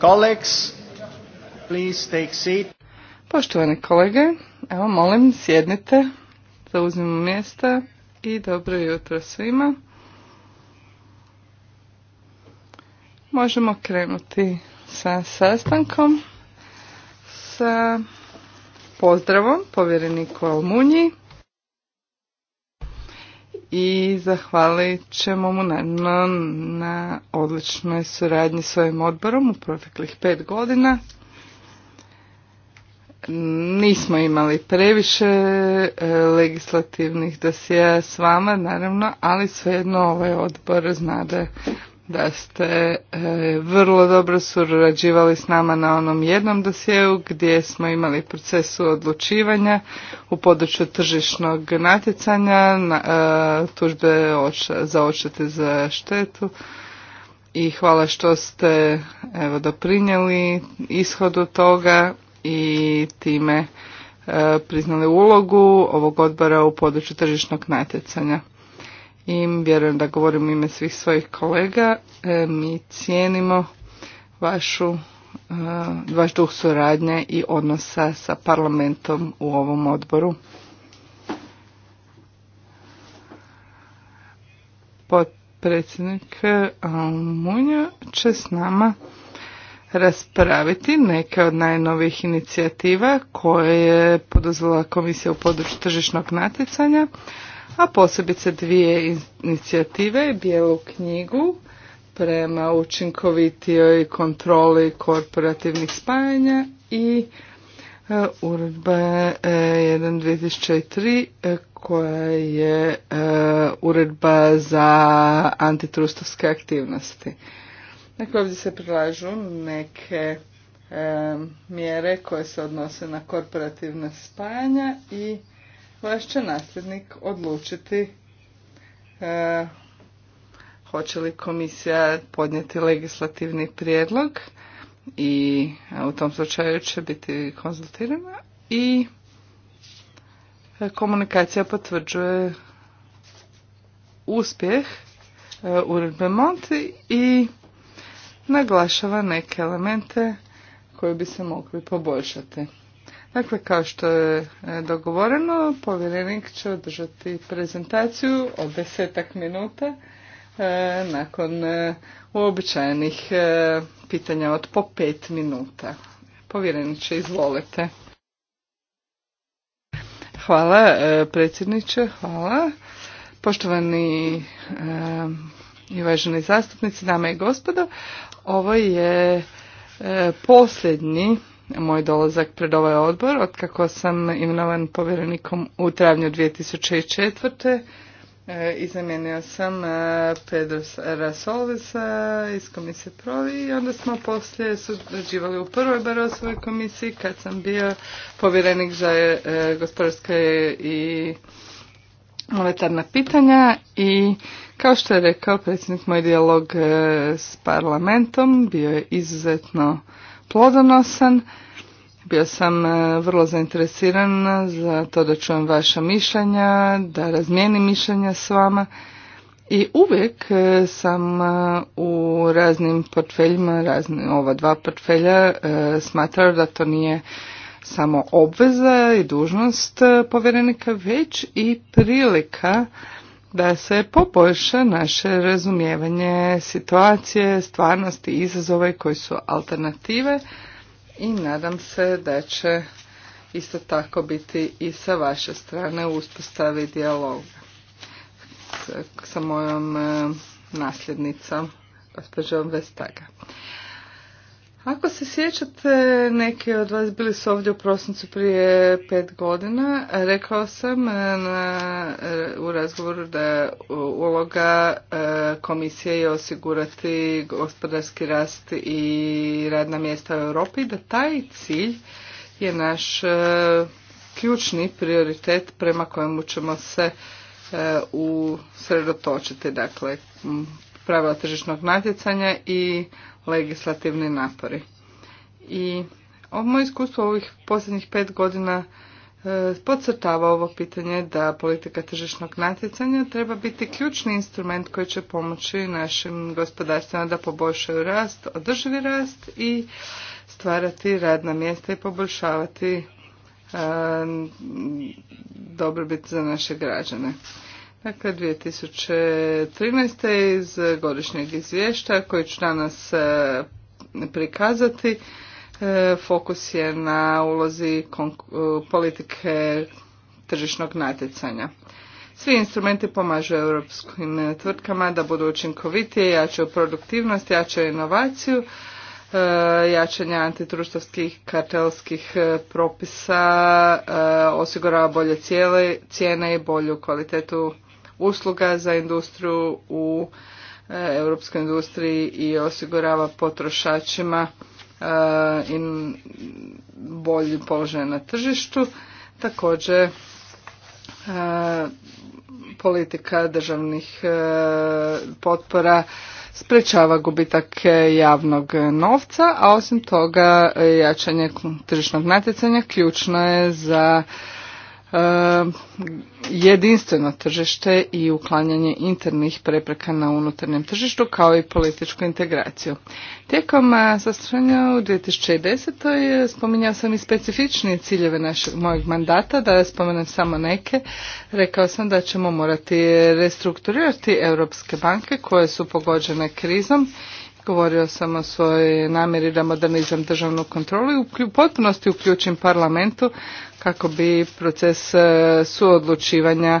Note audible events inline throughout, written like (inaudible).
colleagues, please take seat. Poštovani kolege, evo molim sjednite, zauzmimo mjesta i dobro jutro svima. Možemo krenuti sa sastankom, sa pozdravom povjereniku Almunji i zahvalit ćemo mu naravno na odličnoj suradnji s ovim odborom u proteklih pet godina. Nismo imali previše e, legislativnih dosija s vama, naravno, ali svejedno ovaj odbor znade da ste e, vrlo dobro surađivali s nama na onom jednom dosjeu gdje smo imali procesu odlučivanja u području tržišnog natjecanja, na, e, tužbe za očete za štetu i hvala što ste evo, doprinijeli ishodu toga i time e, priznali ulogu ovog odbora u području tržišnog natjecanja i vjerujem da govorim ime svih svojih kolega. E, mi cijenimo vašu, e, vaš duh suradnje i odnosa sa parlamentom u ovom odboru. Potpredsjednik e, Almunja će s nama raspraviti neke od najnovijih inicijativa koje je poduzela Komisija u području tržišnog natjecanja, a posebice dvije inicijative, bijelu knjigu prema učinkovitijoj kontroli korporativnih spajanja i e, uredba e, 1.2003 e, koja je uredba za antitrustovske aktivnosti. Dakle, ovdje se prilažu neke mjere koje se odnose na korporativne spajanja i vaš će nasljednik odlučiti e, hoće li komisija podnijeti legislativni prijedlog i e, u tom slučaju će biti konzultirana i e, komunikacija potvrđuje uspjeh uredbe Monti i naglašava neke elemente koje bi se mogli poboljšati. Dakle, kao što je e, dogovoreno, povjerenik će održati prezentaciju od desetak minuta e, nakon e, uobičajenih pitanja od po pet minuta. Povjereniče, izvolite. Hvala predsjedniče, hvala. Poštovani i uvaženi zastupnici, dame i gospodo, ovo je posljednji moj dolazak pred ovaj odbor, otkako sam imenovan povjerenikom u travnju 2004. E, I zamijenio sam e, Pedro Rasolvesa e, iz komisije Provi i onda smo poslije surađivali u prvoj Barosovoj komisiji kad sam bio povjerenik za e, gospodarske i monetarna pitanja i kao što je rekao predsjednik, moj dijalog s parlamentom bio je izuzetno plodonosan. Bio sam e, vrlo zainteresiran za to da čujem vaša mišljenja, da razmijenim mišljenja s vama. I uvijek e, sam e, u raznim portfeljima, razni, ova dva portfelja, smatrao da to nije samo obveza i dužnost povjerenika, već i prilika da se poboljša naše razumijevanje situacije, stvarnosti i izazove koji su alternative i nadam se da će isto tako biti i sa vaše strane u uspostavi dijaloga sa mojom eh, nasljednicom, gospođom Vestaga. Ako se sjećate, neki od vas bili su ovdje u prosincu prije pet godina, rekao sam e, na, e, u razgovoru da uloga e, komisije je osigurati gospodarski rast i radna mjesta u Europi, da taj cilj je naš ključni prioritet prema kojemu ćemo se usredotočiti, dakle pravila tržišnog natjecanja i legislativni napori. I moje iskustvo ovih posljednjih pet godina e, podcrtava ovo pitanje da politika tržišnog natjecanja treba biti ključni instrument koji će pomoći našim gospodarstvima da poboljšaju rast, održivi rast i stvarati radna mjesta i poboljšavati e, dobrobit za naše građane. Dakle, 2013. iz godišnjeg izvješća koji ću danas e, prikazati. E, fokus je na ulozi e, politike tržišnog natjecanja. Svi instrumenti pomažu europskim tvrtkama da budu učinkovitije, jačaju produktivnost, jačaju inovaciju, jačanje antitruštovskih kartelskih propisa, osigurava bolje cijele, cijene i bolju kvalitetu usluga za industriju u e, europskoj industriji i osigurava potrošačima e, i bolji položaj na tržištu. Također e, politika državnih potpora sprečava gubitak javnog novca, a osim toga jačanje tržišnog natjecanja ključno je za E, jedinstveno tržište i uklanjanje internih prepreka na unutarnjem tržištu kao i političku integraciju. Tijekom e, sastojanja u 2010. E, spominjao sam i specifičnije ciljeve našeg, mojeg mandata, da spomenem samo neke. Rekao sam da ćemo morati restrukturirati europske banke koje su pogođene krizom Govorio sam o svojoj namjeri da modernizam državnu kontrolu i u potpunosti uključim parlamentu kako bi proces e, suodlučivanja e,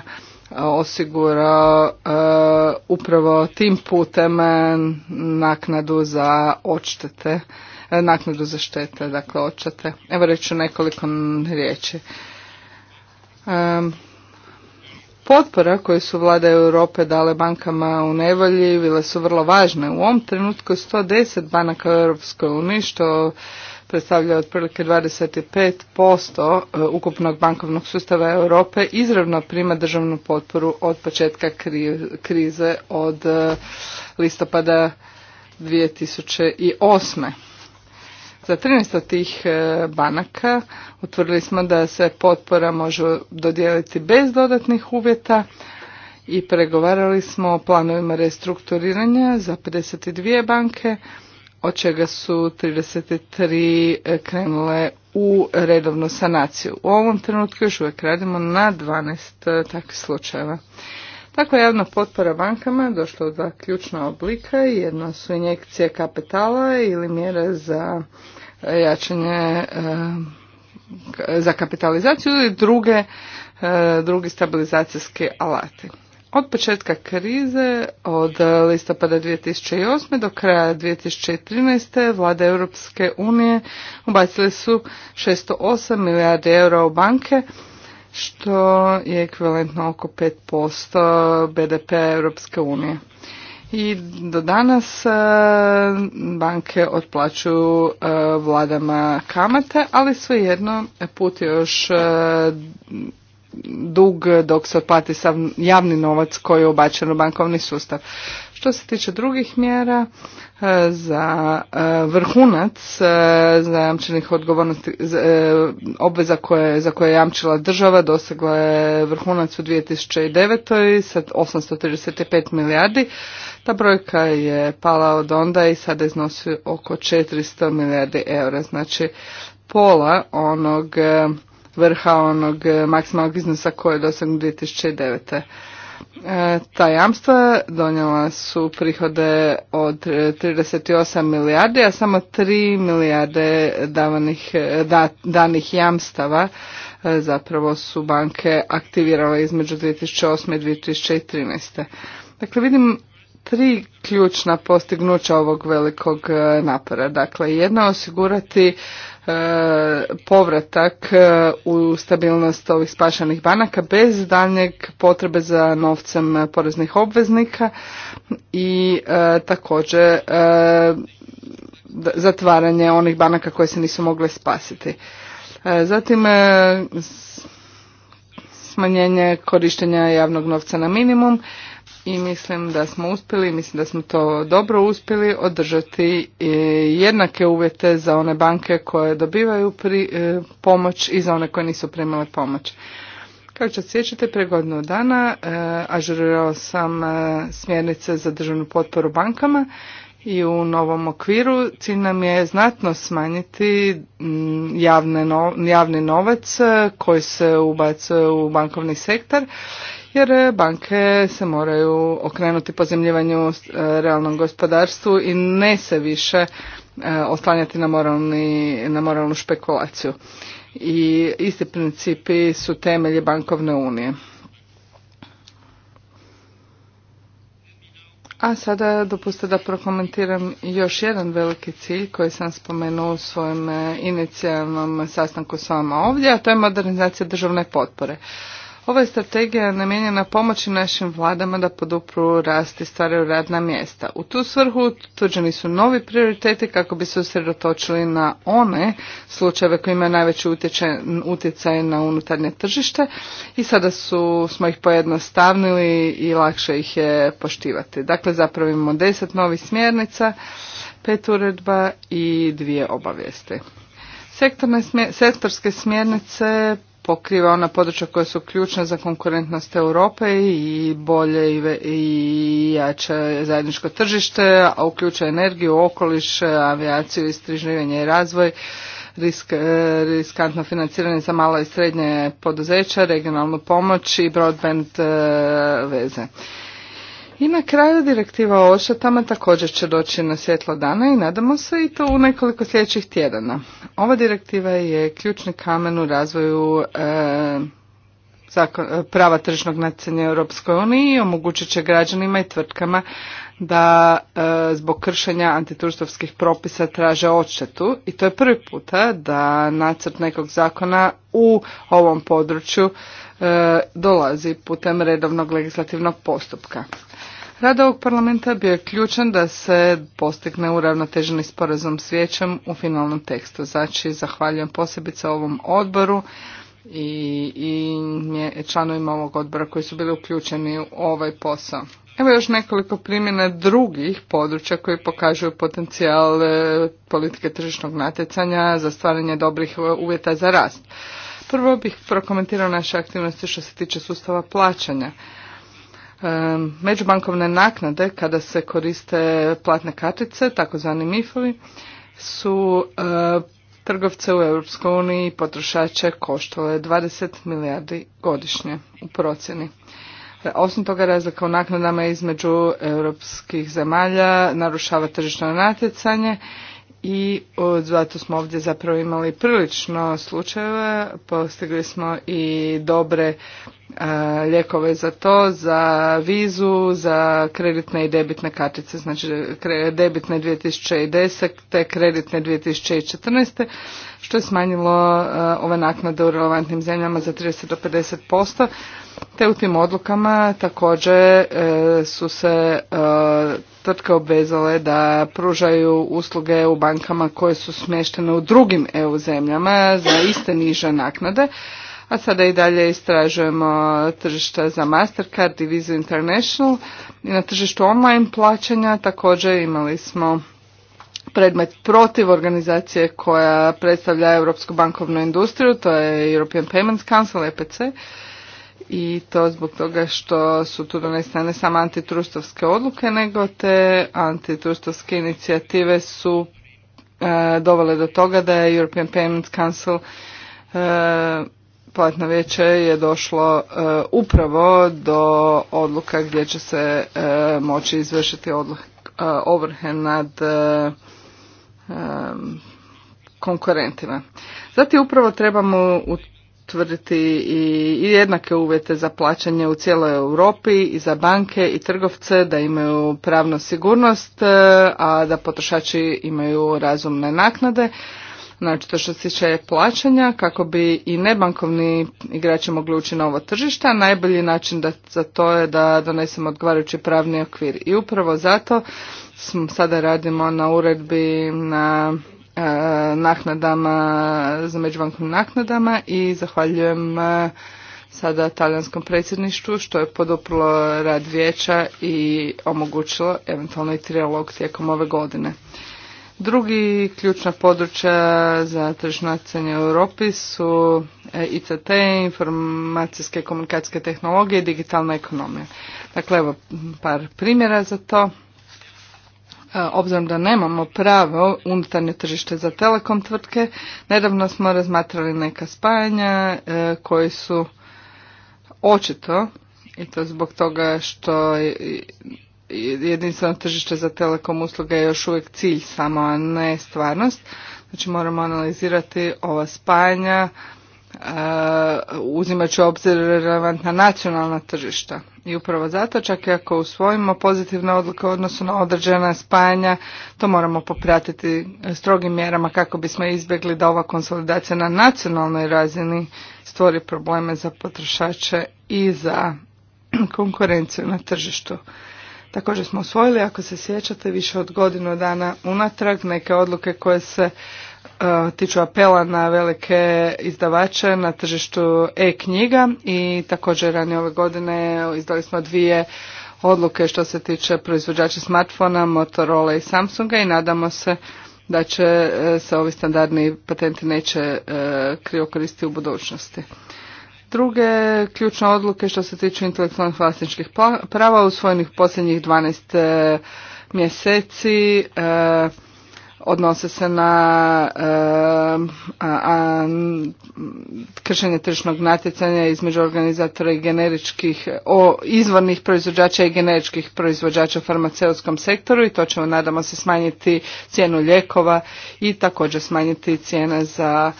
osigurao e, upravo tim putem naknadu za odštete, naknadu za štete, dakle odštete. Evo reću nekoliko riječi potpora koje su vlade Europe dale bankama u nevolji bile su vrlo važne. U ovom trenutku je 110 banaka u Europskoj što predstavlja otprilike 25% eh, ukupnog bankovnog sustava Europe izravno prima državnu potporu od početka krize od eh, listopada 2008 za 13 tih e, banaka utvrdili smo da se potpora može dodijeliti bez dodatnih uvjeta i pregovarali smo o planovima restrukturiranja za 52 banke, od čega su 33 e, krenule u redovnu sanaciju. U ovom trenutku još uvijek radimo na 12 e, takvih slučajeva. Takva javna potpora bankama došla u dva ključna oblika. Jedna su injekcije kapitala ili mjere za jačanje eh, za kapitalizaciju i druge, eh, drugi stabilizacijski alati. Od početka krize, od listopada 2008. do kraja 2013. vlade Europske unije ubacili su 608 milijardi eura u banke, što je ekvivalentno oko 5% BDP Europske unije i do danas e, banke otplaćuju e, vladama kamate, ali svejedno e, put je još dug dok se otplati sav javni novac koji je obačen u bankovni sustav. Što se tiče drugih mjera, za vrhunac zajamčenih odgovornosti obveza koje, za koje je jamčila država dosegla je vrhunac u 2009. sa 835 milijardi, ta brojka je pala od onda i sada iznosi oko 400 milijardi eura, znači pola onog e, vrha onog e, maksimalnog iznosa koji je dosadno 2009. E, ta jamstva donijela su prihode od 38 milijardi, a samo 3 milijarde davanih, da, danih jamstava zapravo su banke aktivirale između 2008. i 2013. Dakle, vidim, tri ključna postignuća ovog velikog e, napora. Dakle, jedna osigurati e, povratak e, u stabilnost ovih spašenih banaka bez daljnjeg potrebe za novcem poreznih obveznika i e, također zatvaranje onih banaka koje se nisu mogle spasiti. Zatim smanjenje korištenja javnog novca na minimum i mislim da smo uspjeli, mislim da smo to dobro uspjeli održati e, jednake uvjete za one banke koje dobivaju pri, e, pomoć i za one koje nisu primile pomoć. Kao što sjećate, pre godinu dana e, ažurirao sam smjernice za državnu potporu bankama i u novom okviru cilj nam je znatno smanjiti javne javni novac koji se ubacuje u bankovni sektor jer e, banke se moraju okrenuti pozemljivanju e, realnom gospodarstvu i ne se više e, oslanjati na, moralni, na moralnu špekulaciju. I isti principi su temelji bankovne unije. A sada dopustite da prokomentiram još jedan veliki cilj koji sam spomenuo u svojem inicijalnom sastanku s vama ovdje, a to je modernizacija državne potpore. Ova je strategija namijenjena pomoći našim vladama da podupru rast i stvaraju radna mjesta. U tu svrhu utvrđeni su novi prioriteti kako bi se usredotočili na one slučajeve koji imaju najveći utjecaj na unutarnje tržište i sada su, smo ih pojednostavnili i lakše ih je poštivati. Dakle, zapravo imamo deset novih smjernica, pet uredba i dvije obavijesti. sektorske smjernice pokriva ona područja koja su ključna za konkurentnost Europe i bolje i, jače zajedničko tržište, a uključuje energiju, okoliš, avijaciju, istraživanje i razvoj, e, riskantno financiranje za mala i srednje poduzeća, regionalnu pomoć i broadband e, veze. I na kraju direktiva o ošetama također će doći na svjetlo dana i nadamo se i to u nekoliko sljedećih tjedana. Ova direktiva je ključni kamen u razvoju e, e, prava tržnog nacenja Europskoj uniji i omogućit će građanima i tvrtkama da e, zbog kršenja antiturstovskih propisa traže odštetu i to je prvi puta da nacrt nekog zakona u ovom području dolazi putem redovnog legislativnog postupka. Rad ovog parlamenta bio je ključan da se postigne uravnoteženi sporazum s vijećem u finalnom tekstu. Znači, zahvaljujem posebice ovom odboru i, i članovima ovog odbora koji su bili uključeni u ovaj posao. Evo još nekoliko primjena drugih područja koji pokažu potencijal e, politike tržišnog natjecanja za stvaranje dobrih uvjeta za rast. Prvo bih prokomentirao naše aktivnosti što se tiče sustava plaćanja međubankovne naknade kada se koriste platne kartice, takozvani MIFOVI, su e, trgovce u EU i potrošače koštale 20 milijardi godišnje u procjeni. E, osim toga razlika u naknadama između europskih zemalja narušava tržišno natjecanje i e, zato smo ovdje zapravo imali prilično slučajeve, postigli smo i dobre lijekove za to, za vizu, za kreditne i debitne kartice, znači debitne 2010, te kreditne 2014, što je smanjilo ove naknade u relevantnim zemljama za 30 do 50%, te u tim odlukama također e, su se e, tvrtke obvezale da pružaju usluge u bankama koje su smještene u drugim EU zemljama za iste niže naknade, a sada i dalje istražujemo tržišta za Mastercard i Visa International. I na tržištu online plaćanja također imali smo predmet protiv organizacije koja predstavlja Europsku bankovnu industriju, to je European Payments Council, EPC, i to zbog toga što su tu donesene ne samo antitrustovske odluke, nego te antitrustovske inicijative su e, dovele do toga da je European Payments Council e, platna vijeće je došlo e, upravo do odluka gdje će se e, moći izvršiti odluh, e, ovrhe nad e, e, konkurentima. Zatim upravo trebamo utvrditi i jednake uvjete za plaćanje u cijeloj Europi i za banke i trgovce da imaju pravnu sigurnost, a da potrošači imaju razumne naknade Znači, to što se tiče plaćanja, kako bi i nebankovni igrači mogli ući na ovo tržište, a najbolji način da, za to je da donesemo odgovarajući pravni okvir. I upravo zato smo, sada radimo na uredbi na e, naknadama, za međubankovnim naknadama i zahvaljujem e, sada talijanskom predsjedništvu što je poduprlo rad vijeća i omogućilo eventualno i tijekom ove godine. Drugi ključna područja za tržišno natjecanje u Europi su e, ICT, informacijske i komunikacijske tehnologije i digitalna ekonomija. Dakle, evo par primjera za to. E, obzirom da nemamo pravo unutarnje tržište za telekom tvrtke, nedavno smo razmatrali neka spajanja e, koji su očito i to zbog toga što jedinstveno tržište za telekom usluge je još uvijek cilj samo, a ne stvarnost. Znači moramo analizirati ova spajanja e, uzimajući obzir relevantna nacionalna tržišta. I upravo zato čak i ako usvojimo pozitivne odluke u odnosu na određena spajanja, to moramo popratiti strogim mjerama kako bismo izbjegli da ova konsolidacija na nacionalnoj razini stvori probleme za potrošače i za (clears throat) konkurenciju na tržištu. Također smo usvojili, ako se sjećate, više od godinu dana unatrag neke odluke koje se e, tiču apela na velike izdavače na tržištu e-knjiga i također ranije ove godine izdali smo dvije odluke što se tiče proizvođača smartfona, Motorola i Samsunga i nadamo se da će e, se ovi standardni patenti neće e, krivo koristiti u budućnosti. Druge ključne odluke što se tiče intelektualnih vlasničkih prava usvojenih posljednjih 12 e, mjeseci e, odnose se na e, kršenje tržišnog natjecanja između organizatora i generičkih o izvornih proizvođača i generičkih proizvođača u farmaceutskom sektoru i to ćemo, nadamo se smanjiti cijenu lijekova i također smanjiti cijene za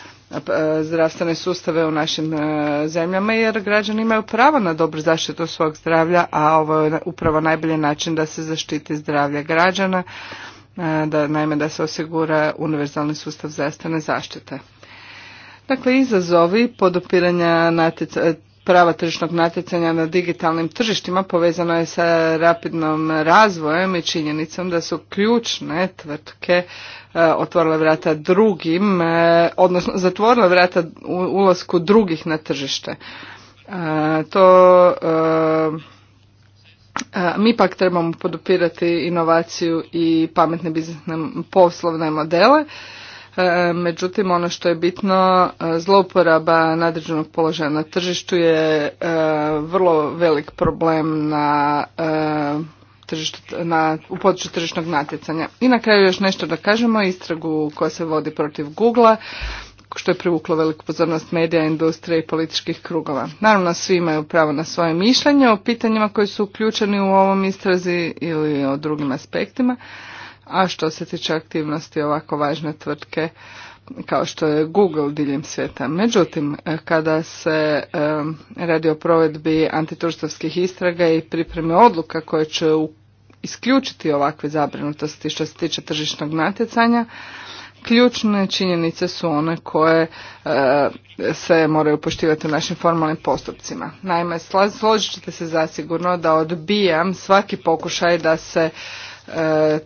zdravstvene sustave u našim e, zemljama jer građani imaju pravo na dobru zaštitu svog zdravlja, a ovo je upravo najbolji način da se zaštiti zdravlje građana, e, da, naime da se osigura univerzalni sustav zdravstvene zaštite. Dakle, izazovi podopiranja e, prava tržišnog natjecanja na digitalnim tržištima povezano je sa rapidnom razvojem i činjenicom da su ključne tvrtke E, otvorila vrata drugim, e, odnosno zatvorila vrata ulasku drugih na tržište. E, to mi pak trebamo podupirati inovaciju i pametne biznesne poslovne modele. Međutim, ono što je bitno, zlouporaba nadređenog položaja na tržištu je vrlo velik problem na tržištu, na, u području tržišnog natjecanja. I na kraju još nešto da kažemo, istragu koja se vodi protiv Google-a, što je privuklo veliku pozornost medija, industrije i političkih krugova. Naravno, svi imaju pravo na svoje mišljenje o pitanjima koji su uključeni u ovom istrazi ili o drugim aspektima, a što se tiče aktivnosti ovako važne tvrtke, kao što je Google diljem svijeta. Međutim, kada se radi o provedbi antitruštavskih istraga i pripremi odluka koje će u isključiti ovakve zabrinutosti što se tiče tržišnog natjecanja. Ključne činjenice su one koje e, se moraju poštivati u našim formalnim postupcima. Naime, složit ćete se zasigurno da odbijam svaki pokušaj da se e,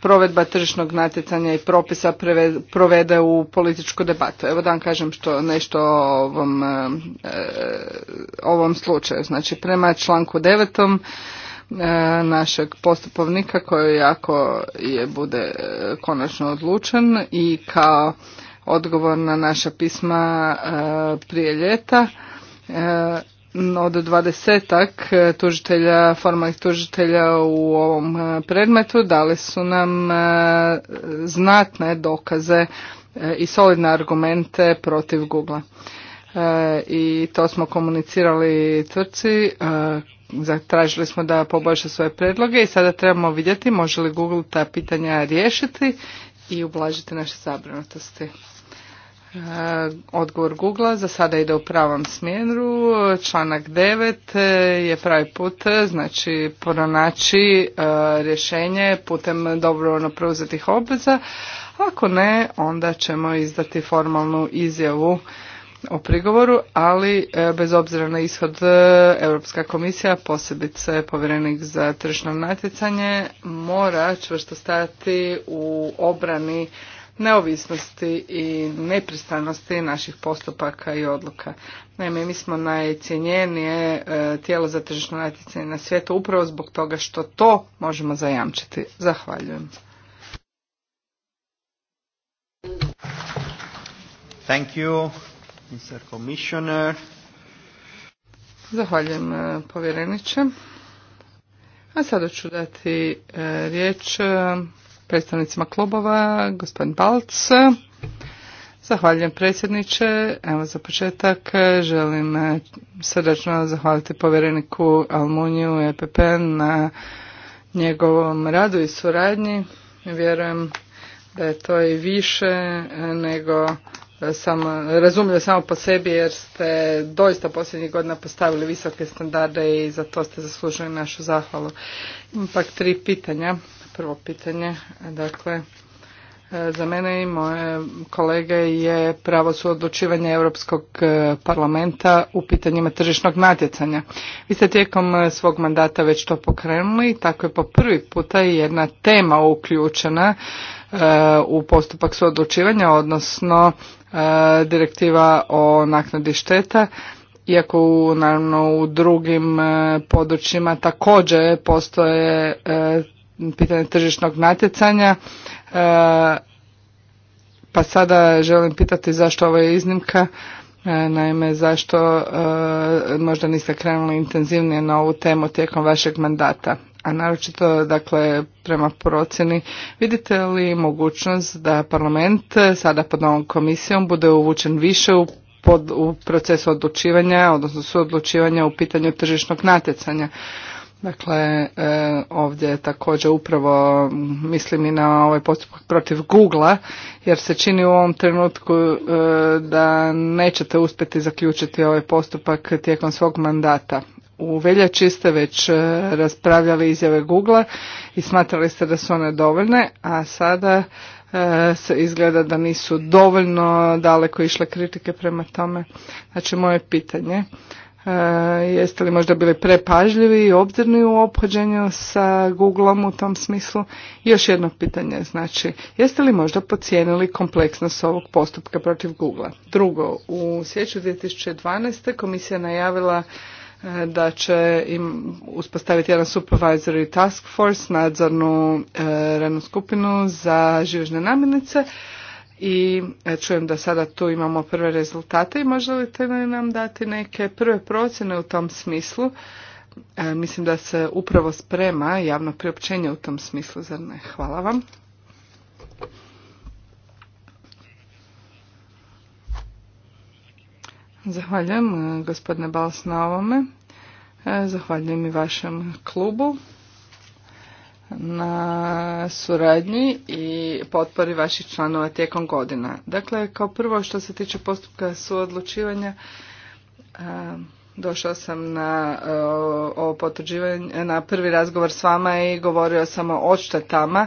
provedba tržišnog natjecanja i propisa provede u političku debatu. Evo da vam kažem što, nešto o ovom, e, ovom slučaju. Znači, prema članku 9. E, našeg postupovnika koji jako je bude e, konačno odlučen i kao odgovor na naša pisma e, prije ljeta od dvadesetak tužitelja, formalnih tužitelja u ovom predmetu dali su nam znatne dokaze i solidne argumente protiv Google. I to smo komunicirali tvrci zatražili smo da poboljša svoje predloge i sada trebamo vidjeti može li Google ta pitanja riješiti i ublažiti naše zabrinutosti. E, odgovor Google za sada ide u pravom smjeru. Članak 9 e, je pravi put, e, znači pronaći rješenje putem dobrovoljno preuzetih obveza. Ako ne, onda ćemo izdati formalnu izjavu o prigovoru, ali e, bez obzira na ishod e, Europska komisija, posebice povjerenik za tržišno natjecanje, mora čvrsto stajati u obrani neovisnosti i nepristranosti naših postupaka i odluka. Naime, mi smo najcijenjenije e, tijelo za tržišno natjecanje na svijetu upravo zbog toga što to možemo zajamčiti. Zahvaljujem. Thank you. Mr. Commissioner. Zahvaljujem e, povjereniče. A sada ću dati e, riječ e, predstavnicima klubova, gospodin Balc. Zahvaljujem predsjedniče. Evo za početak želim srdačno zahvaliti povjereniku Almuniju EPP na njegovom radu i suradnji. Vjerujem da je to i više nego E, sam razumjela samo po sebi jer ste doista posljednjih godina postavili visoke standarde i za to ste zaslužili našu zahvalu. Imam pak tri pitanja. Prvo pitanje, dakle, e, za mene i moje kolege je pravo suodlučivanje Europskog e, parlamenta u pitanjima tržišnog natjecanja. Vi ste tijekom svog mandata već to pokrenuli tako je po prvi puta jedna tema uključena u postupak suodlučivanja, odnosno E, direktiva o naknadi šteta, iako naravno u drugim e, područjima također postoje e, pitanje tržišnog natjecanja. Pa sada želim pitati zašto ovo je iznimka. Naime, zašto možda niste krenuli intenzivnije na ovu temu tijekom vašeg mandata? a naročito dakle prema procjeni vidite li mogućnost da parlament sada pod novom komisijom bude uvučen više u pod, u procesu odlučivanja, odnosno suodlučivanja u pitanju tržišnog natjecanja. Dakle, e, ovdje također upravo mislim i na ovaj postupak protiv Googla, jer se čini u ovom trenutku e, da nećete uspjeti zaključiti ovaj postupak tijekom svog mandata u veljači ste već e, raspravljali izjave Google i smatrali ste da su one dovoljne, a sada e, se izgleda da nisu dovoljno daleko išle kritike prema tome. Znači moje pitanje, e, jeste li možda bili prepažljivi i obzirni u ophođenju sa Googleom u tom smislu? još jedno pitanje, znači, jeste li možda pocijenili kompleksnost ovog postupka protiv Googlea? Drugo, u sjeću 2012. komisija najavila da će im uspostaviti jedan supervisory task force, nadzornu e, radnu skupinu za živežne namirnice i e, čujem da sada tu imamo prve rezultate i možda li nam dati neke prve procjene u tom smislu. E, mislim da se upravo sprema javno priopćenje u tom smislu, zar ne? Hvala vam. Zahvaljujem e, gospodine Bals na ovome. E, zahvaljujem i vašem klubu na suradnji i potpori vaših članova tijekom godina. Dakle, kao prvo što se tiče postupka suodlučivanja, e, došao sam na ovo potvrđivanje, na prvi razgovor s vama i govorio sam o odštetama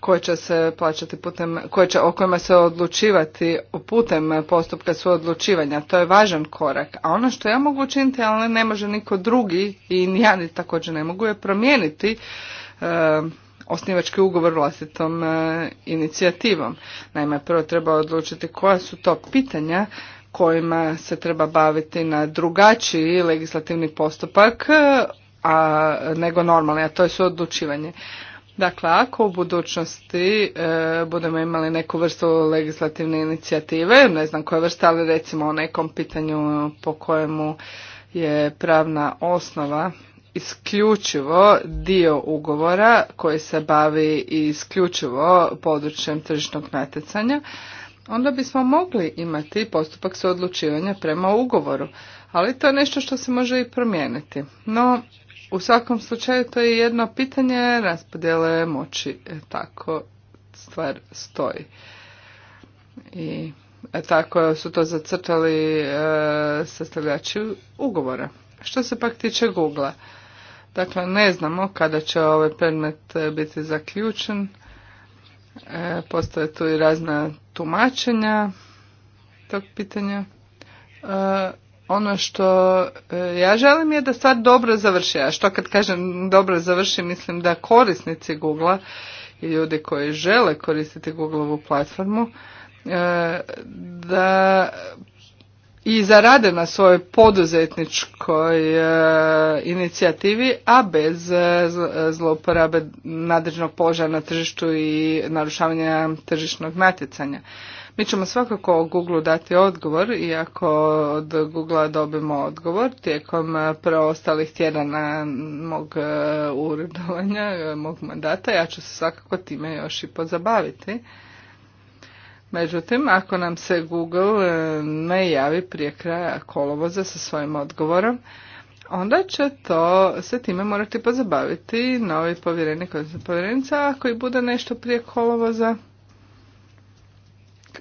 koje će se plaćati putem, koje će, o kojima se odlučivati putem postupka suodlučivanja. To je važan korak. A ono što ja mogu učiniti, ali ne može niko drugi i ja ni također ne mogu, je promijeniti e, osnivački ugovor vlastitom e, inicijativom. Naime, prvo treba odlučiti koja su to pitanja kojima se treba baviti na drugačiji legislativni postupak a, nego normalni, a to je suodlučivanje. Dakle, ako u budućnosti e, budemo imali neku vrstu legislativne inicijative, ne znam koja vrsta, ali recimo o nekom pitanju po kojemu je pravna osnova isključivo dio ugovora koji se bavi isključivo područjem tržišnog natjecanja, onda bismo mogli imati postupak odlučivanja prema ugovoru, ali to je nešto što se može i promijeniti. No, u svakom slučaju to je jedno pitanje raspodjele moći, e, tako stvar stoji. I e, tako su to zacrtali e, sastavljači ugovora. Što se pak tiče Google-a? Dakle, ne znamo kada će ovaj predmet e, biti zaključen. postoje tu i razna tumačenja tog pitanja ono što e, ja želim je da stvar dobro završi. A što kad kažem dobro završi, mislim da korisnici Google i ljudi koji žele koristiti Google-ovu platformu e, da i zarade na svojoj poduzetničkoj e, inicijativi, a bez zlouporabe nadrežnog položaja na tržištu i narušavanja tržišnog natjecanja. Mi ćemo svakako Google dati odgovor i ako od Google dobimo odgovor tijekom eh, preostalih tjedana mog eh, uredovanja, eh, mog mandata, ja ću se svakako time još i pozabaviti. Međutim, ako nam se Google ne javi prije kraja kolovoza sa svojim odgovorom, onda će to se time morati pozabaviti novi povjerenik, odnosno povjerenica, ako i bude nešto prije kolovoza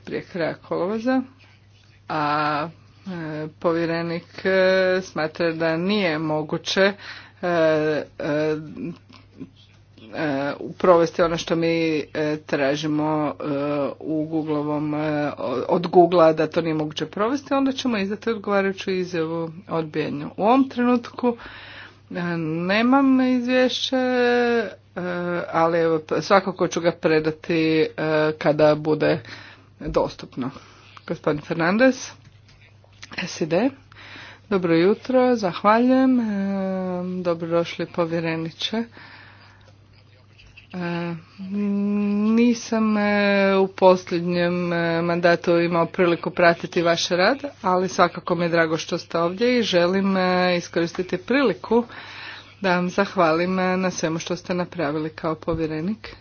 prije kraja kolovoza, a e, povjerenik e, smatra da nije moguće e, provesti ono što mi tražimo u Googleovom, od Googlea da to nije moguće provesti, onda ćemo izdati odgovarajuću izjavu odbijenju. U ovom trenutku nemam izvješće, ali svakako ću ga predati kada bude dostupno. Gospodin Fernandez, SID. Dobro jutro, zahvaljujem. E, dobrodošli povjereniče. E, nisam e, u posljednjem mandatu imao priliku pratiti vaš rad, ali svakako mi je drago što ste ovdje i želim iskoristiti priliku da vam zahvalim na svemu što ste napravili kao povjerenik.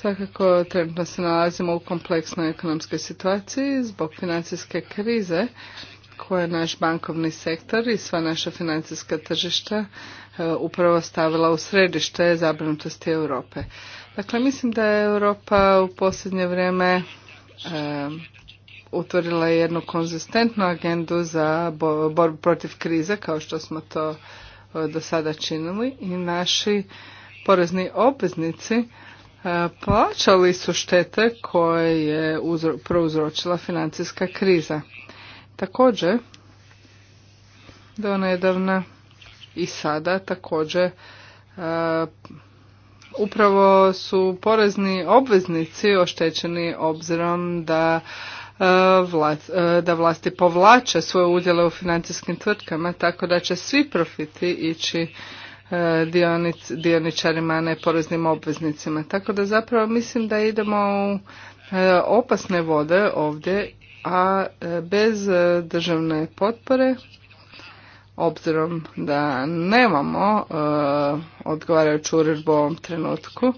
Svakako trenutno se nalazimo u kompleksnoj ekonomskoj situaciji zbog financijske krize koje je naš bankovni sektor i sva naša financijska tržišta e, upravo stavila u središte zabrinutosti Europe. Dakle, mislim da je Europa u posljednje vrijeme e, utvorila jednu konzistentnu agendu za borbu protiv krize kao što smo to e, do sada činili i naši porezni obveznici E, plaćali su štete koje je prouzročila financijska kriza. Također, do nedavna i sada također e, upravo su porezni obveznici oštećeni obzirom da e, da vlasti povlače svoje udjele u financijskim tvrtkama, tako da će svi profiti ići E, dioničarima, a ne poreznim obveznicima. Tako da zapravo mislim da idemo u e, opasne vode ovdje, a e, bez državne potpore obzirom da nemamo odgovarajuću uredbu u ovom trenutku,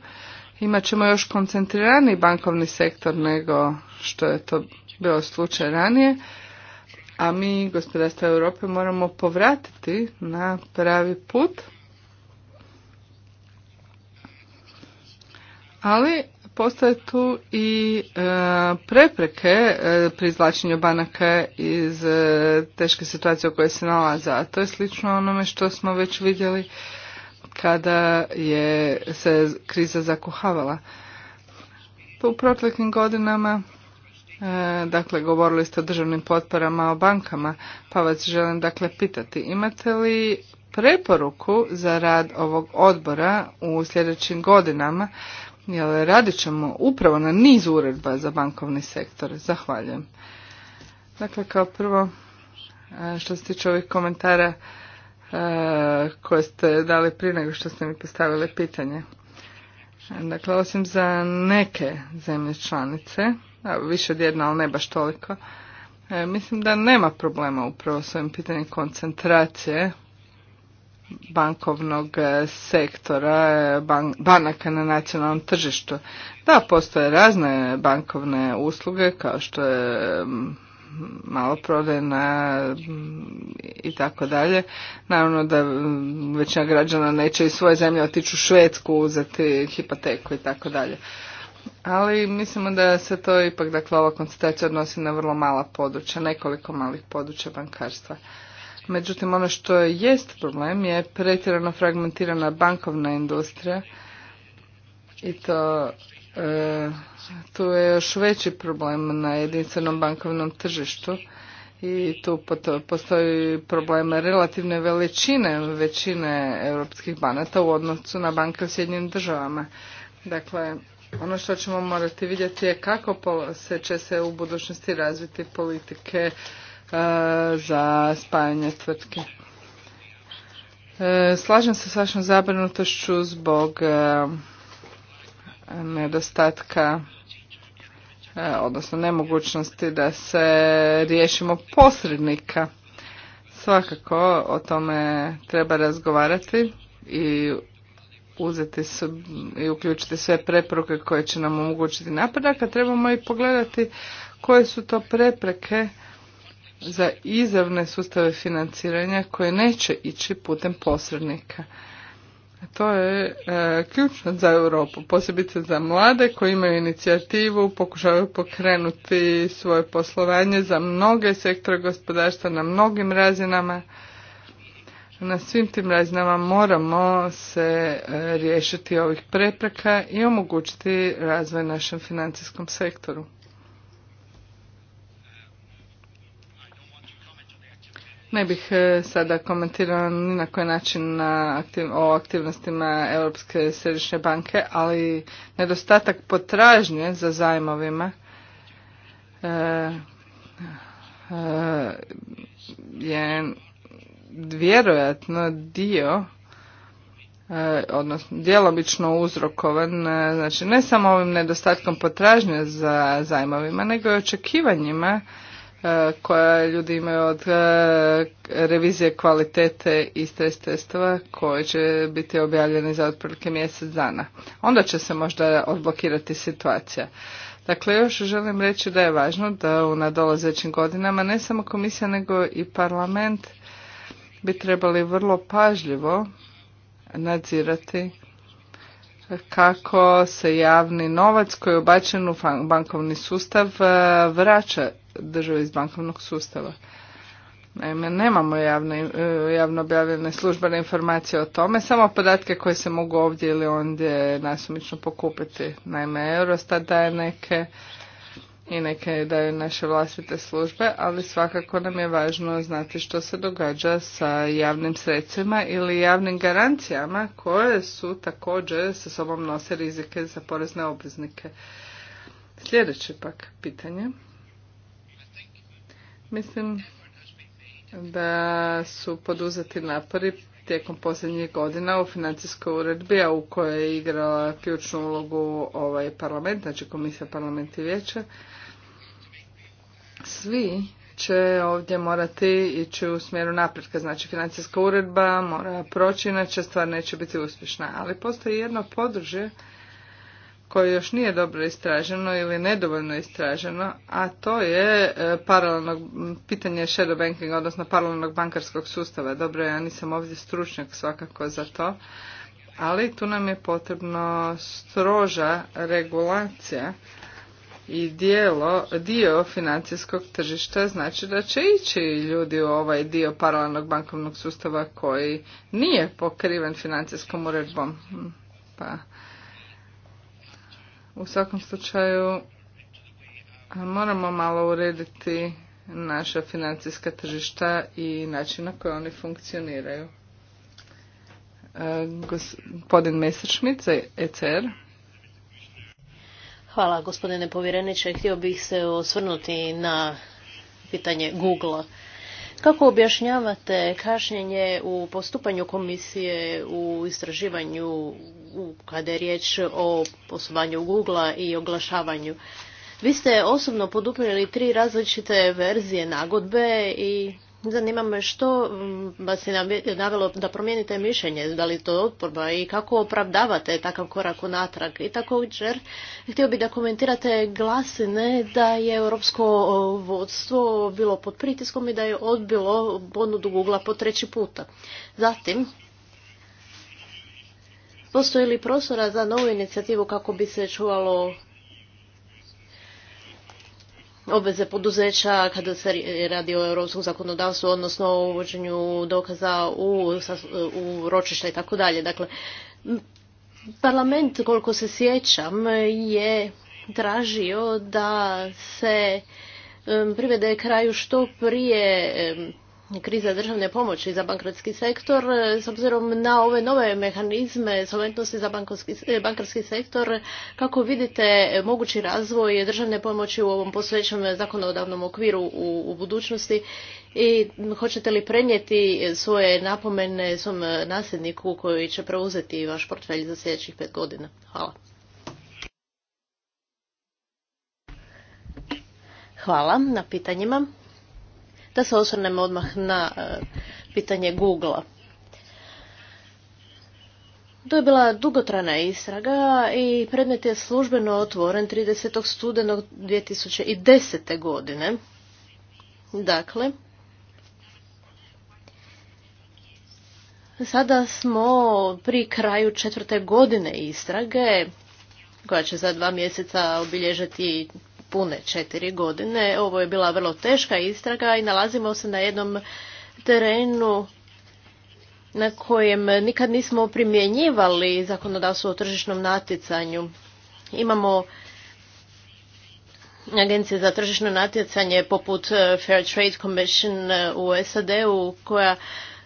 imat ćemo još koncentrirani bankovni sektor nego što je to bio slučaj ranije, a mi gospodarstvo Europe moramo povratiti na pravi put Ali postoje tu i e, prepreke e, pri izlačenju banaka iz e, teške situacije u kojoj se nalaze, a to je slično onome što smo već vidjeli kada je se kriza zakuhavala. U proteklim godinama dakle govorili ste o državnim potporama o bankama, pa vas želim dakle pitati imate li preporuku za rad ovog odbora u sljedećim godinama jel radit ćemo upravo na niz uredba za bankovni sektor. Zahvaljujem. Dakle, kao prvo, e, što se tiče ovih komentara e, koje ste dali prije nego što ste mi postavili pitanje. Dakle, osim za neke zemlje članice, više od jedna, ali ne baš toliko, e, mislim da nema problema upravo s ovim pitanjem koncentracije bankovnog eh, sektora, eh, ban, banaka na nacionalnom tržištu. Da, postoje razne bankovne usluge kao što je malo mm, maloprodajna mm, i tako dalje. Naravno da mm, većina građana neće iz svoje zemlje otići u Švedsku, uzeti hipoteku i tako dalje. Ali mislimo da se to ipak, dakle, ova koncentracija odnosi na vrlo mala područja, nekoliko malih područja bankarstva. Međutim, ono što jest problem je pretjerano fragmentirana bankovna industrija i to e, tu je još veći problem na jedinstvenom bankovnom tržištu i tu postoji problem relativne veličine većine europskih banata u odnosu na banke u Sjedinim državama. Dakle, ono što ćemo morati vidjeti je kako se će se u budućnosti razviti politike E, za spajanje tvrtke. E, slažem se s vašom zabrinutošću zbog e, nedostatka odnosno nemogućnosti da se riješimo posrednika. Svakako o tome treba razgovarati i uzeti se i uključiti sve prepreke koje će nam omogućiti napredak, a trebamo i pogledati koje su to prepreke za izravne sustave financiranja koje neće ići putem posrednika. To je e, ključno za Europu, posebice za mlade koji imaju inicijativu, pokušavaju pokrenuti svoje poslovanje za mnoge sektore gospodarstva na mnogim razinama. Na svim tim razinama moramo se e, riješiti ovih prepreka i omogućiti razvoj našem financijskom sektoru. Ne bih e, sada komentirala ni na koji način na o aktivnostima Europske središnje banke, ali nedostatak potražnje za zajmovima e, e, je vjerojatno dio e, odnosno djelomično uzrokovan e, znači ne samo ovim nedostatkom potražnje za zajmovima nego i očekivanjima E, koja ljudi imaju od e, revizije kvalitete i stres testova koji će biti objavljeni za otprilike mjesec dana. Onda će se možda odblokirati situacija. Dakle, još želim reći da je važno da u nadolazećim godinama ne samo komisija nego i parlament bi trebali vrlo pažljivo nadzirati kako se javni novac koji je obačen u bankovni sustav e, vraća države iz bankovnog sustava. Naime, nemamo e, javno objavljene službene informacije o tome, samo podatke koje se mogu ovdje ili ondje nasumično pokupiti. Naime, Eurostat daje neke i neke daju naše vlastite službe, ali svakako nam je važno znati što se događa sa javnim sredstvima ili javnim garancijama koje su također sa sobom nose rizike za porezne obveznike. Sljedeće pak pitanje. Mislim da su poduzeti napori tijekom posljednjih godina u financijskoj uredbi, a u kojoj je igrala ključnu ulogu ovaj parlament, znači komisija parlament i vijeće, svi će ovdje morati ići u smjeru napretka. Znači financijska uredba mora proći, inače stvar neće biti uspješna. Ali postoji jedno područje koje još nije dobro istraženo ili nedovoljno istraženo, a to je e, paralelnog, pitanje shadow bankinga, odnosno paralelnog bankarskog sustava. Dobro, ja nisam ovdje stručnjak svakako za to, ali tu nam je potrebno stroža regulacija i dijelo, dio financijskog tržišta znači da će ići ljudi u ovaj dio paralelnog bankovnog sustava koji nije pokriven financijskom uredbom. Hm, pa u svakom slučaju moramo malo urediti naša financijska tržišta i način na koji oni funkcioniraju. E, gospodin Messerschmidt ECR. Hvala gospodine povjereniče. Htio bih se osvrnuti na pitanje Google-a. Kako objašnjavate kašnjenje u postupanju komisije u istraživanju kada je riječ o poslovanju Google-a i oglašavanju? Vi ste osobno podupnili tri različite verzije nagodbe i Zanima me što mm, vas je navelo da promijenite mišljenje, da li to odporba i kako opravdavate takav korak unatrag. I također, htio bih da komentirate glasine da je europsko vodstvo bilo pod pritiskom i da je odbilo ponudu Google po treći puta. Zatim, postoji li prostora za novu inicijativu kako bi se čuvalo obveze poduzeća kada se radi o europskom zakonodavstvu, odnosno o uvođenju dokaza u, u ročišta i tako dalje. Dakle, parlament, koliko se sjećam, je tražio da se privede kraju što prije krize državne pomoći za bankarski sektor. E, s obzirom na ove nove mehanizme solventnosti za e, bankarski sektor, kako vidite mogući razvoj državne pomoći u ovom posvećenom zakonodavnom okviru u, budućnosti i hoćete li prenijeti svoje napomene svom nasljedniku koji će preuzeti vaš portfelj za sljedećih pet godina? Hvala. Hvala na pitanjima da se osvrnemo odmah na e, pitanje Google-a. To je bila dugotrajna istraga i predmet je službeno otvoren 30. studenog 2010. godine. Dakle, sada smo pri kraju četvrte godine istrage, koja će za dva mjeseca obilježati pune četiri godine. Ovo je bila vrlo teška istraga i nalazimo se na jednom terenu na kojem nikad nismo primjenjivali zakonodavstvo o tržišnom natjecanju. Imamo agencije za tržišno natjecanje poput eh, Fair Trade Commission eh, u SAD-u koja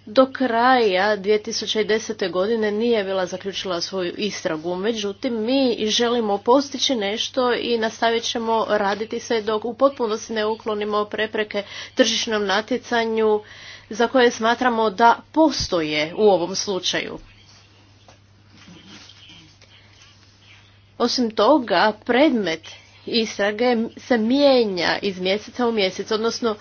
do kraja 2010. godine nije bila zaključila svoju istragu. Međutim, mi želimo postići nešto i nastavit ćemo raditi sve dok u potpunosti ne uklonimo prepreke tržišnom natjecanju za koje smatramo da postoje u ovom slučaju. Osim toga, predmet istrage se mijenja iz mjeseca u mjesec, odnosno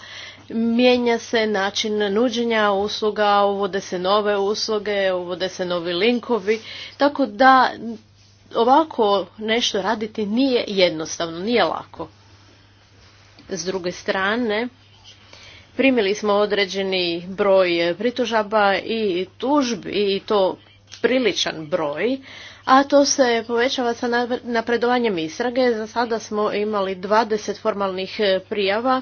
Mijenja se način nuđenja usluga, uvode se nove usluge, uvode se novi linkovi, tako da ovako nešto raditi nije jednostavno, nije lako. S druge strane, primili smo određeni broj pritužaba i tužbi i to priličan broj, a to se povećava sa napredovanjem istrage. Za sada smo imali 20 formalnih prijava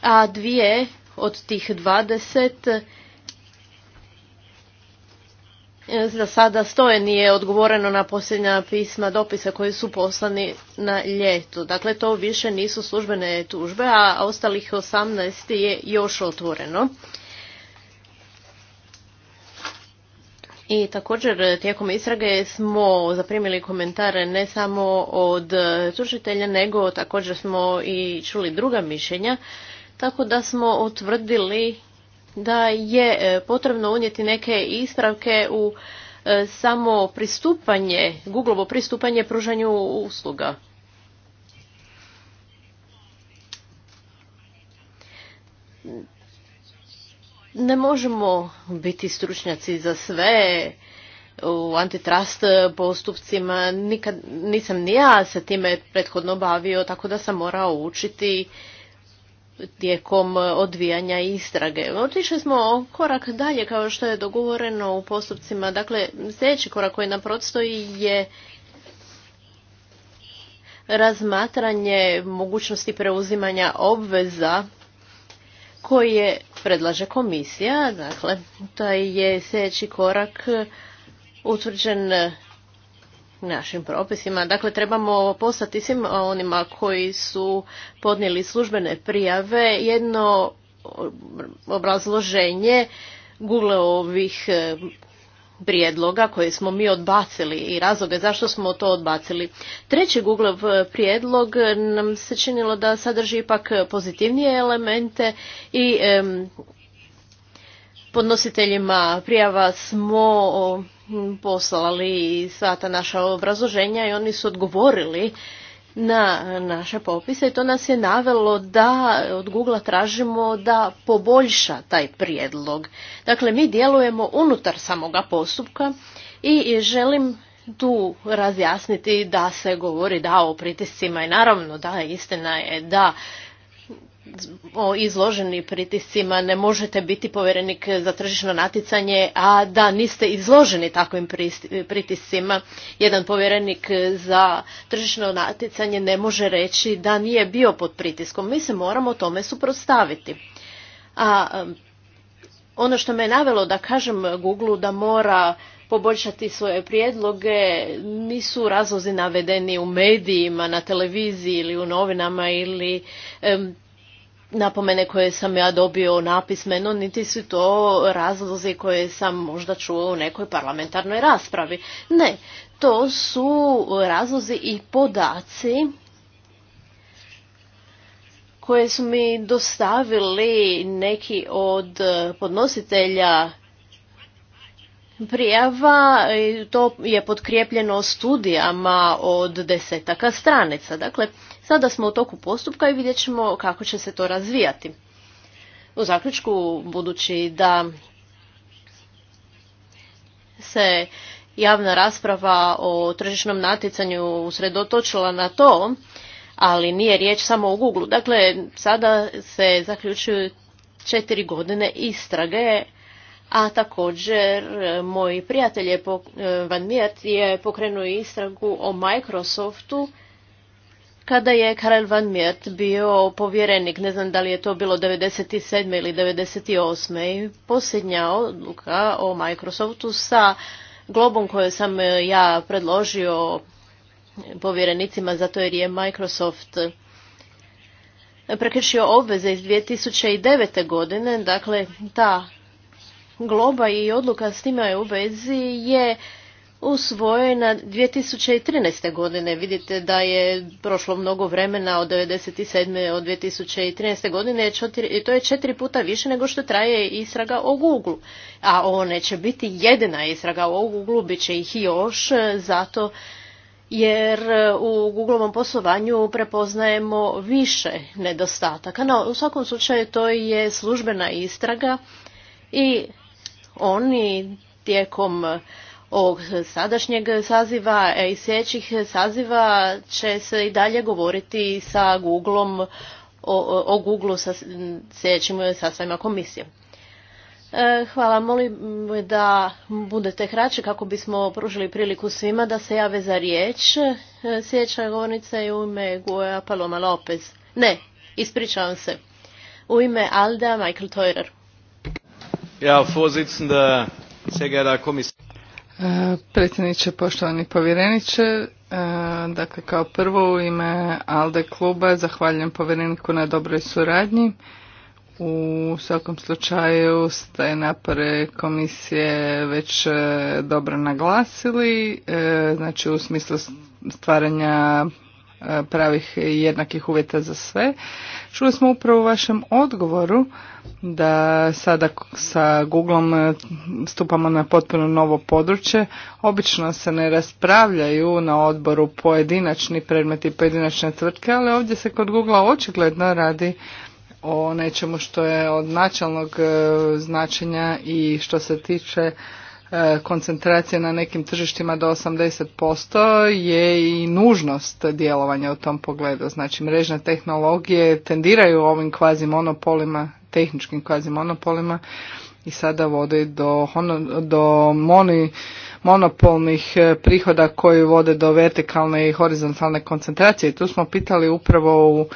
a dvije od tih dvadeset e, za sada stoje nije odgovoreno na posljednja pisma dopisa koji su poslani na ljetu. Dakle, to više nisu službene tužbe, a ostalih 18 je još otvoreno. I također tijekom istrage smo zaprimili komentare ne samo od tužitelja, nego također smo i čuli druga mišljenja. Tako da smo utvrdili da je e, potrebno unijeti neke ispravke u e, samo pristupanje, Googleovo pristupanje pružanju usluga. Ne možemo biti stručnjaci za sve u antitrust postupcima. Nikad nisam ni ja se time prethodno bavio, tako da sam morao učiti tijekom e, odvijanja istrage. Otišli smo korak dalje kao što je dogovoreno u postupcima. Dakle, sljedeći korak koji nam prostoji je razmatranje mogućnosti preuzimanja obveza koje predlaže komisija. Dakle, taj je sljedeći korak utvrđen našim propisima. Dakle, trebamo postati svim onima koji su podnijeli službene prijave jedno obrazloženje Google ovih e, prijedloga koje smo mi odbacili i razloge zašto smo to odbacili. Treći Google prijedlog nam se činilo da sadrži ipak pozitivnije elemente i podnositeljima prijava smo poslali sva ta naša obrazloženja i oni su odgovorili na naše popise i to nas je navelo da od Google tražimo da poboljša taj prijedlog. Dakle, mi djelujemo unutar samoga postupka i želim tu razjasniti da se govori da o pritiscima i naravno da istina je da izloženi pritiscima, ne možete biti povjerenik za tržišno natjecanje, a da niste izloženi takvim pritiscima. Jedan povjerenik za tržišno natjecanje ne može reći da nije bio pod pritiskom. Mi se moramo tome suprotstaviti. A ono što me je navelo da kažem Google da mora poboljšati svoje prijedloge nisu razlozi navedeni u medijima, na televiziji ili u novinama ili napomene koje sam ja dobio napismeno, niti su to razlozi koje sam možda čuo u nekoj parlamentarnoj raspravi. Ne, to su razlozi i podaci koje su mi dostavili neki od podnositelja prijava, to je podkrijepljeno studijama od desetaka stranica. Dakle, Sada smo u toku postupka i vidjet ćemo kako će se to razvijati. U zaključku, budući da se javna rasprava o tržišnom natjecanju usredotočila na to, ali nije riječ samo o Google. Dakle, sada se zaključuju četiri godine istrage, a također moj prijatelj eh, Van Miert je pokrenuo istragu o Microsoftu kada je Karel van Miert bio povjerenik, ne znam da li je to bilo 97. ili 98. posljednja odluka o Microsoftu sa globom koju sam e, ja predložio povjerenicima, zato jer je Microsoft e, prekršio obveze iz 2009. godine, dakle ta globa i odluka s njima je u vezi je usvojena 2013. godine. Vidite da je prošlo mnogo vremena od 1997. od 2013. godine i to je četiri puta više nego što traje istraga o Google. A ovo neće biti jedina istraga o Google, bit će ih još zato jer u Googleovom poslovanju prepoznajemo više nedostataka. No, u svakom slučaju to je službena istraga i oni tijekom ovog sadašnjeg saziva e, i sljedećih saziva će se i dalje govoriti sa Googleom, o, o Googleu sa sljedećim sastavima komisije. E, hvala, molim da budete kraći kako bismo pružili priliku svima da se jave za riječ. E, Sjeća govornica je u ime Guja Paloma Lopez. Ne, ispričavam se. U ime Alda Michael Teurer. Ja, vorsitzende, sehr geehrter E, predsjedniče, poštovani povjereniče, e, dakle kao prvo u ime ALDE kluba zahvaljujem povjereniku na dobroj suradnji. U svakom slučaju ste napore komisije već e, dobro naglasili, znači u smislu stvaranja pravih i jednakih uvjeta za sve. Čuli smo upravo u vašem odgovoru da sada sa Googlom e, stupamo na potpuno novo područje. Obično se ne raspravljaju na odboru pojedinačni predmeti i pojedinačne tvrtke, ali ovdje se kod Googla očigledno radi o nečemu što je od načelnog e, značenja i što se tiče E, koncentracija na nekim tržištima do 80% je i nužnost djelovanja u tom pogledu. Znači mrežne tehnologije tendiraju ovim kvazi monopolima, tehničkim kvazi monopolima i sada vode do, ono, do moni, monopolnih e, prihoda koji vode do vertikalne i horizontalne koncentracije. tu smo pitali upravo u,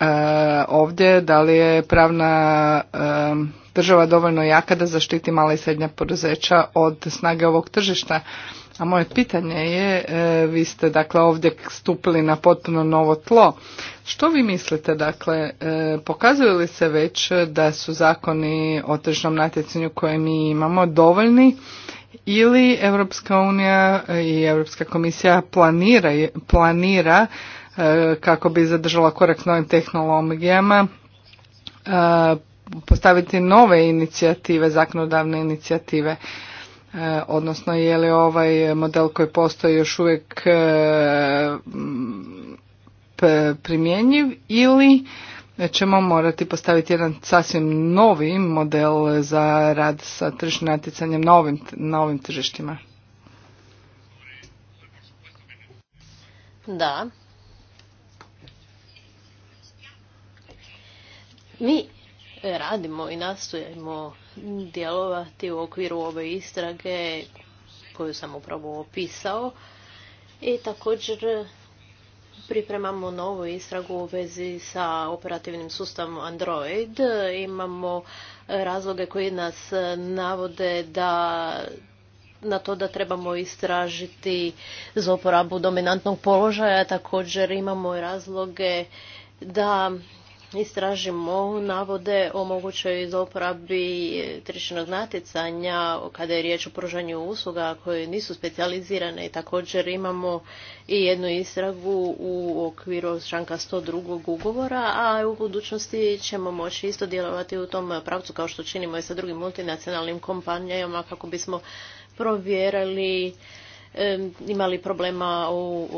e, ovdje da li je pravna država dovoljno jaka da zaštiti mala i srednja poduzeća od snage ovog tržišta. A moje pitanje je, e, vi ste dakle ovdje stupili na potpuno novo tlo. Što vi mislite, dakle, e, pokazuju li se već da su zakoni o tržnom natjecanju koje mi imamo dovoljni ili Europska unija i Europska komisija planira, planira e, kako bi zadržala korak s novim tehnologijama postaviti nove inicijative, zakonodavne inicijative? E, odnosno, je li ovaj model koji postoji još uvijek e, primjenjiv ili ćemo morati postaviti jedan sasvim novi model za rad sa tržišnim natjecanjem na ovim, na ovim tržištima? Da. Mi radimo i nastojimo djelovati u okviru ove istrage koju sam upravo opisao i također pripremamo novu istragu u vezi sa operativnim sustavom Android. Imamo razloge koji nas navode da na to da trebamo istražiti zoporabu dominantnog položaja. Također imamo razloge da istražimo navode o mogućoj zlouporabi tržišnog natjecanja kada je riječ o pružanju usluga koje nisu specijalizirane i također imamo i jednu istragu u okviru članka 102. ugovora, a u budućnosti ćemo moći isto djelovati u tom pravcu kao što činimo i sa drugim multinacionalnim kompanijama kako bismo provjerili imali problema u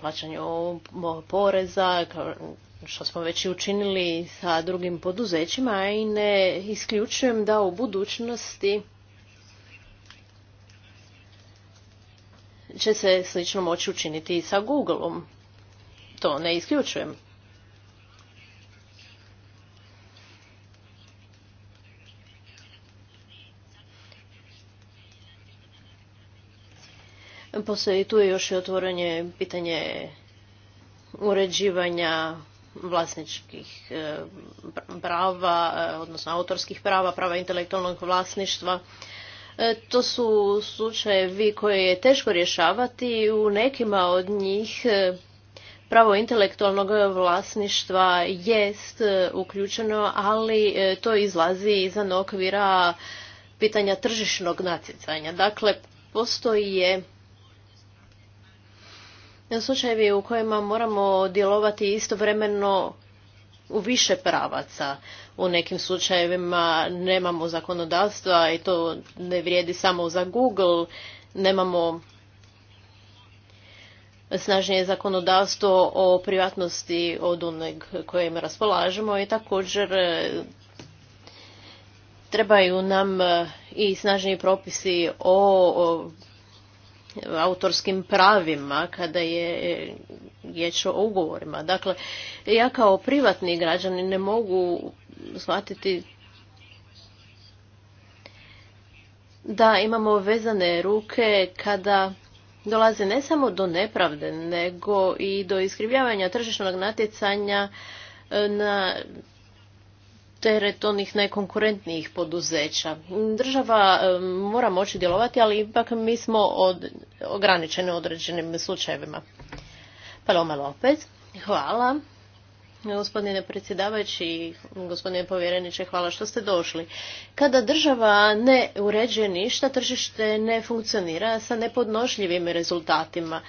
plaćanju poreza, što smo već i učinili sa drugim poduzećima i ne isključujem da u budućnosti će se slično moći učiniti i sa Googleom. To ne isključujem. Poslije tu je još i otvorenje pitanje uređivanja vlasničkih e, prava, e, odnosno autorskih prava, prava intelektualnog vlasništva. E, to su slučajevi koje je teško rješavati. U nekima od njih pravo intelektualnog vlasništva jest uključeno, ali to izlazi izvan okvira pitanja tržišnog natjecanja. Dakle, postoji je slučajevi u kojima moramo djelovati istovremeno u više pravaca. U nekim slučajevima nemamo zakonodavstva i to ne vrijedi samo za Google, nemamo snažnije zakonodavstvo o privatnosti od onog kojim raspolažemo i također e, trebaju nam e, i snažniji propisi o autorskim pravima kada je riječ o ugovorima. Dakle, ja kao privatni građani ne mogu shvatiti da imamo vezane ruke kada dolaze ne samo do nepravde, nego i do iskrivljavanja tržišnog natjecanja e, na teret onih najkonkurentnijih poduzeća. Država mora moći djelovati, ali ipak mi smo od, ograničeni određenim slučajevima. Paloma Lopez, hvala. Gospodine predsjedavajući, gospodine povjereniče, hvala što ste došli. Kada država ne uređuje ništa, tržište ne funkcionira sa nepodnošljivim rezultatima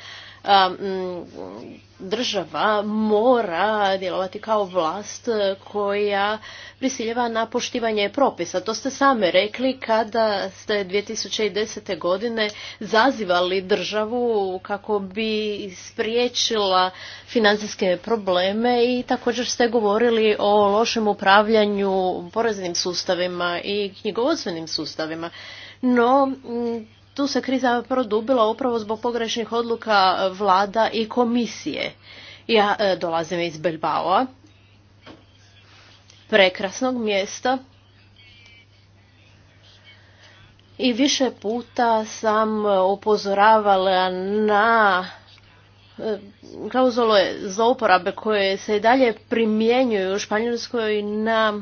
država mora djelovati kao vlast koja prisiljeva na poštivanje propisa. To ste same rekli kada ste 2010. godine zazivali državu kako bi spriječila financijske probleme i također ste govorili o lošem upravljanju poreznim sustavima i knjigovodstvenim sustavima. No, tu se kriza produbila upravo zbog pogrešnih odluka vlada i komisije. Ja e, dolazim iz Belbao, prekrasnog mjesta i više puta sam upozoravala na e, klauzule zlouporabe koje se i dalje primjenjuju u Španjolskoj na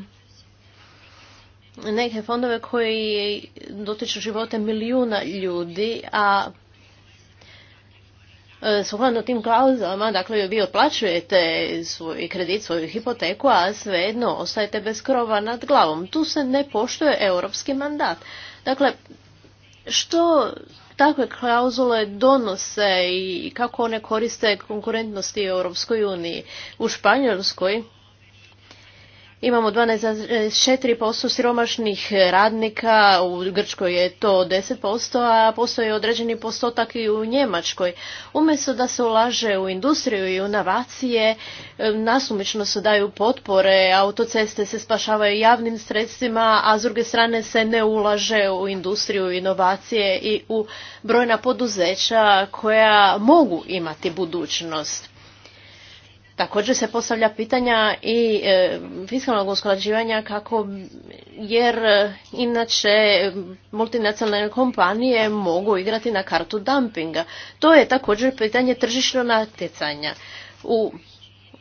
neke fondove koji dotiču živote milijuna ljudi, a e, sukladno tim klauzama, dakle vi otplaćujete svoj kredit, svoju hipoteku, a svejedno ostajete bez krova nad glavom. Tu se ne poštuje europski mandat. Dakle, što takve klauzule donose i kako one koriste konkurentnosti u Europskoj uniji? U Španjolskoj Imamo 12,4% siromašnih radnika, u Grčkoj je to 10%, a postoji određeni postotak i u Njemačkoj. Umjesto da se ulaže u industriju i u inovacije, e, nasumično se daju potpore, autoceste se spašavaju javnim sredstvima, a s druge strane se ne ulaže u industriju, inovacije i u brojna poduzeća koja mogu imati budućnost. Također se postavlja pitanja i e, fiskalnog usklađivanja kako jer e, inače multinacionalne kompanije mogu igrati na kartu dumpinga. To je također pitanje tržišnog natjecanja. U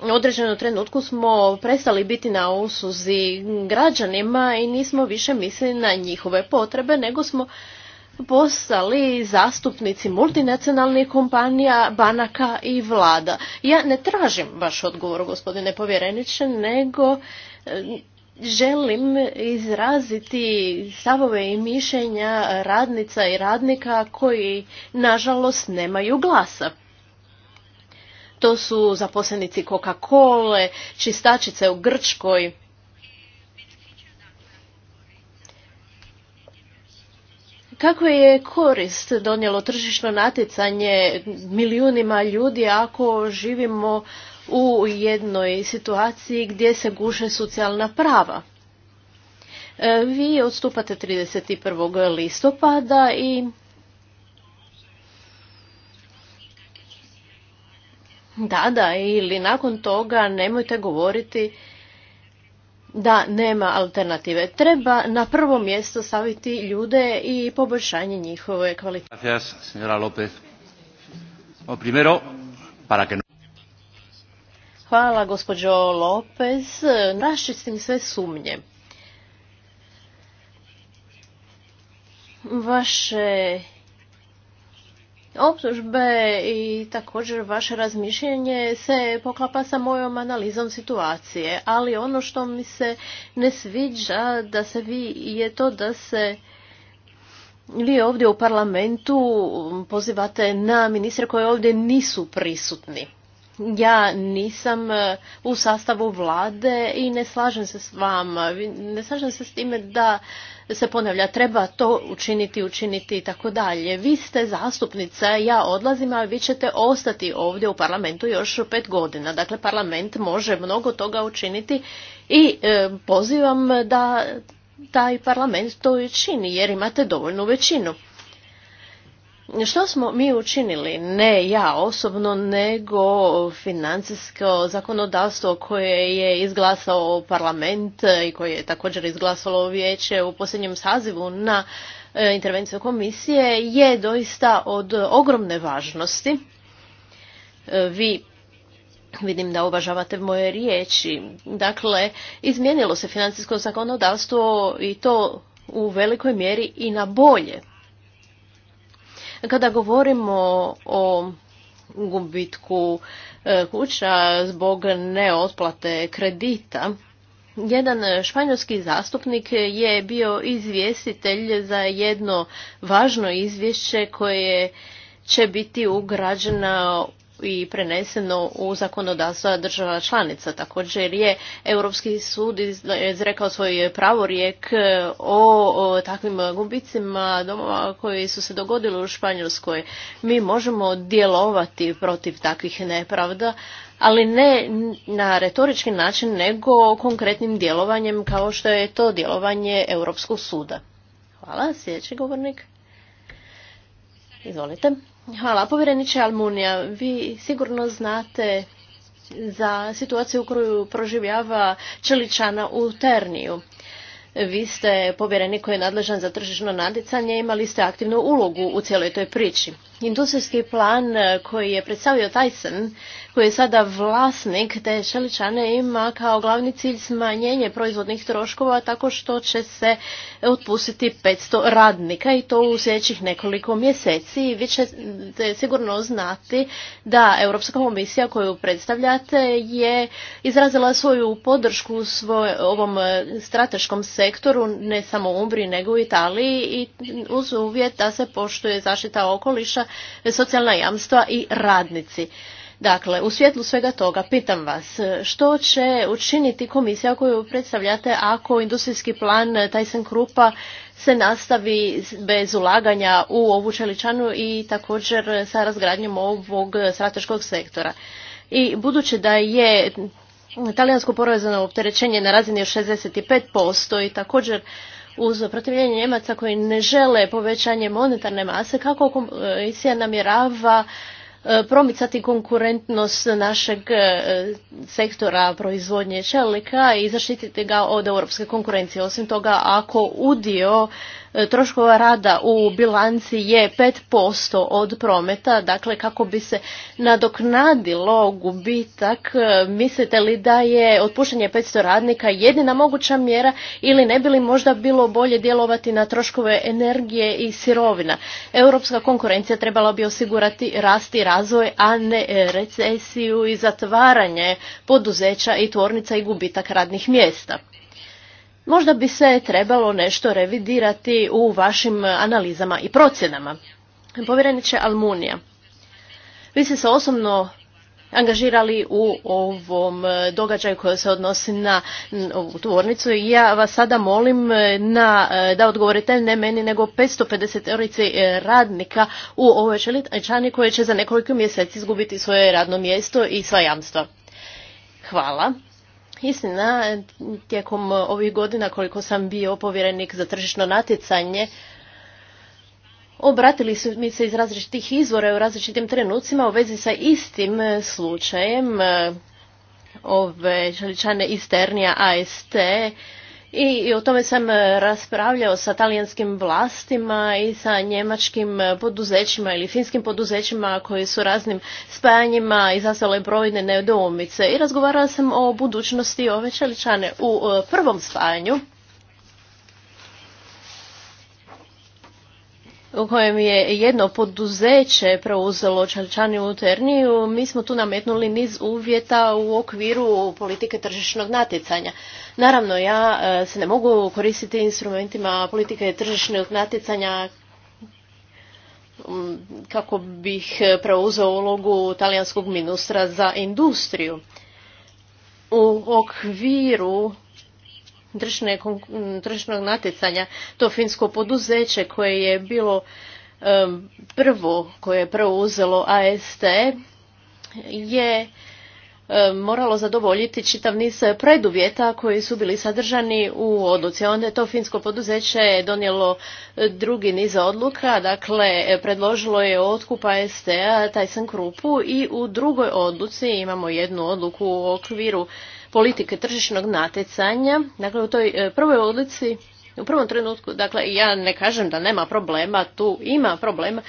određenom trenutku smo prestali biti na usuzi građanima i nismo više mislili na njihove potrebe, nego smo postali zastupnici multinacionalnih kompanija, banaka i vlada. Ja ne tražim vaš odgovor, gospodine povjereniče, nego e, želim izraziti stavove i mišljenja radnica i radnika koji, nažalost, nemaju glasa. To su zaposlenici Coca-Cole, čistačice u Grčkoj, Kako je korist donijelo tržišno natjecanje milijunima ljudi ako živimo u jednoj situaciji gdje se guše socijalna prava? E, vi odstupate 31. listopada i Da, da, ili nakon toga nemojte govoriti da nema alternative. Treba na prvo mjesto staviti ljude i poboljšanje njihove kvalitete. Hvala gospođo Lopez. Raščistim sve sumnje. Vaše optužbe i također vaše razmišljenje se poklapa sa mojom analizom situacije, ali ono što mi se ne sviđa da se vi je to da se vi ovdje u parlamentu pozivate na ministre koji ovdje nisu prisutni. Ja nisam e, u sastavu vlade i ne slažem se s vama. Ne slažem se s time da se ponavlja treba to učiniti, učiniti i tako dalje. Vi ste zastupnica, ja odlazim, a vi ćete ostati ovdje u parlamentu još pet godina. Dakle, parlament može mnogo toga učiniti i e, pozivam da taj parlament to i čini jer imate dovoljnu većinu. Što smo mi učinili? Ne ja osobno, nego financijsko zakonodavstvo koje je izglasao parlament i koje je također izglasalo vijeće u posljednjem sazivu na e, intervenciju komisije je doista od ogromne važnosti. E, vi Vidim da uvažavate moje riječi. Dakle, izmijenilo se financijsko zakonodavstvo i to u velikoj mjeri i na bolje. Kada govorimo o gubitku e, kuća zbog neotplate kredita, jedan španjolski zastupnik je bio izvjestitelj za jedno važno izvješće koje će biti ugrađena i preneseno u zakonodavstva država članica. Također je Europski sud izrekao svoj pravorijek e, o takvim gubicima domova koji su se dogodili u Španjolskoj. Mi možemo djelovati protiv takvih nepravda, ali ne na retorički način, nego konkretnim djelovanjem kao što je to djelovanje Europskog suda. Hvala, sljedeći govornik. Izvolite. Hvala. Povjereniče Almunija, vi sigurno znate za situaciju koju proživljava Čeličana u Terniju. Vi ste povjerenik koji je nadležan za tržišno nadicanje, imali ste aktivnu ulogu u cijeloj toj priči. Industrijski plan koji je predstavio Tyson koji je sada vlasnik te Šeličane ima kao glavni cilj smanjenje proizvodnih troškova tako što će se otpustiti 500 radnika i to u sljedećih nekoliko mjeseci. Vi ćete sigurno znati da Europska komisija koju predstavljate je izrazila svoju podršku svoj, ovom strateškom sektoru, ne samo u Umbri nego u Italiji i uz uvjet da se poštuje zaštita okoliša, socijalna jamstva i radnici. Dakle, u svjetlu svega toga pitam vas, e, što će učiniti komisija koju predstavljate ako industrijski plan Tyson Krupa se nastavi bez ulaganja u ovu čeličanu i također sa razgradnjom ovog strateškog sektora? I budući da je talijansko porezano opterećenje na razini od 65% i također uz protivljenje Njemaca koji ne žele povećanje monetarne mase, kako komisija namjerava E, promicati konkurentnost našeg e, sektora proizvodnje čelika i zaštititi ga od europske konkurencije. Osim toga, ako udio E, troškova rada u bilanci je 5% od prometa, dakle kako bi se nadoknadilo gubitak, e, mislite li da je otpuštanje 500 radnika jedina moguća mjera ili ne bi li možda bilo bolje djelovati na troškove energije i sirovina? Europska konkurencija trebala bi osigurati rast i razvoj, a ne recesiju i zatvaranje poduzeća i tvornica i gubitak radnih mjesta. Možda bi se trebalo nešto revidirati u vašim analizama i procjenama. Povjereniče Almunija, vi ste se osobno angažirali u ovom e, događaju koji se odnosi na ovu tvornicu i ja vas sada molim e, na, e, da odgovorite ne meni nego 550 orici radnika u ovoj čeličani koje će za nekoliko mjeseci izgubiti svoje radno mjesto i sva jamstva. Hvala. Istina, tijekom ovih godina koliko sam bio povjerenik za tržišno natjecanje, obratili su mi se iz različitih izvora u različitim trenucima u vezi sa istim slučajem eh, ove čeličane iz Ternija AST i o tome sam e, raspravljao sa talijanskim vlastima i sa njemačkim e, poduzećima ili finskim poduzećima koji su raznim spajanjima izazvale brojne nedoumice. I razgovarala sam o budućnosti ove čeličane u e, prvom spajanju. u kojem je jedno poduzeće preuzelo čelčani u Terniju, mi smo tu nametnuli niz uvjeta u okviru politike tržišnog natjecanja. Naravno, ja e, se ne mogu koristiti instrumentima politike tržišnog natjecanja kako bih preuzeo ulogu talijanskog ministra za industriju. U okviru tržišnog natjecanja, to finsko poduzeće koje je bilo prvo, koje je prvo uzelo AST, je moralo zadovoljiti čitav niz preduvjeta koji su bili sadržani u odluci. Onda je to finsko poduzeće donijelo e, drugi niz odluka, dakle e, predložilo je otkup AST-a Tyson Krupu i u drugoj odluci imamo jednu odluku u okviru politike tržišnog natjecanja. Dakle, u toj e, prvoj odlici, u prvom trenutku, dakle, ja ne kažem da nema problema, tu ima problema,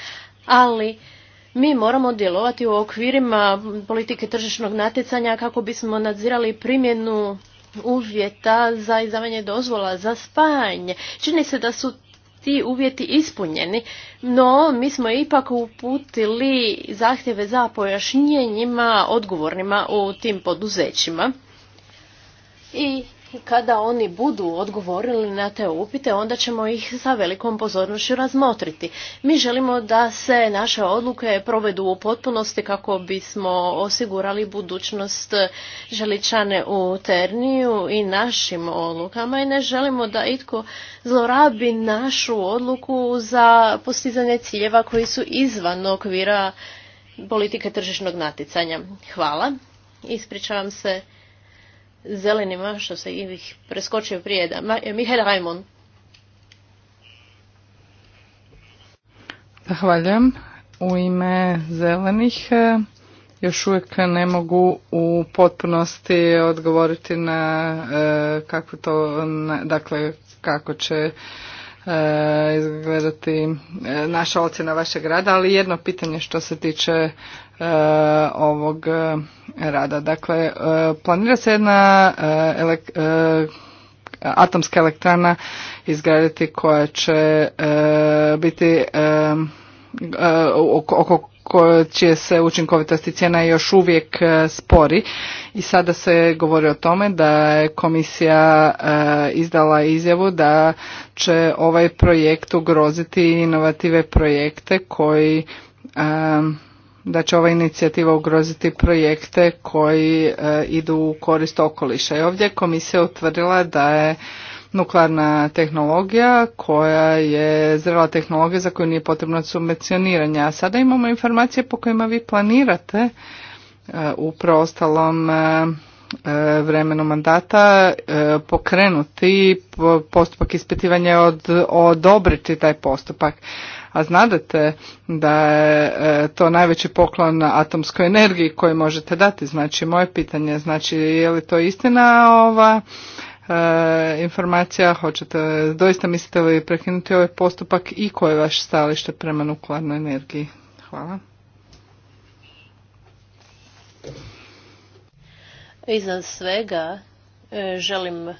ali mi moramo djelovati u okvirima politike tržišnog natjecanja kako bismo nadzirali primjenu uvjeta za izdavanje dozvola za spajanje. Čini se da su ti uvjeti ispunjeni, no mi smo ipak uputili zahtjeve za pojašnjenjima odgovornima u tim poduzećima i kada oni budu odgovorili na te upite, onda ćemo ih sa velikom pozornošću razmotriti. Mi želimo da se naše odluke provedu u potpunosti kako bismo osigurali budućnost želičane u Terniju i našim odlukama i ne želimo da itko zlorabi našu odluku za postizanje ciljeva koji su izvan okvira politike tržišnog natjecanja. Hvala. Ispričavam se zelenima, što se ih preskočio prije. Da, eh, Mihael Zahvaljujem. U ime zelenih eh, još uvijek ne mogu u potpunosti odgovoriti na eh, kako to, dakle kako će izgledati naša ocjena vašeg rada, ali jedno pitanje što se tiče E, ovog e, rada. Dakle, e, planira se jedna atomska elektrana izgraditi koja će biti oko će se učinkovitosti cijena još uvijek spori i sada se govori o tome da je komisija izdala izjavu da će ovaj projekt ugroziti inovative projekte koji da će ova inicijativa ugroziti projekte koji e, idu u korist okoliša. I ovdje je komisija utvrdila da je nuklearna tehnologija koja je zrela tehnologija za koju nije potrebno subvencioniranje. A sada imamo informacije po kojima vi planirate e, u preostalom e, vremenu mandata pokrenuti postupak ispitivanja od, odobriti taj postupak a znadete da je e, to najveći poklon atomskoj energiji koji možete dati. Znači moje pitanje, znači je li to istina ova e, informacija, hoćete, doista mislite li prekinuti ovaj postupak i koje je vaše stajalište prema nuklearnoj energiji? Hvala. Iza svega e, želim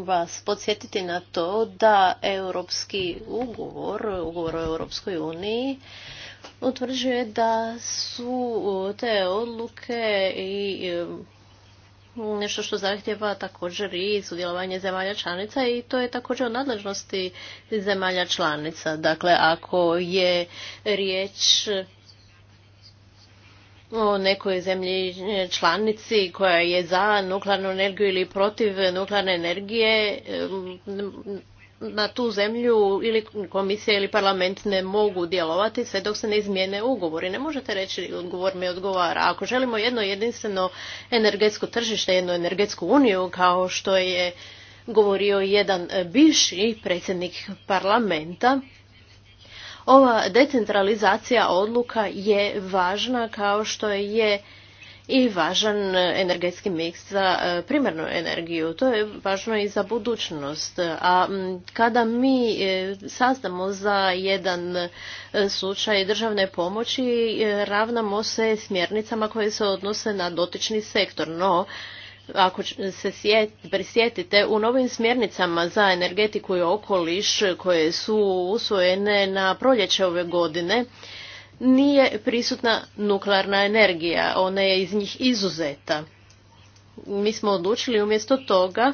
vas podsjetiti na to da europski ugovor, ugovor o Europskoj uniji, utvrđuje da su te odluke i e, nešto što zahtjeva također i sudjelovanje zemalja članica i to je također u nadležnosti zemalja članica. Dakle, ako je riječ o nekoj zemlji članici koja je za nuklearnu energiju ili protiv nuklearne energije na tu zemlju ili komisija ili parlament ne mogu djelovati sve dok se ne izmijene ugovori. Ne možete reći odgovor mi odgovara. Ako želimo jedno jedinstveno energetsko tržište, jednu energetsku uniju kao što je govorio jedan bivši predsjednik parlamenta, ova decentralizacija odluka je važna kao što je i važan energetski miks za e, primarnu energiju. To je važno i za budućnost. A kada mi e, saznamo za jedan e, slučaj državne pomoći, ravnamo se smjernicama koje se odnose na dotični sektor. No, ako se prisjetite, u novim smjernicama za energetiku i okoliš koje su usvojene na proljeće ove godine, nije prisutna nuklearna energija, ona je iz njih izuzeta. Mi smo odlučili umjesto toga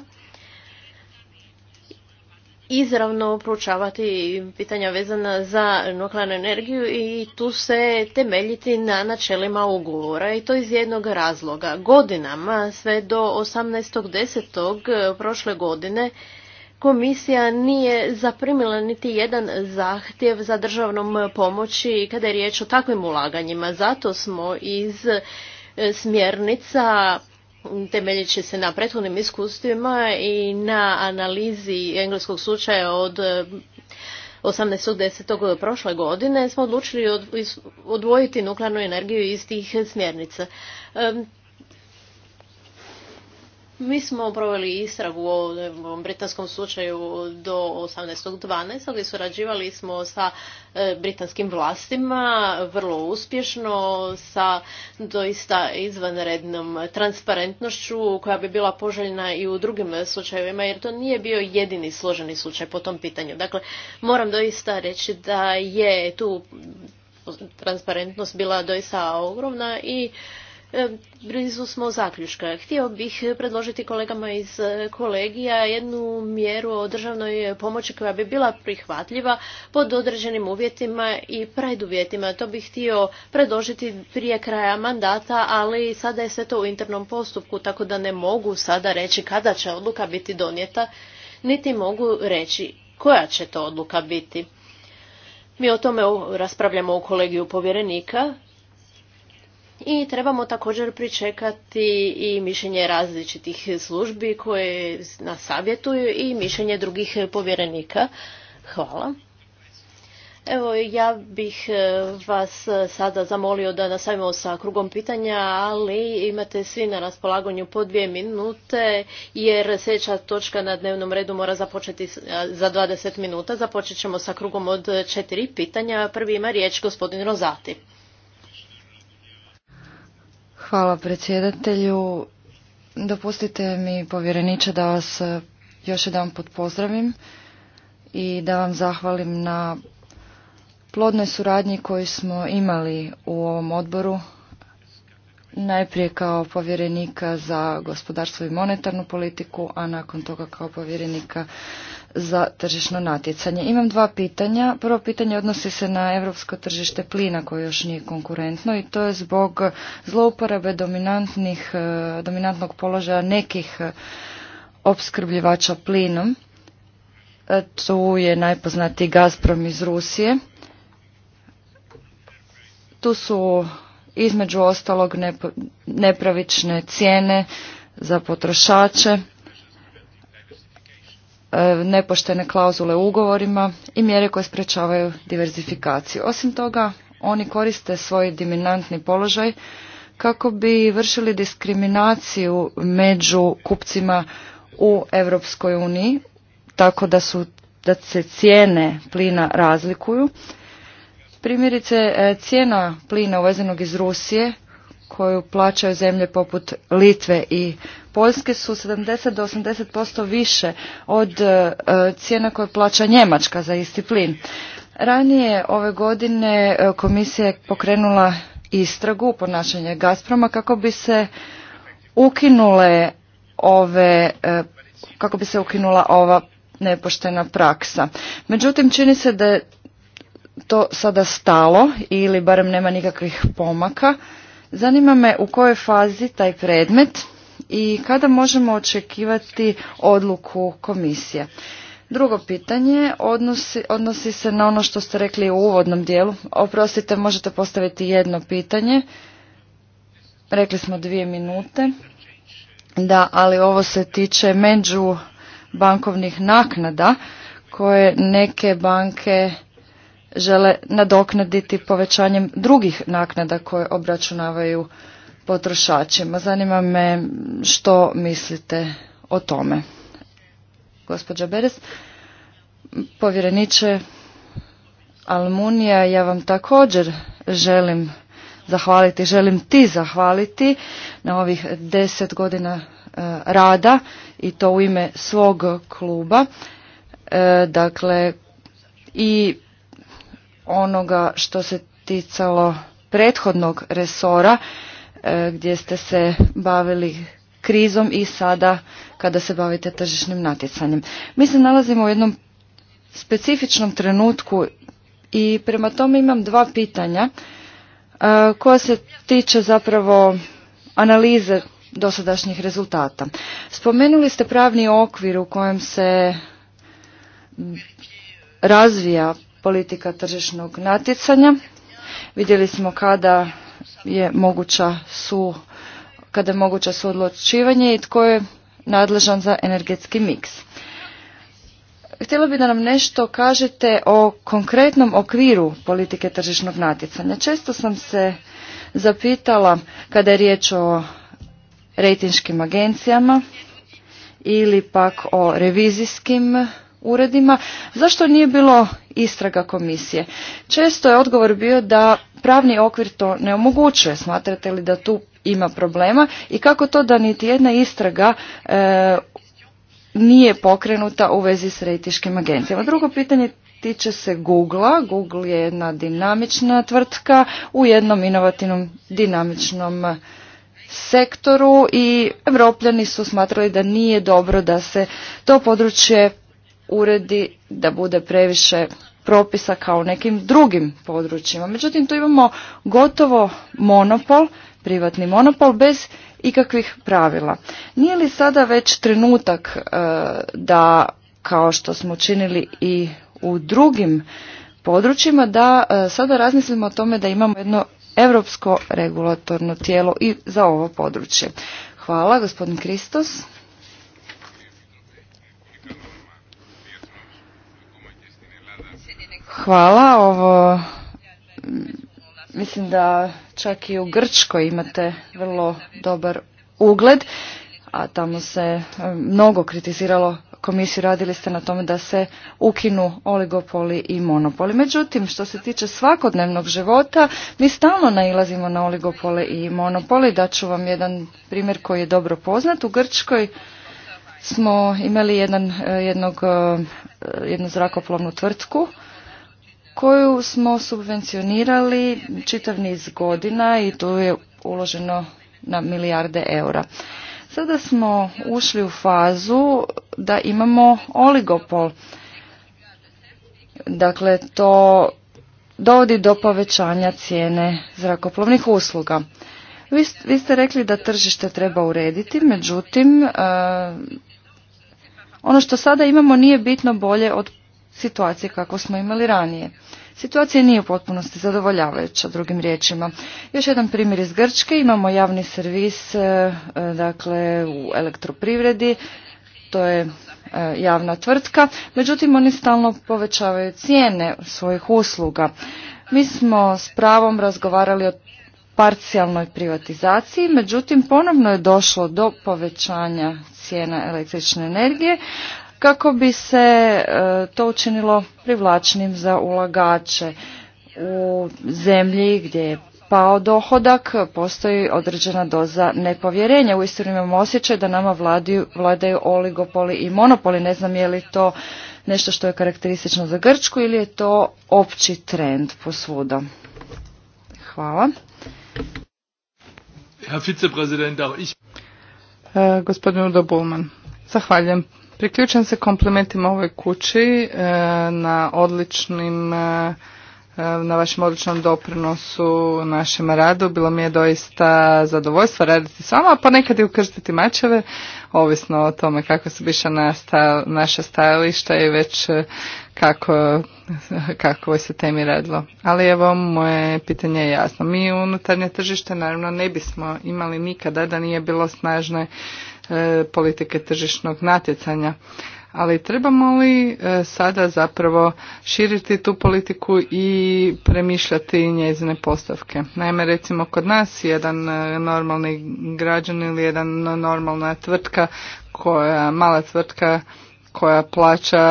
izravno proučavati pitanja vezana za nuklearnu energiju i tu se temeljiti na načelima ugovora i to iz jednog razloga. Godinama, sve do 18.10. prošle godine, komisija nije zaprimila niti jedan zahtjev za državnom pomoći kada je riječ o takvim ulaganjima. Zato smo iz smjernica temeljit će se na prethodnim iskustvima i na analizi engleskog slučaja od 18.10. E, prošle godine smo odlučili odvojiti nuklearnu energiju iz tih smjernica. E, mi smo proveli istragu o ovom britanskom slučaju do 18.12. gdje surađivali smo sa e, britanskim vlastima vrlo uspješno sa doista izvanrednom transparentnošću koja bi bila poželjna i u drugim slučajevima jer to nije bio jedini složeni slučaj po tom pitanju. Dakle, moram doista reći da je tu transparentnost bila doista ogromna i blizu smo zaključka. Htio bih predložiti kolegama iz e, kolegija jednu mjeru o državnoj pomoći koja bi bila prihvatljiva pod određenim uvjetima i preduvjetima. To bih htio predložiti prije kraja mandata, ali sada je sve to u internom postupku, tako da ne mogu sada reći kada će odluka biti donijeta, niti mogu reći koja će to odluka biti. Mi o tome raspravljamo u kolegiju povjerenika i trebamo također pričekati i mišljenje različitih službi koje nas savjetuju i mišljenje drugih povjerenika. Hvala. Evo, ja bih e, vas sada zamolio da nastavimo sa krugom pitanja, ali imate svi na raspolaganju po dvije minute, jer sljedeća točka na dnevnom redu mora započeti e, za 20 minuta. Započet ćemo sa krugom od četiri pitanja. Prvi ima riječ gospodin Rozati. Hvala predsjedatelju. Dopustite mi povjereniče da vas e, još jedan put pozdravim i da vam zahvalim na plodnoj suradnji koju smo imali u ovom odboru najprije kao povjerenika za gospodarstvo i monetarnu politiku, a nakon toga kao povjerenika za tržišno natjecanje. Imam dva pitanja. Prvo pitanje odnosi se na europsko tržište plina koje još nije konkurentno i to je zbog zlouporabe dominantnih, e, dominantnog položaja nekih e, opskrbljivača plinom. E, tu je najpoznatiji Gazprom iz Rusije. Tu su između ostalog nepravične cijene za potrošače E, nepoštene klauzule u ugovorima i mjere koje sprečavaju diversifikaciju. Osim toga, oni koriste svoj dominantni položaj kako bi vršili diskriminaciju među kupcima u Europskoj uniji, tako da su da se cijene plina razlikuju. Primjerice, e, cijena plina uvezenog iz Rusije koju plaćaju zemlje poput Litve i Poljske su 70 do 80% više od e, cijena koje plaća Njemačka za isti plin. Ranije ove godine e, komisija je pokrenula istragu ponašanje Gazproma kako bi se ukinule ove e, kako bi se ukinula ova nepoštena praksa. Međutim, čini se da je to sada stalo ili barem nema nikakvih pomaka. Zanima me u kojoj fazi taj predmet i kada možemo očekivati odluku komisije. Drugo pitanje odnosi, odnosi se na ono što ste rekli u uvodnom dijelu. Oprostite, možete postaviti jedno pitanje. Rekli smo dvije minute. Da, ali ovo se tiče među bankovnih naknada koje neke banke žele nadoknaditi povećanjem drugih naknada koje obračunavaju potrošačima. Zanima me što mislite o tome. Gospođa Beres, povjereniče Almunija, ja vam također želim zahvaliti, želim ti zahvaliti na ovih deset godina e, rada i to u ime svog kluba. E, dakle, i onoga što se ticalo prethodnog resora e, gdje ste se bavili krizom i sada kada se bavite tržišnim natjecanjem. Mi se nalazimo u jednom specifičnom trenutku i prema tome imam dva pitanja e, koja se tiče zapravo analize dosadašnjih rezultata. Spomenuli ste pravni okvir u kojem se razvija politika tržišnog natjecanja. Vidjeli smo kada je moguća su kada je moguća odločivanje i tko je nadležan za energetski miks. Htjelo bi da nam nešto kažete o konkretnom okviru politike tržišnog natjecanja. Često sam se zapitala kada je riječ o rejtinškim agencijama ili pak o revizijskim uredima, zašto nije bilo istraga komisije? Često je odgovor bio da pravni okvir to ne omogućuje. Smatrate li da tu ima problema i kako to da niti jedna istraga e, nije pokrenuta u vezi s rejtiškim agencijama? Drugo pitanje tiče se Google-a. Google je jedna dinamična tvrtka u jednom inovativnom dinamičnom sektoru i evropljani su smatrali da nije dobro da se to područje uredi da bude previše propisa kao u nekim drugim područjima. Međutim, tu imamo gotovo monopol, privatni monopol bez ikakvih pravila. Nije li sada već trenutak e, da, kao što smo činili i u drugim područjima, da e, sada razmislimo o tome da imamo jedno europsko regulatorno tijelo i za ovo područje. Hvala, gospodin Kristos. Hvala. Ovo, mislim da čak i u Grčkoj imate vrlo dobar ugled, a tamo se e, mnogo kritiziralo komisiju, radili ste na tome da se ukinu oligopoli i monopoli. Međutim, što se tiče svakodnevnog života, mi stalno nailazimo na oligopole i monopole. Daću vam jedan primjer koji je dobro poznat. U Grčkoj smo imali jedan, e, jednog, e, jednu zrakoplovnu tvrtku koju smo subvencionirali čitav niz godina i tu je uloženo na milijarde eura. Sada smo ušli u fazu da imamo oligopol. Dakle, to dovodi do povećanja cijene zrakoplovnih usluga. Vi, ste rekli da tržište treba urediti, međutim, e, ono što sada imamo nije bitno bolje od situacije kako smo imali ranije. Situacija nije u potpunosti zadovoljavajuća, drugim riječima. Još jedan primjer iz Grčke, imamo javni servis e, e, dakle, u elektroprivredi, to je e, javna tvrtka, međutim oni stalno povećavaju cijene svojih usluga. Mi smo s pravom razgovarali o parcijalnoj privatizaciji, međutim ponovno je došlo do povećanja cijena električne energije, kako bi se e, to učinilo privlačnim za ulagače. U zemlji gdje je pao dohodak, postoji određena doza nepovjerenja. Uistinu imamo osjećaj da nama vladaju, vladaju oligopoli i monopoli. Ne znam je li to nešto što je karakteristično za Grčku ili je to opći trend posvuda. Hvala. E, gospodin Udo Bulman, zahvaljujem. Priključujem se komplementima ovoj kući e, na odličnim e, e, na vašem odličnom doprinosu našem radu. Bilo mi je doista zadovoljstvo raditi s vama, pa nekad i ukrstiti mačeve, ovisno o tome kako su biša naša stajališta i već kako, kako se temi radilo. Ali evo, moje pitanje je jasno. Mi unutarnje tržište naravno ne bismo imali nikada da nije bilo snažne E, politike tržišnog natjecanja. Ali trebamo li e, sada zapravo širiti tu politiku i premišljati njezine postavke? Naime, recimo kod nas jedan e, normalni građan ili jedan normalna tvrtka, koja mala tvrtka koja plaća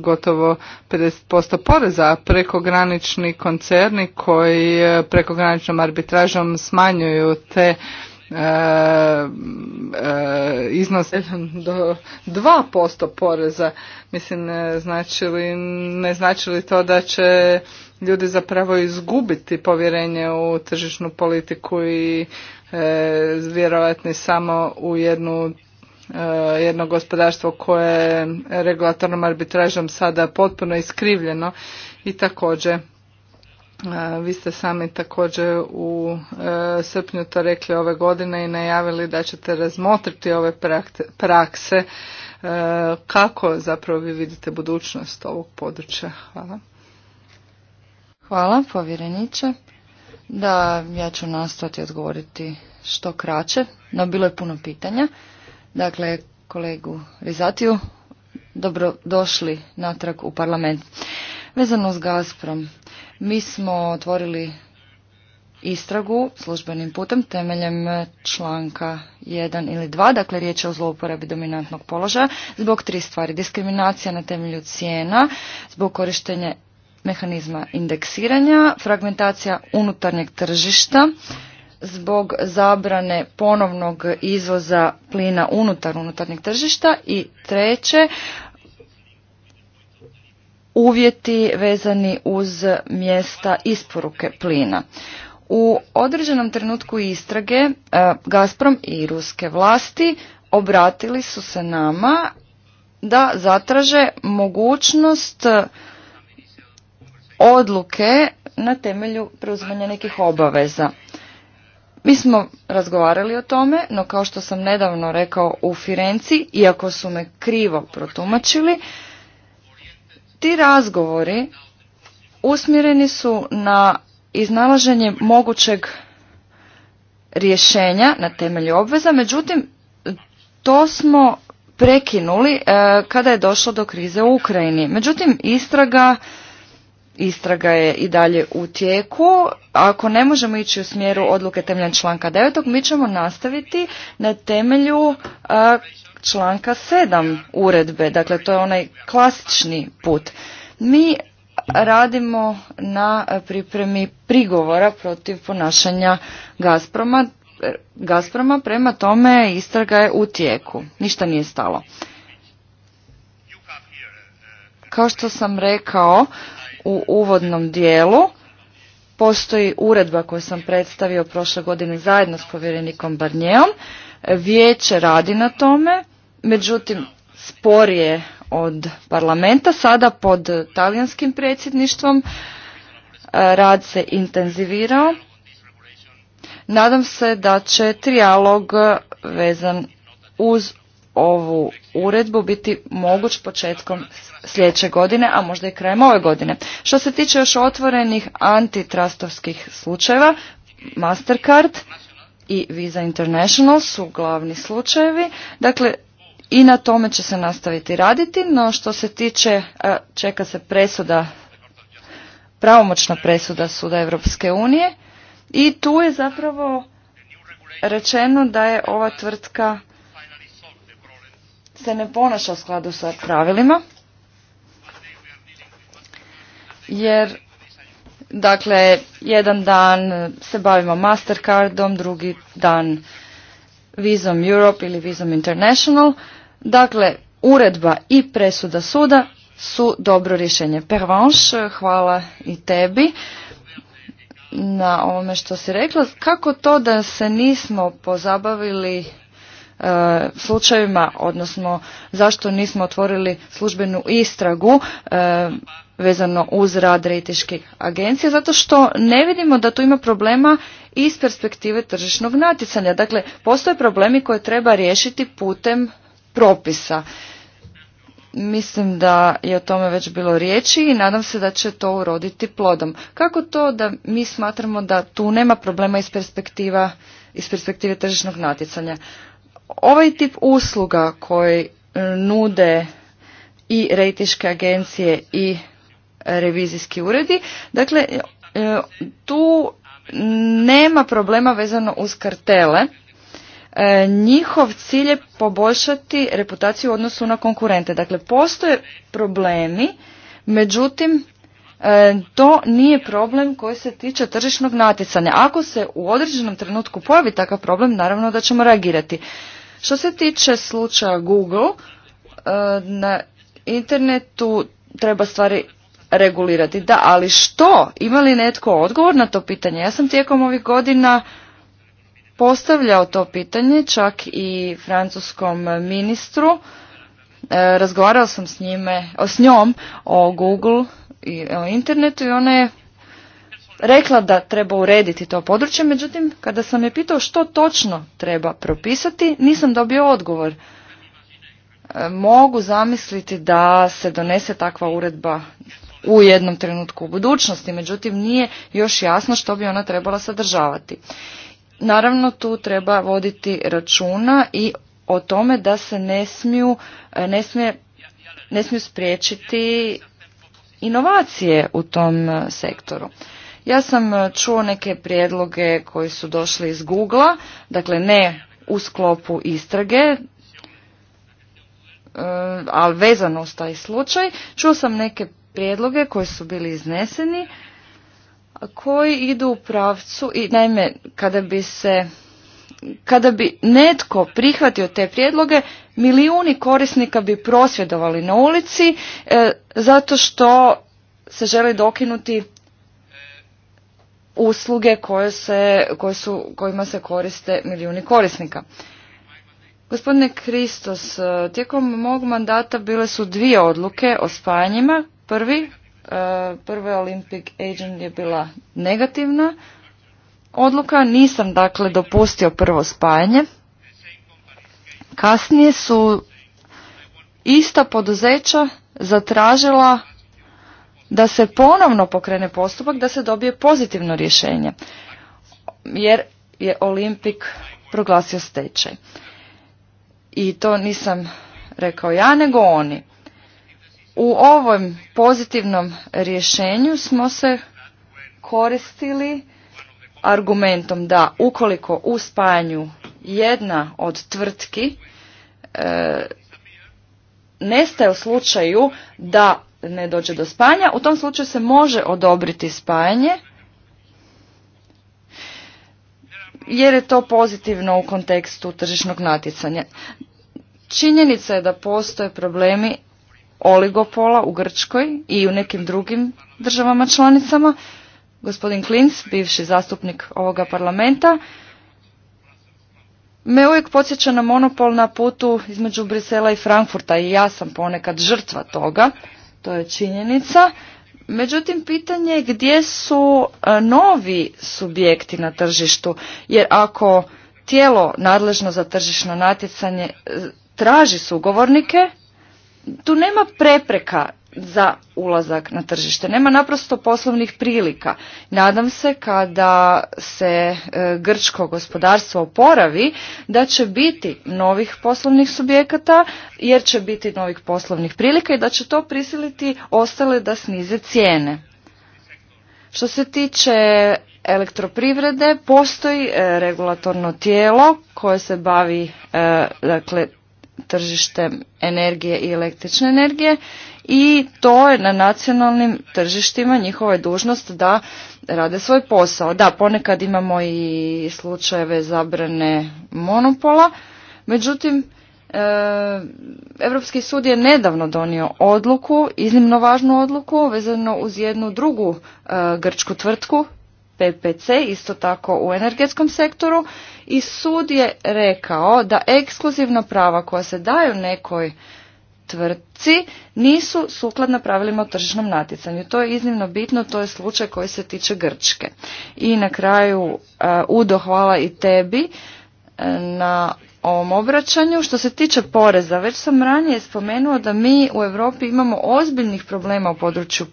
gotovo 50% poreza, a prekogranični koncerni koji prekograničnom arbitražom smanjuju te E, e, iznos do posto poreza. Mislim, ne znači, li, ne znači to da će ljudi zapravo izgubiti povjerenje u tržišnu politiku i e, vjerojatno samo u e, jedno gospodarstvo koje je regulatornom arbitražom sada potpuno iskrivljeno i također vi ste sami također u e, srpnju to rekli ove godine i najavili da ćete razmotriti ove prakse. E, kako zapravo vi vidite budućnost ovog područja? Hvala. Hvala, povjereniče. Da, ja ću nastaviti odgovoriti što kraće, no bilo je puno pitanja. Dakle, kolegu Rizatiju, dobro došli natrag u parlament. Vezano s Gazprom, mi smo otvorili istragu službenim putem temeljem članka 1 ili 2, dakle riječ je o zlouporabi dominantnog položaja, zbog tri stvari. Diskriminacija na temelju cijena, zbog korištenja mehanizma indeksiranja, fragmentacija unutarnjeg tržišta, zbog zabrane ponovnog izvoza plina unutar unutarnjeg tržišta i treće, uvjeti vezani uz mjesta isporuke plina. U određenom trenutku istrage e, Gazprom i ruske vlasti obratili su se nama da zatraže mogućnost e, odluke na temelju preuzimanja nekih obaveza. Mi smo razgovarali o tome, no kao što sam nedavno rekao u Firenci, iako su me krivo protumačili, ti razgovori usmjereni su na iznalaženje mogućeg rješenja na temelju obveza, međutim to smo prekinuli e, kada je došlo do krize u Ukrajini. Međutim, istraga istraga je i dalje u tijeku. Ako ne možemo ići u smjeru odluke temeljem članka 9. mi ćemo nastaviti na temelju e, članka 7 uredbe, dakle to je onaj klasični put. Mi radimo na pripremi prigovora protiv ponašanja Gazproma. prema tome istraga je u tijeku. Ništa nije stalo. Kao što sam rekao u uvodnom dijelu, postoji uredba koju sam predstavio prošle godine zajedno s povjerenikom Barnjelom Vijeće radi na tome međutim sporije od parlamenta. Sada pod talijanskim predsjedništvom e, rad se intenzivirao. Nadam se da će trijalog vezan uz ovu uredbu biti moguć početkom sljedeće godine, a možda i krajem ove godine. Što se tiče još otvorenih antitrastovskih slučajeva, Mastercard i Visa International su glavni slučajevi. Dakle, i na tome će se nastaviti raditi, no što se tiče, e, čeka se presuda, pravomoćna presuda Suda Europske unije i tu je zapravo rečeno da je ova tvrtka se ne ponaša u skladu sa pravilima, jer dakle jedan dan se bavimo Mastercardom, drugi dan Vizom Europe ili Visom International, Dakle, uredba i presuda suda su dobro rješenje. Pervanš, hvala i tebi na ovome što si rekla. Kako to da se nismo pozabavili e, odnosno zašto nismo otvorili službenu istragu e, vezano uz rad rejtiških agencija, zato što ne vidimo da tu ima problema iz perspektive tržišnog natjecanja. Dakle, postoje problemi koje treba riješiti putem propisa. Mislim da je o tome već bilo riječi i nadam se da će to uroditi plodom. Kako to da mi smatramo da tu nema problema iz perspektiva iz perspektive tržišnog natjecanja? Ovaj tip usluga koji e, nude i rejtiške agencije i revizijski uredi, dakle e, tu nema problema vezano uz kartele E, njihov cilj je poboljšati reputaciju u odnosu na konkurente. Dakle, postoje problemi, međutim, e, to nije problem koji se tiče tržišnog natjecanja. Ako se u određenom trenutku pojavi takav problem, naravno da ćemo reagirati. Što se tiče slučaja Google, e, na internetu treba stvari regulirati. Da, ali što? Ima li netko odgovor na to pitanje? Ja sam tijekom ovih godina postavljao to pitanje čak i francuskom ministru. E, razgovarao sam s njime, s njom o Google i o internetu i ona je rekla da treba urediti to područje, međutim kada sam je pitao što točno treba propisati, nisam dobio odgovor. E, mogu zamisliti da se donese takva uredba u jednom trenutku u budućnosti, međutim nije još jasno što bi ona trebala sadržavati. Naravno, tu treba voditi računa i o tome da se ne smiju, e, ne smije, ne smiju spriječiti inovacije u tom e, sektoru. Ja sam e, čuo neke prijedloge koji su došli iz google dakle ne u sklopu istrage, ali vezano uz taj slučaj. Čuo sam neke prijedloge koji su bili izneseni koji idu u pravcu i naime kada bi se kada bi netko prihvatio te prijedloge, milijuni korisnika bi prosvjedovali na ulici e, zato što se želi dokinuti usluge koje se, su, kojima se koriste milijuni korisnika. Gospodine Kristos, e, tijekom mog mandata bile su dvije odluke o spajanjima. Prvi prve Olympic Agent je bila negativna odluka, nisam dakle dopustio prvo spajanje. Kasnije su ista poduzeća zatražila da se ponovno pokrene postupak, da se dobije pozitivno rješenje, jer je Olimpik proglasio stečaj. I to nisam rekao ja, nego oni. U ovom pozitivnom rješenju smo se koristili argumentom da ukoliko u spajanju jedna od tvrtki e, nestaje u slučaju da ne dođe do spajanja, u tom slučaju se može odobriti spajanje jer je to pozitivno u kontekstu tržišnog natjecanja. Činjenica je da postoje problemi oligopola u Grčkoj i u nekim drugim državama članicama. Gospodin Klins, bivši zastupnik ovoga parlamenta, me uvijek podsjeća na monopol na putu između Brisela i Frankfurta i ja sam ponekad žrtva toga, to je činjenica. Međutim, pitanje je gdje su e, novi subjekti na tržištu, jer ako tijelo nadležno za tržišno natjecanje e, traži sugovornike, tu nema prepreka za ulazak na tržište. Nema naprosto poslovnih prilika. Nadam se kada se e, grčko gospodarstvo oporavi da će biti novih poslovnih subjekata jer će biti novih poslovnih prilika i da će to prisiliti ostale da snize cijene. Što se tiče elektroprivrede postoji e, regulatorno tijelo koje se bavi e, dakle tržište energije i električne energije i to je na nacionalnim tržištima njihova je dužnost da rade svoj posao. Da, ponekad imamo i slučajeve zabrane monopola, međutim Europski sud je nedavno donio odluku, iznimno važnu odluku vezano uz jednu drugu e, grčku tvrtku PPC, isto tako u energetskom sektoru i sud je rekao da ekskluzivna prava koja se daju nekoj tvrtci nisu sukladna pravilima o tržišnom natjecanju. To je iznimno bitno, to je slučaj koji se tiče Grčke. I na kraju uh, Udo, hvala i tebi uh, na ovom obraćanju. Što se tiče poreza, već sam ranije spomenuo da mi u Europi imamo ozbiljnih problema u području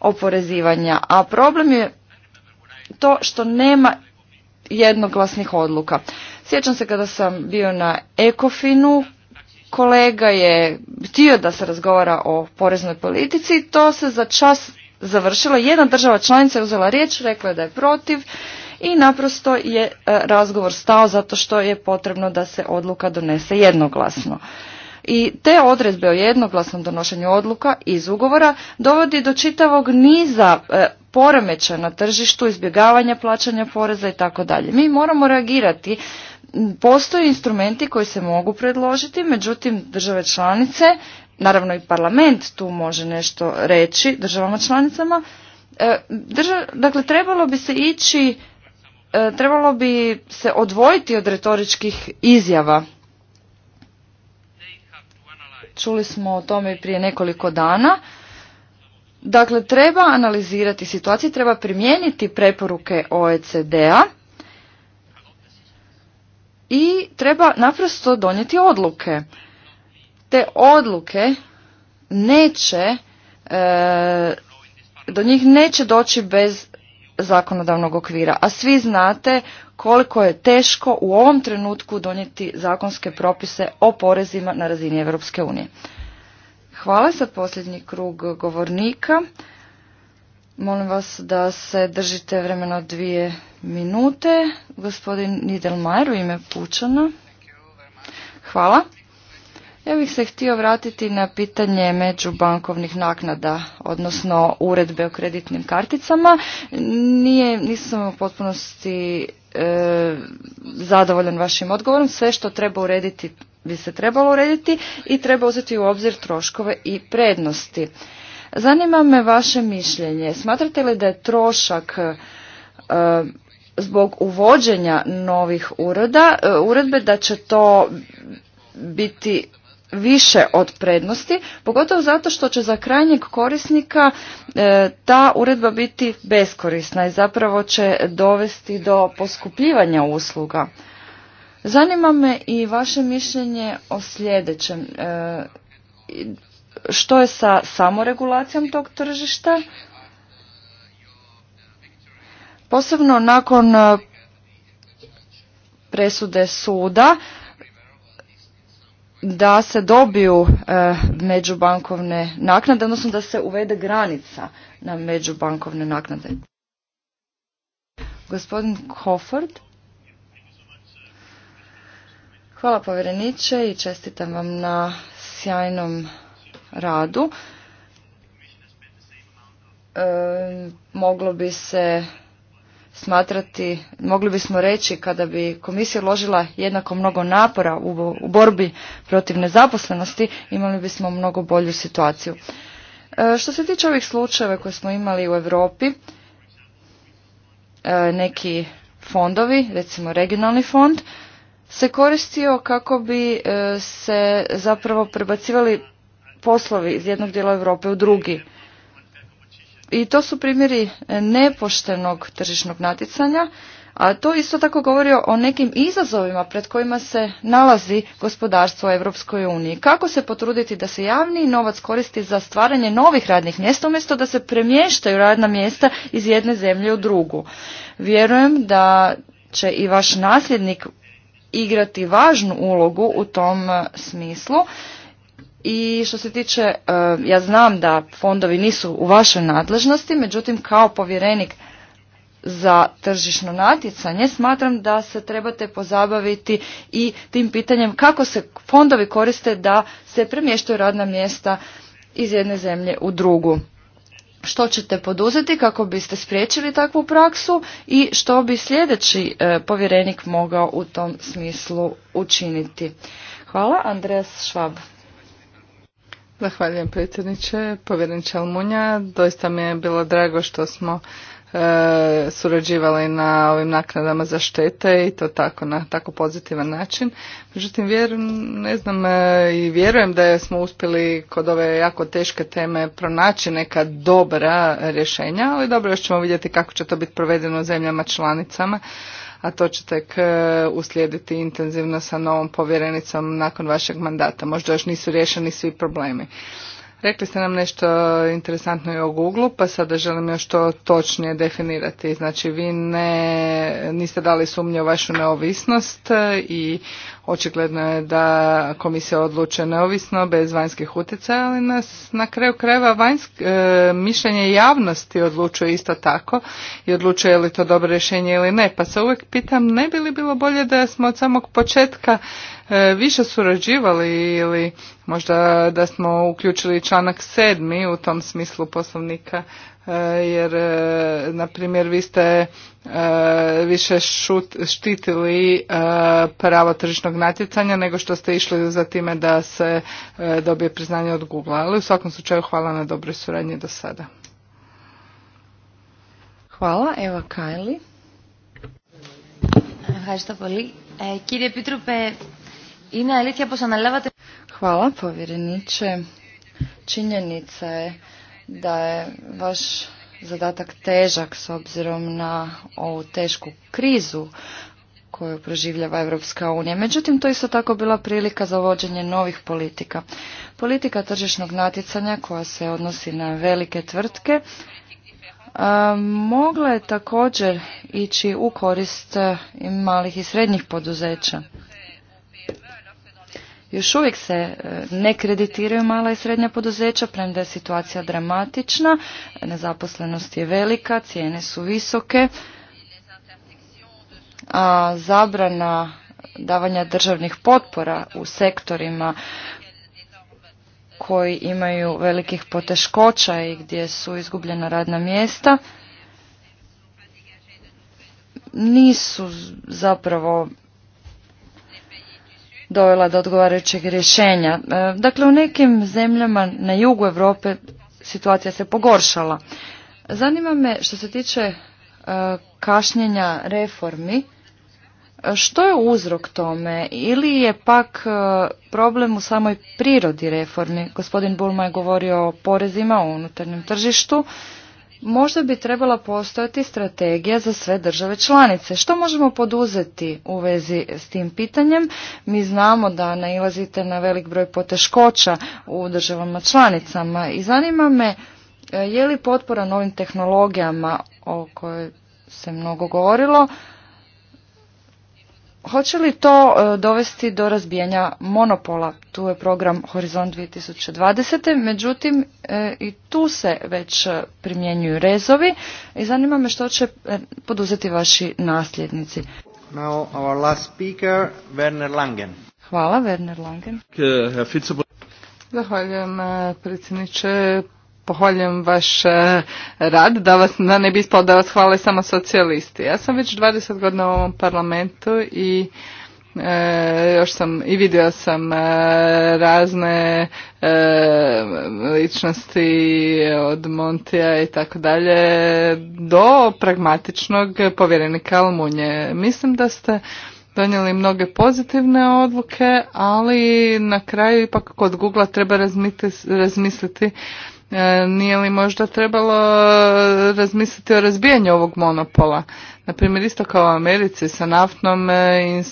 oporezivanja, a problem je to što nema jednoglasnih odluka. Sjećam se kada sam bio na Ekofinu, kolega je htio da se razgovara o poreznoj politici, to se za čas završilo. Jedna država članica je uzela riječ, rekla je da je protiv i naprosto je e, razgovor stao zato što je potrebno da se odluka donese jednoglasno. I te odredbe o jednoglasnom donošenju odluka iz ugovora dovodi do čitavog niza e, poremeća na tržištu, izbjegavanja plaćanja poreza i tako dalje. Mi moramo reagirati. Postoje instrumenti koji se mogu predložiti, međutim države članice, naravno i parlament tu može nešto reći državama članicama, e, dakle trebalo bi se ići e, trebalo bi se odvojiti od retoričkih izjava čuli smo o tome i prije nekoliko dana Dakle, treba analizirati situaciju, treba primijeniti preporuke OECD-a i treba naprosto donijeti odluke. Te odluke neće, e, do njih neće doći bez zakonodavnog okvira. A svi znate koliko je teško u ovom trenutku donijeti zakonske propise o porezima na razini Europske unije. Hvala. Sad posljednji krug govornika. Molim vas da se držite vremeno dvije minute. Gospodin Nidelmajer u ime Pučana. Hvala. Ja bih se htio vratiti na pitanje međubankovnih naknada, odnosno uredbe o kreditnim karticama. Nije, nisam u potpunosti e, zadovoljan vašim odgovorom. Sve što treba urediti bi se trebalo urediti i treba uzeti u obzir troškove i prednosti. Zanima me vaše mišljenje. Smatrate li da je trošak e, zbog uvođenja novih ureda, e, uredbe da će to biti više od prednosti, pogotovo zato što će za krajnjeg korisnika e, ta uredba biti beskorisna i zapravo će dovesti do poskupljivanja usluga. Zanima me i vaše mišljenje o sljedećem. E, što je sa samoregulacijom tog tržišta? Posebno nakon e, presude suda da se dobiju e, međubankovne naknade, odnosno da se uvede granica na međubankovne naknade. Gospodin Hofford. Hvala povjereniče i čestitam vam na sjajnom radu. E, moglo bi se smatrati, mogli bismo reći kada bi komisija uložila jednako mnogo napora u, borbi protiv nezaposlenosti, imali bismo mnogo bolju situaciju. E, što se tiče ovih slučajeva koje smo imali u Europi, e, neki fondovi, recimo regionalni fond, se koristio kako bi e, se zapravo prebacivali poslovi iz jednog dijela Europe u drugi. I to su primjeri e, nepoštenog tržišnog natjecanja, a to isto tako govori o nekim izazovima pred kojima se nalazi gospodarstvo Europskoj uniji. Kako se potruditi da se javni novac koristi za stvaranje novih radnih mjesta umjesto da se premještaju radna mjesta iz jedne zemlje u drugu. Vjerujem da će i vaš nasljednik igrati važnu ulogu u tom e, smislu. I što se tiče, e, ja znam da fondovi nisu u vašoj nadležnosti, međutim kao povjerenik za tržišno natjecanje smatram da se trebate pozabaviti i tim pitanjem kako se fondovi koriste da se premještaju radna mjesta iz jedne zemlje u drugu što ćete poduzeti kako biste spriječili takvu praksu i što bi sljedeći e, povjerenik mogao u tom smislu učiniti. Hvala, Andreas Švab. Zahvaljujem predsjedniče, povjereniče Almunja. Doista mi je bilo drago što smo E, surađivali na ovim naknadama za štete i to tako na tako pozitivan način. Međutim, vjerujem, ne znam e, i vjerujem da smo uspjeli kod ove jako teške teme pronaći neka dobra rješenja, ali dobro još ćemo vidjeti kako će to biti provedeno u zemljama članicama a to će tek e, uslijediti intenzivno sa novom povjerenicom nakon vašeg mandata. Možda još nisu rješeni svi problemi. Rekli ste nam nešto interesantno i o Google, pa sada želim još to točnije definirati. Znači, vi ne, niste dali sumnje u vašu neovisnost i Očigledno je da komisija odluče neovisno, bez vanjskih utjecaja, ali nas na kraju krajeva vanjsk, e, mišljenje javnosti odlučuje isto tako i odlučuje je li to dobro rješenje ili ne. Pa se uvijek pitam ne bi li bilo bolje da smo od samog početka e, više surađivali ili možda da smo uključili članak sedmi u tom smislu poslovnika Eh, jer eh, na primjer vi ste eh, više štitili pravo tržišnog natjecanja nego što ste išli za time da se dobije priznanje od Google. Ali u svakom slučaju hvala na dobroj suradnji do sada. Hvala. Eva Kajli. Hvala povjereniče. Činjenica je da je vaš zadatak težak s obzirom na ovu tešku krizu koju proživljava Europska unija. Međutim, to isto tako bila prilika za vođenje novih politika. Politika tržišnog natjecanja koja se odnosi na velike tvrtke mogla je također ići u korist malih i srednjih poduzeća još uvijek se e, ne kreditiraju mala i srednja poduzeća, premda je situacija dramatična, nezaposlenost je velika, cijene su visoke, a zabrana davanja državnih potpora u sektorima koji imaju velikih poteškoća i gdje su izgubljena radna mjesta, nisu zapravo dovela do odgovarajućeg rješenja. E, dakle, u nekim zemljama na jugu Europe situacija se pogoršala. Zanima me što se tiče e, kašnjenja reformi, e, što je uzrok tome ili je pak problem u samoj prirodi reformi? Gospodin Bulma je govorio o porezima, u unutarnjem tržištu. Možda bi trebala postojati strategija za sve države članice. Što možemo poduzeti u vezi s tim pitanjem? Mi znamo da nailazite na velik broj poteškoća u državama članicama i zanima me e, je li potpora novim tehnologijama o kojoj se mnogo govorilo, Hoće li to e, dovesti do razbijanja monopola? Tu je program Horizon 2020. Međutim, e, i tu se već e, primjenjuju rezovi i zanima me što će poduzeti vaši nasljednici. Now our last speaker, Werner Langen. Hvala, Werner Langen. Zahvaljujem predsjedniče pohvaljujem vaš e, rad, da, vas, da ne bi ispalo da vas hvale samo socijalisti. Ja sam već 20 godina u ovom parlamentu i e, još sam i vidio sam e, razne ličnosti od Montija i tako dalje do pragmatičnog povjerenika Almunje. Mislim da ste donijeli mnoge pozitivne odluke, ali na kraju ipak kod Google treba razmisliti E, nije li možda trebalo e, razmisliti o razbijanju ovog monopola? Naprimjer, isto kao u Americi sa naftnom e,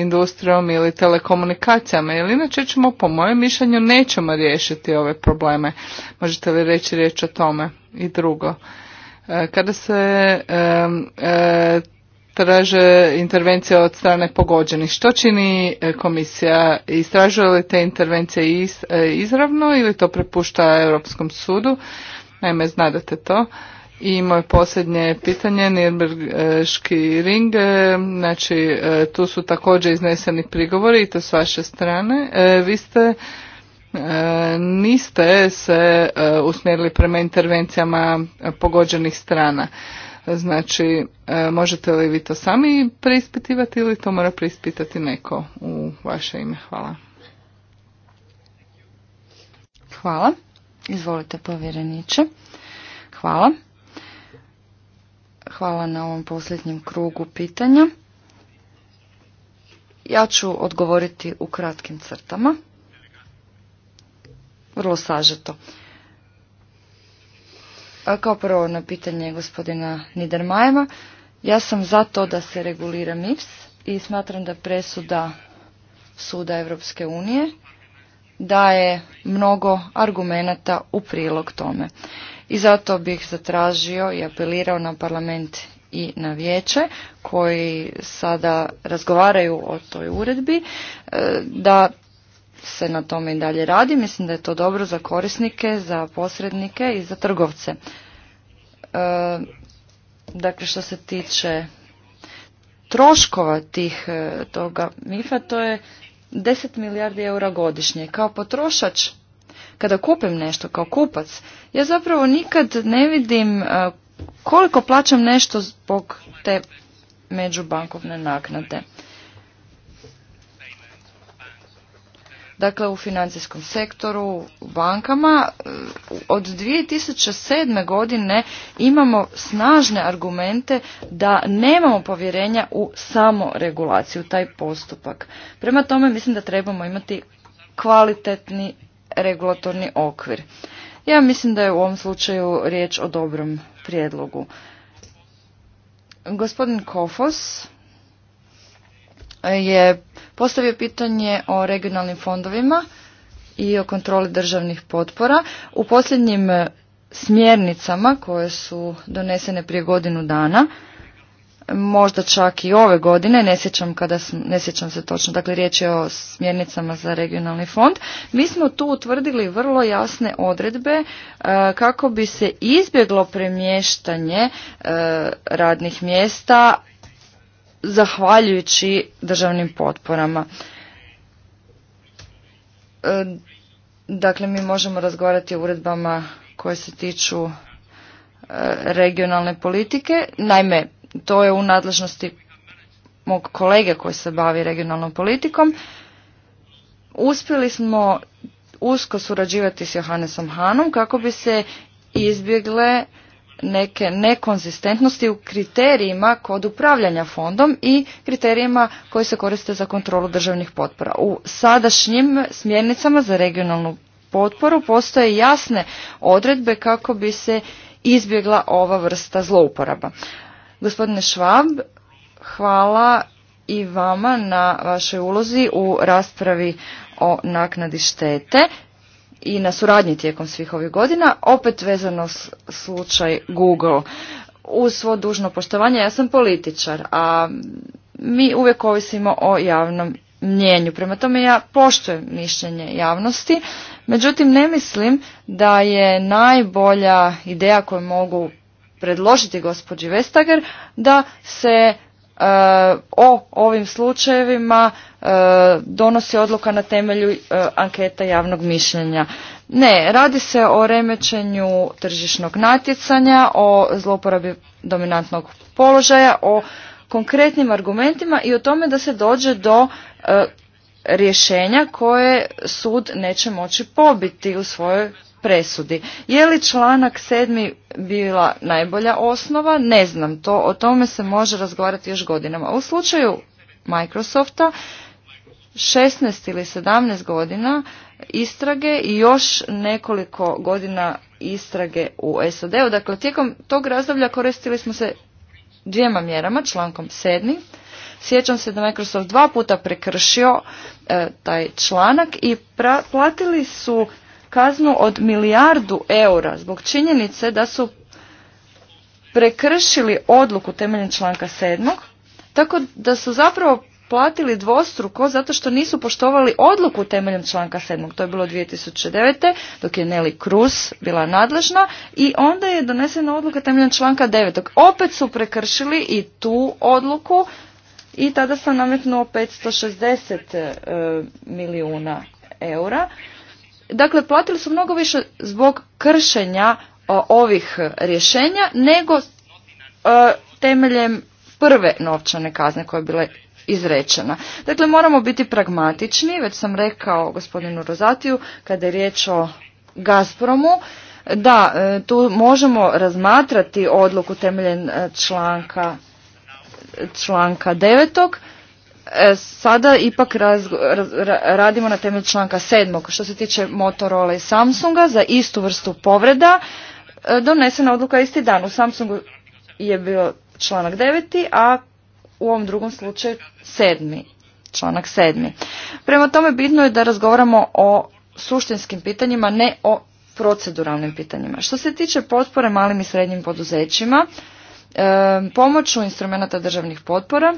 industrijom ili telekomunikacijama, jer inače ćemo, po mojem mišljenju, nećemo riješiti ove probleme. Možete li reći riječ o tome? I drugo, kada se traže intervencije od strane pogođenih. Što čini e, komisija? Istražuje li te intervencije e, izravno ili to prepušta Europskom sudu? Naime, znadete to. I moje posljednje pitanje, Nirberški ring, e, znači tu su također izneseni prigovori i to s vaše strane. Vi ste niste se usmjerili prema intervencijama pogođenih strana. Znači, e, možete li vi to sami preispitivati ili to mora preispitati neko u vaše ime? Hvala. Hvala. Izvolite povjereniče. Hvala. Hvala na ovom posljednjem krugu pitanja. Ja ću odgovoriti u kratkim crtama. Vrlo sažeto. Kao prvo na pitanje gospodina Nidermajema, ja sam za to da se regulira MIPS i smatram da presuda suda Europske unije daje mnogo argumenata u prilog tome. I zato bih zatražio i apelirao na parlament i na vijeće koji sada razgovaraju o toj uredbi e, da se na tome i dalje radi. Mislim da je to dobro za korisnike, za posrednike i za trgovce. E, dakle, što se tiče troškova tih e, toga MIFA, to je 10 milijardi eura godišnje. Kao potrošač, kada kupim nešto kao kupac, ja zapravo nikad ne vidim e, koliko plaćam nešto zbog te međubankovne naknade. dakle u financijskom sektoru, u bankama. E, od 2007. godine imamo snažne argumente da nemamo povjerenja u samoregulaciju, taj postupak. Prema tome mislim da trebamo imati kvalitetni regulatorni okvir. Ja mislim da je u ovom slučaju riječ o dobrom prijedlogu. Gospodin Kofos je postavio pitanje o regionalnim fondovima i o kontroli državnih potpora. U posljednjim smjernicama koje su donesene prije godinu dana, možda čak i ove godine, ne sjećam, kada, ne sjećam se točno, dakle riječ je o smjernicama za regionalni fond, mi smo tu utvrdili vrlo jasne odredbe e, kako bi se izbjeglo premještanje e, radnih mjesta zahvaljujući državnim potporama. E, dakle, mi možemo razgovarati o uredbama koje se tiču e, regionalne politike. Naime, to je u nadležnosti mog kolege koji se bavi regionalnom politikom. Uspjeli smo usko surađivati s Johannesom Hanom kako bi se izbjegle neke nekonzistentnosti u kriterijima kod upravljanja fondom i kriterijima koji se koriste za kontrolu državnih potpora. U sadašnjim smjernicama za regionalnu potporu postoje jasne odredbe kako bi se izbjegla ova vrsta zlouporaba. Gospodine Švab, hvala i vama na vašoj ulozi u raspravi o naknadi štete i na suradnji tijekom svih ovih godina, opet vezano slučaj Google. Uz svo dužno poštovanje, ja sam političar, a mi uvijek ovisimo o javnom mnjenju. Prema tome ja poštujem mišljenje javnosti, međutim ne mislim da je najbolja ideja koju mogu predložiti gospođi Vestager da se E, o ovim slučajevima e, donosi odluka na temelju e, anketa javnog mišljenja. Ne, radi se o remećenju tržišnog natjecanja, o zlouporabi dominantnog položaja, o konkretnim argumentima i o tome da se dođe do rješenja koje sud neće moći pobiti u svojoj presudi. Je li članak sedmi bila najbolja osnova? Ne znam to. O tome se može razgovarati još godinama. U slučaju Microsofta 16 ili 17 godina istrage i još nekoliko godina istrage u SAD-u. Dakle, tijekom tog razdoblja koristili smo se dvijema mjerama, člankom sedmi. Sjećam se da Microsoft dva puta prekršio e, taj članak i platili su kaznu od milijardu eura zbog činjenice da su prekršili odluku temeljem članka 7. Tako da su zapravo platili dvostruko zato što nisu poštovali odluku temeljem članka 7. To je bilo 2009. dok je Nelly Cruz bila nadležna i onda je donesena odluka temeljem članka 9. Opet su prekršili i tu odluku i tada sam nametnuo 560 e, milijuna eura. Dakle, platili su mnogo više zbog kršenja e, ovih rješenja nego e, temeljem prve novčane kazne koja je bila izrečena. Dakle, moramo biti pragmatični, već sam rekao gospodinu Rozatiju, kada je riječ o Gazpromu, da, e, tu možemo razmatrati odluku temeljen članka, članka devetog, E, sada ipak radimo na temelju članka 7. Što se tiče Motorola i Samsunga, za istu vrstu povreda e, donesena odluka isti dan. U Samsungu je bio članak 9. a u ovom drugom slučaju 7. članak 7. Prema tome bitno je da razgovaramo o suštinskim pitanjima, ne o proceduralnim pitanjima. Što se tiče potpore malim i srednjim poduzećima, e, pomoću instrumenta državnih potpora,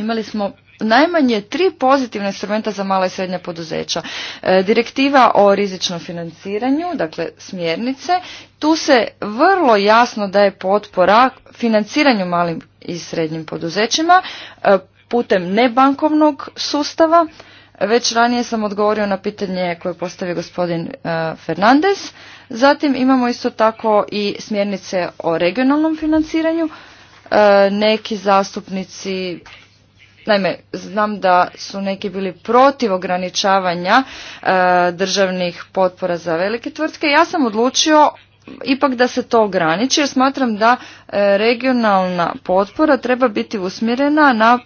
imali smo najmanje tri pozitivna instrumenta za mala i srednja poduzeća. E, direktiva o rizičnom financiranju, dakle smjernice, tu se vrlo jasno daje potpora financiranju malim i srednjim poduzećima e, putem nebankovnog sustava. Već ranije sam odgovorio na pitanje koje postavio gospodin e, Fernandez. Zatim imamo isto tako i smjernice o regionalnom financiranju. Neki zastupnici Naime, znam da su neki bili protiv ograničavanja e, državnih potpora za velike tvrtke. Ja sam odlučio ipak da se to ograniči jer smatram da e, regionalna potpora treba biti usmjerena na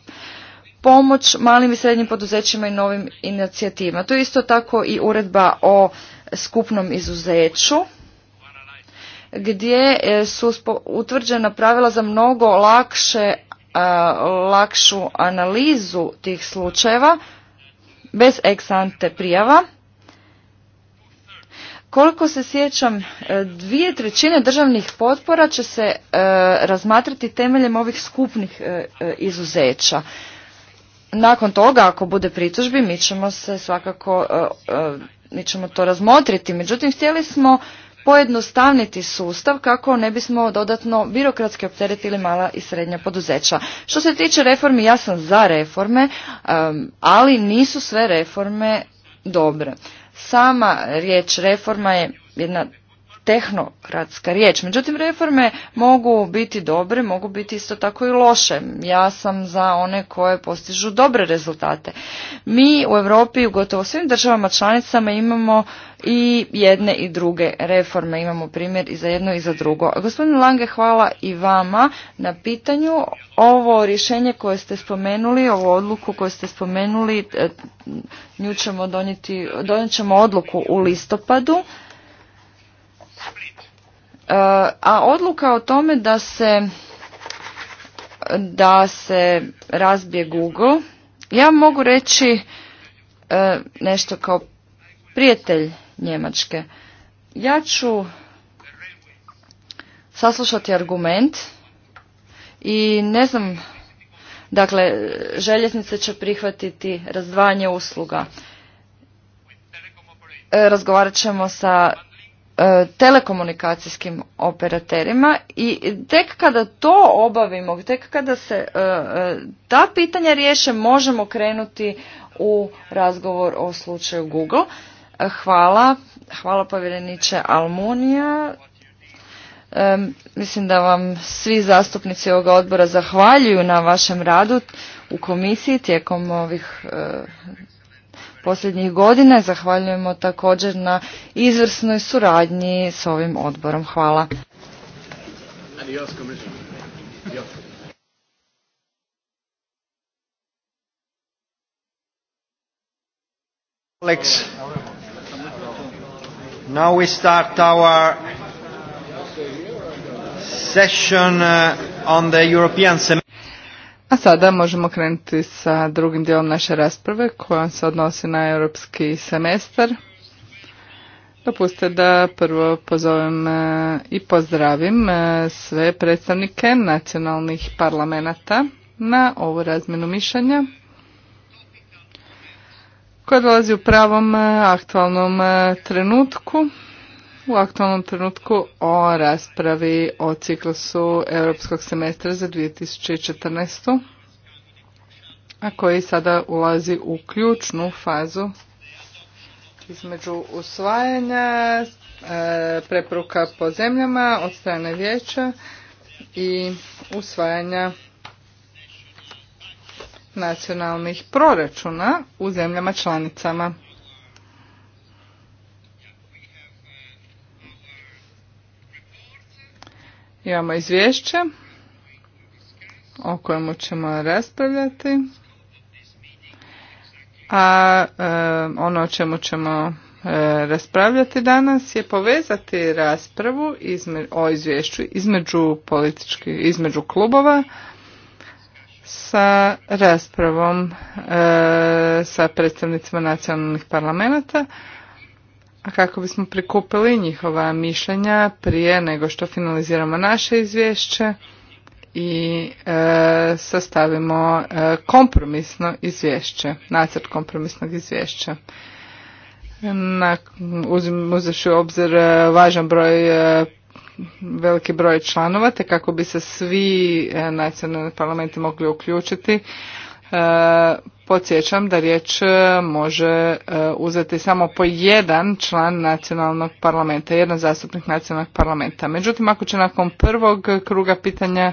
pomoć malim i srednjim poduzećima i novim inicijativama. To je isto tako i uredba o skupnom izuzeću gdje e, su utvrđena pravila za mnogo lakše lakšu analizu tih slučajeva bez ex ante prijava. Koliko se sjećam, e, dvije trećine državnih potpora će se e, razmatrati temeljem ovih skupnih e, izuzeća. Nakon toga, ako bude pritužbi, mi ćemo se svakako, mi ćemo to razmotriti. Međutim, htjeli smo pojednostavniti sustav kako ne bismo dodatno birokratski opteretili mala i srednja poduzeća. Što se tiče reformi, ja sam za reforme, ali nisu sve reforme dobre. Sama riječ reforma je jedna tehnokratska riječ. Međutim, reforme mogu biti dobre, mogu biti isto tako i loše. Ja sam za one koje postižu dobre rezultate. Mi u Europi u gotovo svim državama članicama imamo i jedne i druge reforme. Imamo primjer i za jedno i za drugo. Gospodine Lange, hvala i vama na pitanju. Ovo rješenje koje ste spomenuli, ovu odluku koju ste spomenuli, e, nju ćemo donijeti, donijet ćemo odluku u listopadu a odluka o tome da se da se razbije Google, ja mogu reći e, nešto kao prijatelj Njemačke. Ja ću saslušati argument i ne znam, dakle, željeznice će prihvatiti razdvajanje usluga. E, razgovarat ćemo sa E, telekomunikacijskim operaterima i tek kada to obavimo, tek kada se e, e, ta pitanja riješe možemo krenuti u razgovor o slučaju Google. Hvala, hvala povjereniče Almunija. Mislim da vam svi zastupnici ovoga odbora zahvaljuju na vašem radu u komisiji tijekom ovih posljednjih godina. Zahvaljujemo također na izvrsnoj suradnji s ovim odborom. Hvala. Now we start our session uh, on the European semester. A sada možemo krenuti sa drugim dijelom naše rasprave koja se odnosi na europski semestar. Dopustite da prvo pozovem e, i pozdravim e, sve predstavnike nacionalnih parlamenta na ovu razmjenu mišljenja koja dolazi u pravom e, aktualnom trenutku u aktualnom trenutku o raspravi o ciklusu europskog semestra za 2014. a koji sada ulazi u ključnu fazu između usvajanja e, preporuka po zemljama od strane vijeća i usvajanja nacionalnih proračuna u zemljama članicama. Imamo izvješće o kojemu ćemo raspravljati. A e, ono o čemu ćemo e, raspravljati danas je povezati raspravu izme, o izvješću između politički, između klubova sa raspravom e, sa predstavnicima nacionalnih parlamenta a kako bismo prikupili njihova mišljenja prije nego što finaliziramo naše izvješće i e, sastavimo e, kompromisno izvješće, nacrt kompromisnog izvješća. Na, u obzir e, važan broj, veliki broj članova, te kako bi se svi nacionalni parlamenti mogli uključiti, E, podsjećam da riječ e, može e, uzeti samo po jedan član nacionalnog parlamenta, jedan zastupnik nacionalnog parlamenta. Međutim, ako će nakon prvog kruga pitanja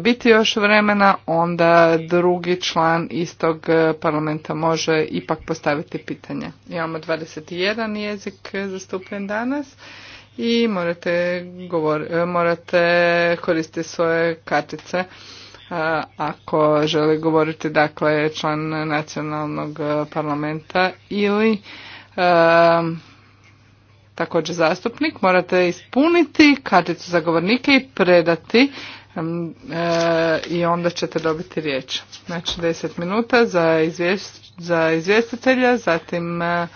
biti još vremena, onda drugi član istog parlamenta može ipak postaviti pitanje. Imamo 21 jezik zastupljen danas i morate, govor, morate koristiti svoje kartice ako želi govoriti dakle član nacionalnog e, parlamenta ili e, također zastupnik morate ispuniti karticu za govornike i predati e, i onda ćete dobiti riječ. Znači 10 minuta za, izvjest, za izvjestitelja, zatim e,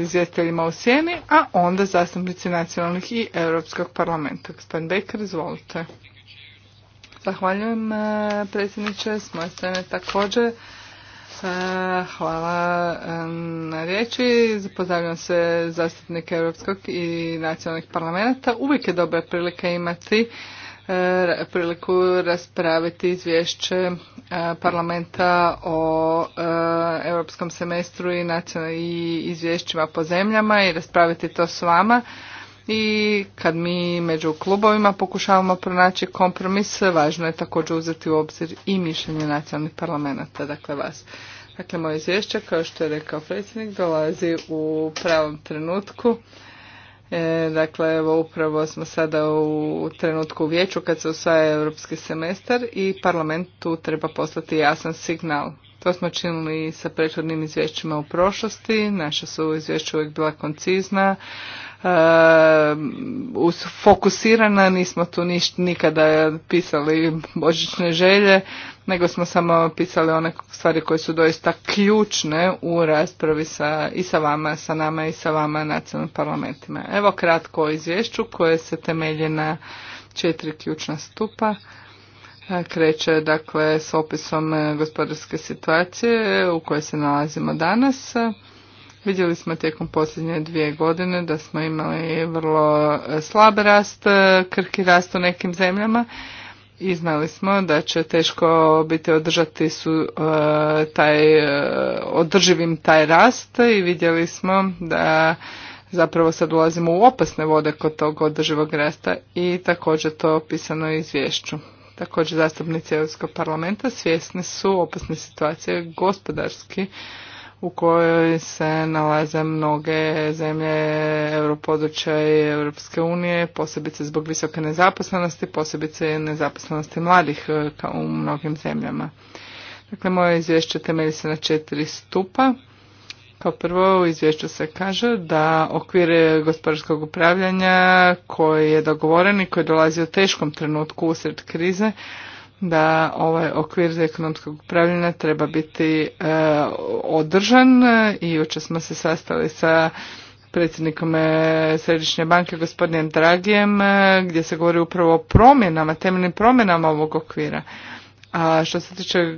izvjestiteljima u sjeni, a onda zastupnici nacionalnih i Europskog parlamenta. Gospodin Becker, izvolite. Zahvaljujem e, predsjedniče, s moje strane također. E, hvala e, na riječi. Pozdravljam se zastupnike Europskog i nacionalnih parlamenta. Uvijek je dobra prilika imati priliku raspraviti izvješće parlamenta o europskom semestru i izvješćima po zemljama i raspraviti to s vama i kad mi među klubovima pokušavamo pronaći kompromis, važno je također uzeti u obzir i mišljenje nacionalnih parlamenta, dakle vas. Dakle, moje izvješće, kao što je rekao predsjednik, dolazi u pravom trenutku. E, dakle, evo upravo smo sada u trenutku u vijeću kad se usvaja europski semestar i parlamentu treba poslati jasan signal. To smo činili sa prethodnim izvješćima u prošlosti. Naša su izvješća uvijek bila koncizna, uh, fokusirana, nismo tu niš, nikada pisali božićne želje, nego smo samo pisali one stvari koje su doista ključne u raspravi sa, i sa vama, sa nama i sa vama nacionalnim parlamentima. Evo kratko o izvješću koje se temelje na četiri ključna stupa kreće dakle s opisom e, gospodarske situacije u kojoj se nalazimo danas. Vidjeli smo tijekom posljednje dvije godine da smo imali vrlo e, slab rast, e, krki rast u nekim zemljama i znali smo da će teško biti održati su taj, održivim taj rast i vidjeli smo da zapravo sad ulazimo u opasne vode kod tog održivog rasta i također to opisano izvješću. Također zastupnici Europskog parlamenta svjesni su opasne situacije gospodarski u kojoj se nalaze mnoge zemlje europodručja i Europske unije, posebice zbog visoke nezaposlenosti, posebice nezaposlenosti mladih e, kao u mnogim zemljama. Dakle, moje izvješće temelji se na četiri stupa. Kao prvo u izvješću se kaže da okvir gospodarskog upravljanja koji je dogovoren i koji dolazi u teškom trenutku usred krize, da ovaj okvir za ekonomskog upravljanja treba biti e, održan i jučer smo se sastali sa predsjednikom e, Središnje banke gospodinom Dragijem e, gdje se govori upravo o promjenama, temeljnim promjenama ovog okvira. A što se tiče e,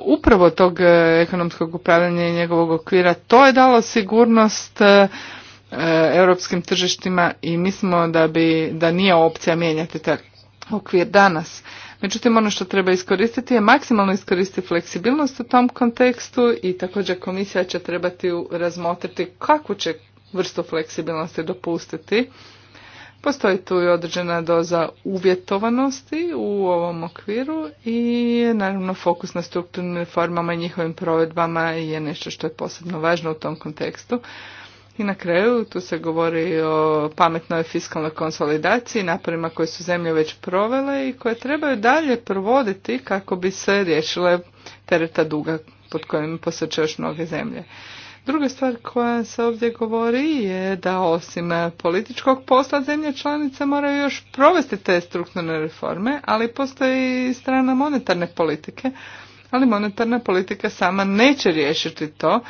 upravo tog e, ekonomskog upravljanja i njegovog okvira, to je dalo sigurnost e, europskim tržištima i mislimo da, bi, da nije opcija mijenjati taj okvir danas. Međutim, ono što treba iskoristiti je maksimalno iskoristiti fleksibilnost u tom kontekstu i također komisija će trebati razmotriti kakvu će vrstu fleksibilnosti dopustiti Postoji tu i određena doza uvjetovanosti u ovom okviru i naravno fokus na strukturnim reformama i njihovim provedbama je nešto što je posebno važno u tom kontekstu. I na kraju tu se govori o pametnoj fiskalnoj konsolidaciji, naporima koje su zemlje već provele i koje trebaju dalje provoditi kako bi se riješile tereta duga pod kojim posjeća još mnoge zemlje. Druga stvar koja se ovdje govori je da osim političkog posla zemlje članice moraju još provesti te strukturne reforme, ali postoji strana monetarne politike, ali monetarna politika sama neće riješiti to.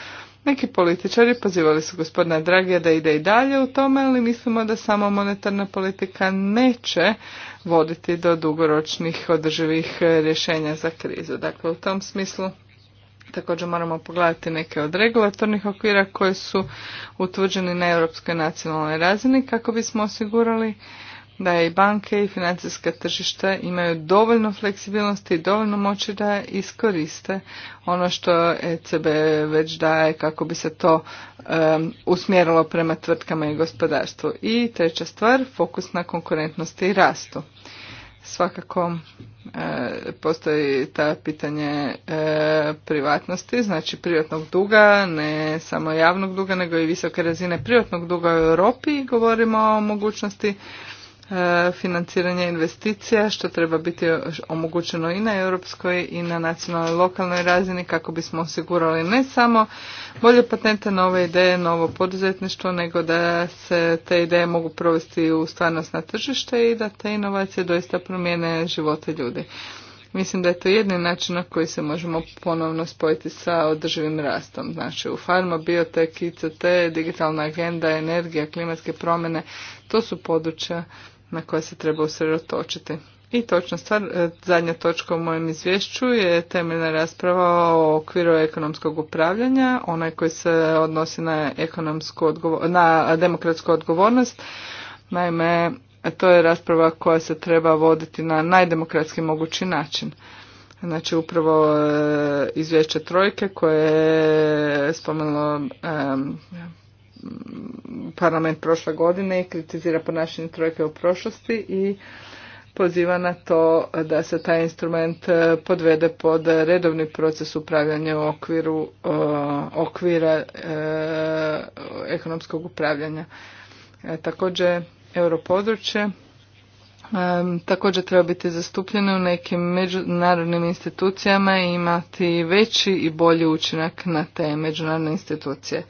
Neki političari pozivali su gospodina Dragija da ide i dalje u tome, ali mislimo da samo monetarna politika neće voditi do dugoročnih održivih rješenja za krizu. Dakle, u tom smislu Također moramo pogledati neke od regulatornih okvira koji su utvrđeni na europskoj nacionalnoj razini kako bismo osigurali da i banke i financijska tržišta imaju dovoljno fleksibilnosti i dovoljno moći da iskoriste ono što ECB već daje kako bi se to um, usmjerilo prema tvrtkama i gospodarstvu. I treća stvar, fokus na konkurentnosti i rastu svakako e, postoji ta pitanje e, privatnosti, znači privatnog duga, ne samo javnog duga, nego i visoke razine privatnog duga u Europi. Govorimo o mogućnosti financiranje investicija što treba biti omogućeno i na europskoj i na nacionalnoj lokalnoj razini kako bismo osigurali ne samo bolje patente, nove ideje, novo poduzetništvo, nego da se te ideje mogu provesti u stvarnost na tržište i da te inovacije doista promijene živote ljudi. Mislim da je to jedni način na koji se možemo ponovno spojiti sa održivim rastom. Znači u farma, biotek, ICT, digitalna agenda, energija, klimatske promjene, to su područja na koje se treba usredotočiti. I točno stvar, e, zadnja točka u mojem izvješću je temeljna rasprava o okviru ekonomskog upravljanja, onaj koji se odnosi na, ekonomsku na demokratsku odgovornost. Naime, to je rasprava koja se treba voditi na najdemokratski mogući način. Znači upravo e, izvješće trojke koje je spomenulo parlament prošle godine i kritizira ponašanje trojke u prošlosti i poziva na to da se taj instrument e, podvede pod redovni proces upravljanja u okviru e, okvira e, ekonomskog upravljanja. Također europodručje također treba biti zastupljeno u nekim međunarodnim institucijama i imati veći i bolji učinak na te međunarodne institucije.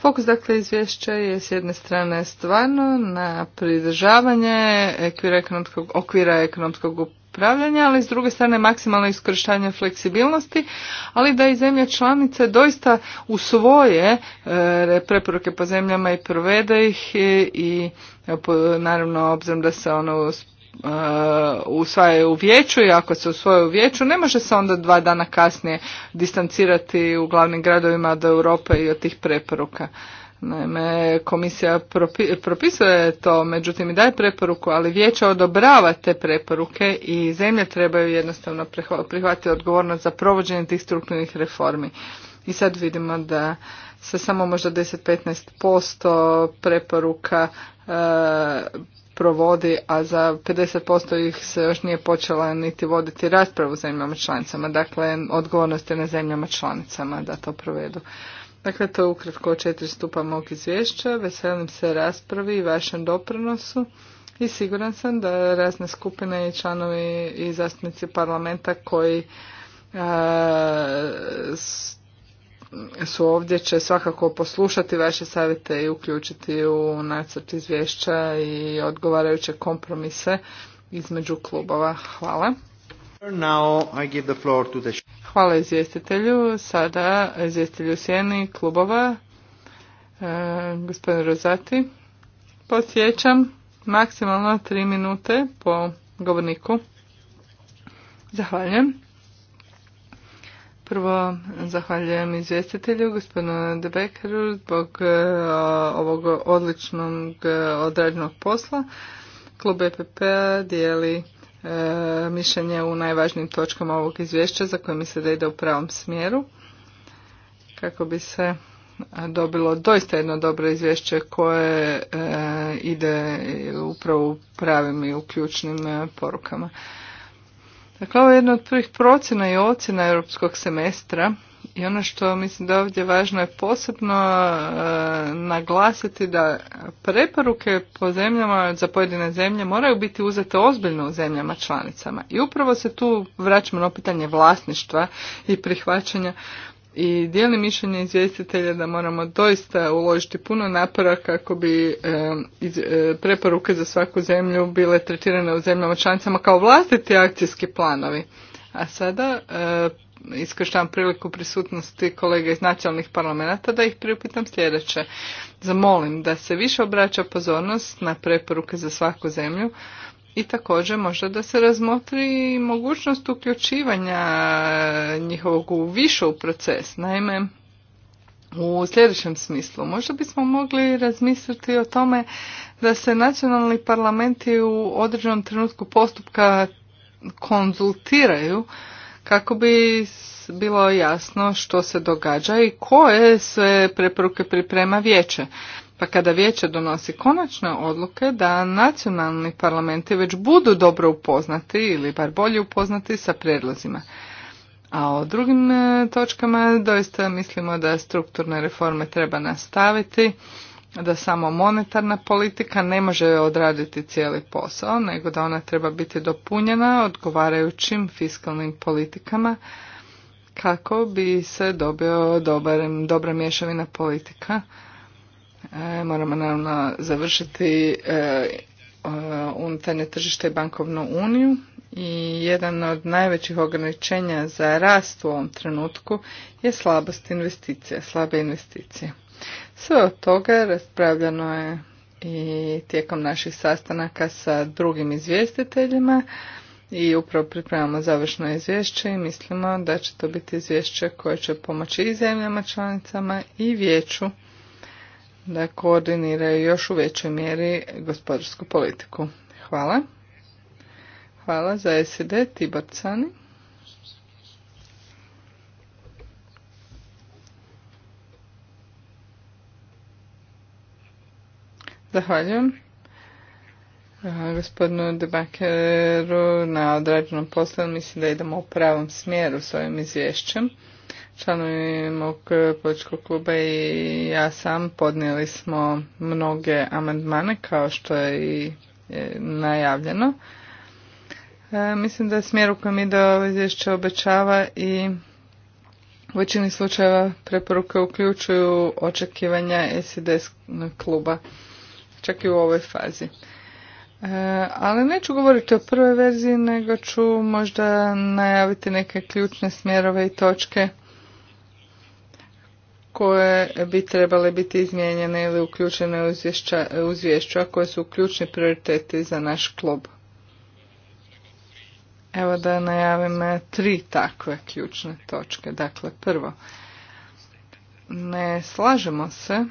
Fokus dakle izvješća je s jedne strane stvarno na pridržavanje okvira ekonomskog, okvira ekonomskog upravljanja, ali s druge strane maksimalno iskorištavanje fleksibilnosti, ali da i zemlje članice doista usvoje e, preporuke po zemljama i provede ih i, e, naravno obzirom da se ono E, usvajaju u vijeću i ako se usvoje u vijeću ne može se onda dva dana kasnije distancirati u glavnim gradovima od Europe i od tih preporuka. Naime, komisija propisuje to, međutim i daje preporuku, ali vijeća odobrava te preporuke i zemlje trebaju jednostavno prihvatiti odgovornost za provođenje tih strukturnih reformi. I sad vidimo da se samo možda 10-15% preporuka e, provodi, a za 50% ih se još nije počela niti voditi raspravu zemljama članicama. Dakle, odgovornost je na zemljama članicama da to provedu. Dakle, to je ukratko četiri stupa mog izvješća. Veselim se raspravi i vašem doprinosu i siguran sam da razne skupine i članovi i zastupnici parlamenta koji su ovdje će svakako poslušati vaše savjete i uključiti u nacrt izvješća i odgovarajuće kompromise između klubova. Hvala. Now Hvala izvjestitelju. Sada izvjestitelju sjeni klubova. E, gospodin Rozati. Posjećam maksimalno tri minute po govorniku. Zahvaljujem. Prvo zahvaljujem izvjestitelju gospodinu Beckeru, zbog e, ovog odličnog e, odrađenog posla. Klub EPP p-a dijeli e, mišljenje u najvažnijim točkama ovog izvješća za koje se da ide u pravom smjeru kako bi se dobilo doista jedno dobro izvješće koje ide upravo u pravim i u ključnim porukama. Dakle, ovo je jedna od prvih procjena i ocjena europskog semestra i ono što mislim da ovdje važno je posebno e, naglasiti da preporuke po zemljama za pojedine zemlje moraju biti uzete ozbiljno u zemljama članicama. I upravo se tu vraćamo na pitanje vlasništva i prihvaćanja i dijelim mišljenje izvjestitelja da moramo doista uložiti puno napora kako bi e, preporuke za svaku zemlju bile tretirane u zemljama članicama kao vlastiti akcijski planovi. A sada e, priliku prisutnosti kolega iz nacionalnih parlamenta da ih priupitam sljedeće. Zamolim da se više obraća pozornost na preporuke za svaku zemlju, i također možda da se razmotri mogućnost uključivanja njihovog u više u proces. Naime, u sljedećem smislu, možda bismo mogli razmisliti o tome da se nacionalni parlamenti u određenom trenutku postupka konzultiraju kako bi bilo jasno što se događa i koje sve preporuke priprema vijeće pa kada vijeće donosi konačne odluke da nacionalni parlamenti već budu dobro upoznati ili bar bolje upoznati sa prijedlozima. A o drugim e, točkama doista mislimo da strukturne reforme treba nastaviti, da samo monetarna politika ne može odraditi cijeli posao, nego da ona treba biti dopunjena odgovarajućim fiskalnim politikama kako bi se dobio dobra mješavina politika E, moramo naravno završiti e, e, unutarnje tržište i bankovnu uniju i jedan od najvećih ograničenja za rast u ovom trenutku je slabost investicija, slabe investicije. Sve od toga raspravljano je i tijekom naših sastanaka sa drugim izvjestiteljima i upravo pripremamo završno izvješće i mislimo da će to biti izvješće koje će pomoći i zemljama članicama i vijeću da koordiniraju još u većoj mjeri gospodarsku politiku. Hvala. Hvala za SED Tibor Cani. Zahvaljujem. E, gospodinu Debakeru na odrađenom poslu mislim da idemo u pravom smjeru s ovim izvješćem. Članovi mog političkog kluba i ja sam podnijeli smo mnoge amandmane kao što je i e, najavljeno. E, mislim da smjer u kojem ide ovo izvješće obećava i u većini slučajeva preporuke uključuju očekivanja SIDS kluba, čak i u ovoj fazi. E, ali neću govoriti o prvoj verziji, nego ću možda najaviti neke ključne smjerove i točke koje bi trebale biti izmijenjene ili uključene u, izvješća, a koje su ključni prioriteti za naš klub. Evo da najavim e, tri takve ključne točke. Dakle, prvo, ne slažemo se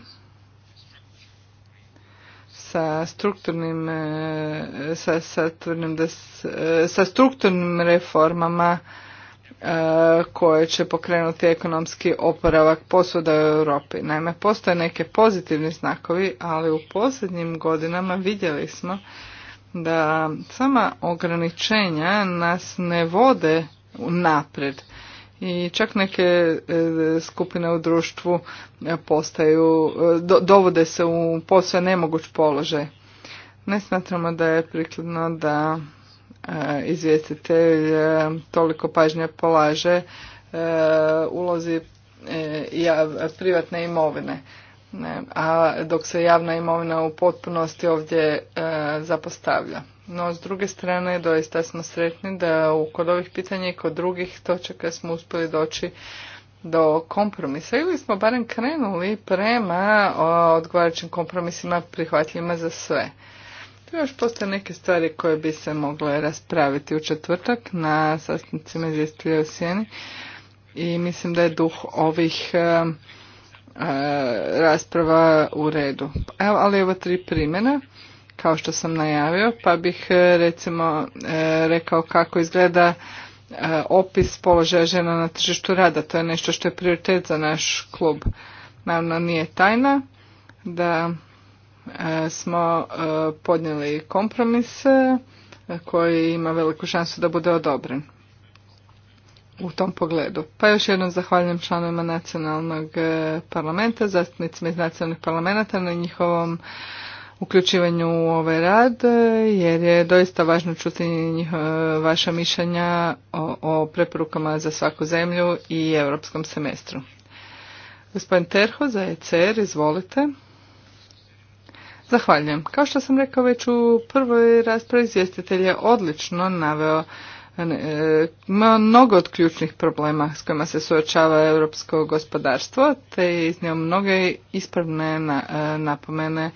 sa strukturnim e, sa, sa, e, sa strukturnim reformama E, koje će pokrenuti ekonomski oporavak posuda u Europi. Naime, postoje neke pozitivni znakovi, ali u posljednjim godinama vidjeli smo da sama ograničenja nas ne vode napred i čak neke e, skupine u društvu e, postaju, dovode se u posve nemoguć položaj. Ne smatramo da je prikladno da Eh, izvjestitelj eh, toliko pažnje polaže eh, ulozi privatne imovine. A dok se javna imovina u potpunosti ovdje zapostavlja. No, s druge strane, doista smo sretni da kod ovih pitanja i kod drugih točaka smo uspjeli doći do kompromisa ili smo barem krenuli prema odgovarajućim kompromisima prihvatljivima za sve još postoje neke stvari koje bi se mogle raspraviti u četvrtak na sastancima izvjestilja u Sjeni i mislim da je duh ovih e, e, rasprava u redu. Evo, ali evo tri primjena kao što sam najavio, pa bih e, recimo rekao kako izgleda opis položaja žena na tržištu rada. To je nešto što je prioritet za naš klub. Naravno nije tajna da smo e, podnijeli kompromis koji ima veliku šansu da bude odobren u tom pogledu. Pa još jednom zahvaljujem članovima nacionalnog e, parlamenta, zastupnicima iz nacionalnih parlamenta na njihovom uključivanju u ovaj rad, e, jer je doista važno čuti vaša mišljenja o, preporukama za svaku zemlju i europskom semestru. Gospodin Terho za ECR, izvolite. Zahvaljujem. Kao što sam rekao već u prvoj raspravi, izvjestitelj je odlično naveo e, mnogo od ključnih problema s kojima se suočava europsko gospodarstvo, te je iznio mnoge ispravne e, napomene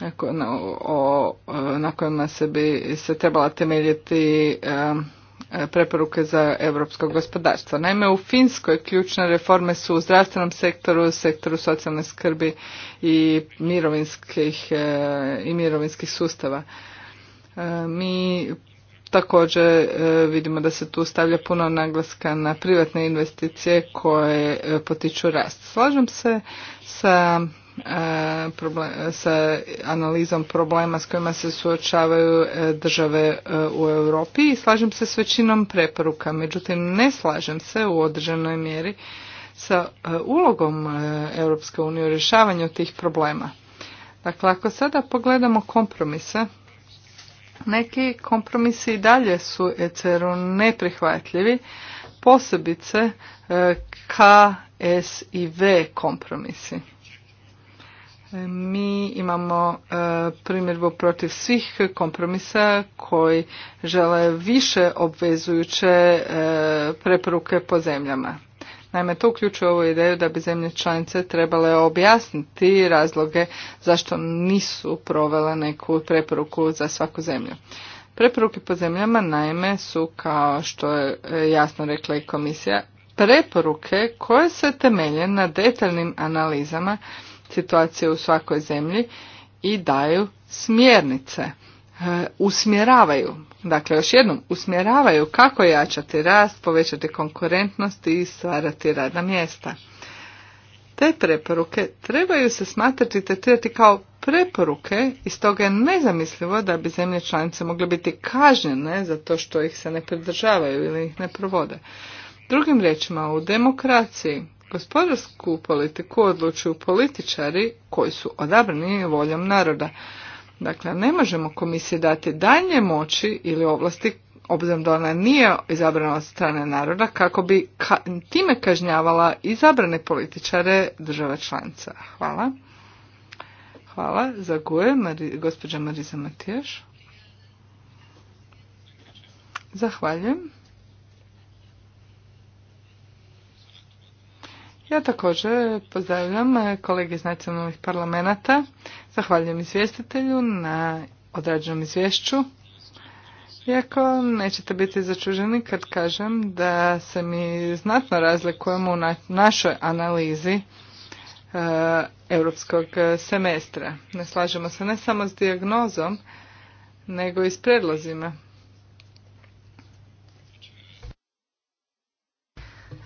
e, na kojima se bi se trebala temeljiti E, preporuke za europsko gospodarstvo. Naime, u Finskoj ključne reforme su u zdravstvenom sektoru, sektoru socijalne skrbi i mirovinskih, e, i mirovinskih sustava. E, mi također vidimo da se tu stavlja puno naglaska na privatne investicije koje potiču rast. Slažem se sa E, sa analizom problema s kojima se suočavaju e, države e, u Europi i slažem se s većinom preporuka. Međutim, ne slažem se u određenoj mjeri sa ulogom Europske unije u rješavanju tih problema. Dakle, ako sada pogledamo kompromise, neki kompromisi i dalje su ECR-u neprihvatljivi, posebice K, S i V kompromisi. Mi imamo e, primjerbu protiv svih kompromisa koji žele više obvezujuće e, preporuke po zemljama. Naime, to uključuje ovu ideju da bi zemlje članice trebale objasniti razloge zašto nisu provele neku preporuku za svaku zemlju. Preporuke po zemljama, naime, su, kao što je e, jasno rekla i komisija, preporuke koje se temelje na detaljnim analizama situacije u svakoj zemlji i daju smjernice, e, usmjeravaju, dakle još jednom, usmjeravaju kako jačati rast, povećati konkurentnost i stvarati radna mjesta. Te preporuke trebaju se smatrati i tretirati kao preporuke i stoga je nezamislivo da bi zemlje članice mogle biti kažnjene to što ih se ne pridržavaju ili ih ne provode. Drugim riječima, u demokraciji gospodarsku politiku odlučuju političari koji su odabrani voljom naroda. Dakle, ne možemo komisiji dati daljnje moći ili ovlasti obzirom da ona nije izabrana od strane naroda kako bi time kažnjavala izabrane političare država članica. Hvala. Hvala. Za guje, Mari, gospođa Mariza Matijaš. Zahvaljujem. Ja također pozdravljam kolege iz nacionalnih parlamenta. Zahvaljujem izvjestitelju na odrađenom izvješću. Iako nećete biti začuženi kad kažem da se mi znatno razlikujemo u našoj analizi e, europskog semestra. Ne slažemo se ne samo s dijagnozom, nego i s predlozima.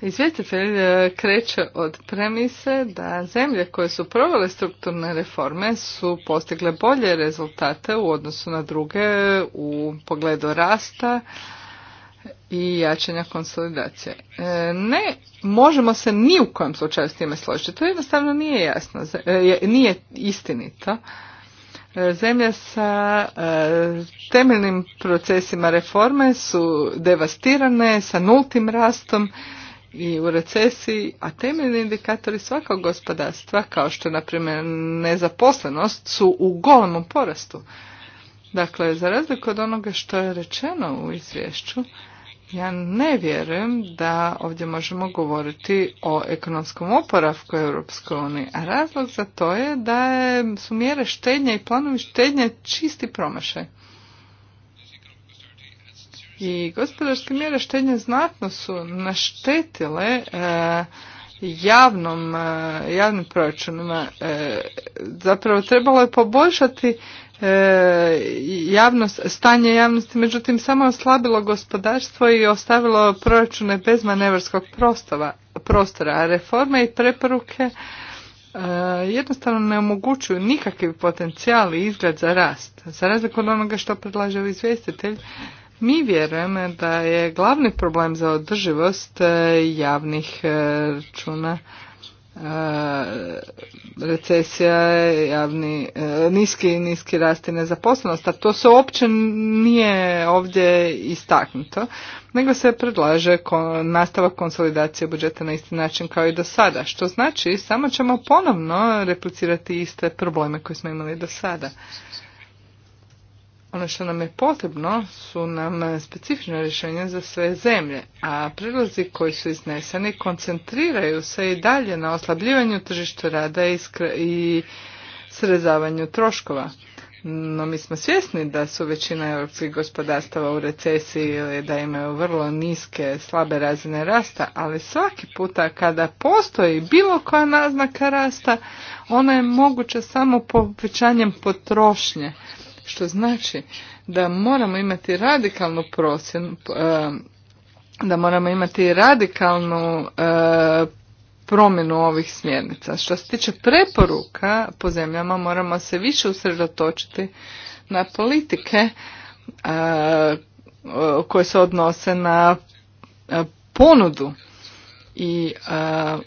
Izvjetitelj e, kreće od premise da zemlje koje su provele strukturne reforme su postigle bolje rezultate u odnosu na druge u pogledu rasta i jačanja konsolidacije. E, ne možemo se ni u kojem slučaju s time složiti. To jednostavno nije jasno, e, nije istinito. Zemlje sa temeljnim procesima reforme su devastirane, sa nultim rastom i u recesiji, a temeljni indikatori svakog gospodarstva, kao što je naprimjer, nezaposlenost, su u golemom porastu. Dakle, za razliku od onoga što je rečeno u izvješću, ja ne vjerujem da ovdje možemo govoriti o ekonomskom oporavku Europskoj uniji. a razlog za to je da su mjere štednje i planovi štednje čisti promašaj i gospodarske mjere štednje znatno su naštetile e, javnom, e, javnim proračunima. E, zapravo trebalo je poboljšati javnost, stanje javnosti, međutim samo oslabilo gospodarstvo i ostavilo proračune bez manevarskog prostora, prostora a reforme i preporuke jednostavno ne omogućuju nikakav potencijal i izgled za rast. Za razliku od onoga što predlaže izvjestitelj, mi vjerujemo da je glavni problem za održivost e, javnih e, računa e, recesija, javni, niski, niski rast i nezaposlenost, a to se uopće nije ovdje istaknuto, nego se predlaže nastavak konsolidacije budžeta na isti način kao i do sada, što znači samo ćemo ponovno replicirati iste probleme koje smo imali do sada. Ono što nam je potrebno su nam specifične rješenja za sve zemlje, a prilazi koji su izneseni koncentriraju se i dalje na oslabljivanju tržišta rada i srezavanju troškova. No mi smo svjesni da su većina europskih gospodarstava u recesiji ili da imaju vrlo niske, slabe razine rasta, ali svaki puta kada postoji bilo koja naznaka rasta, ona je moguća samo povećanjem potrošnje što znači da moramo imati radikalnu procjenu, e, da moramo imati radikalnu e, promjenu ovih smjernica. Što se tiče preporuka po zemljama moramo se više usredotočiti na politike e, koje se odnose na ponudu. I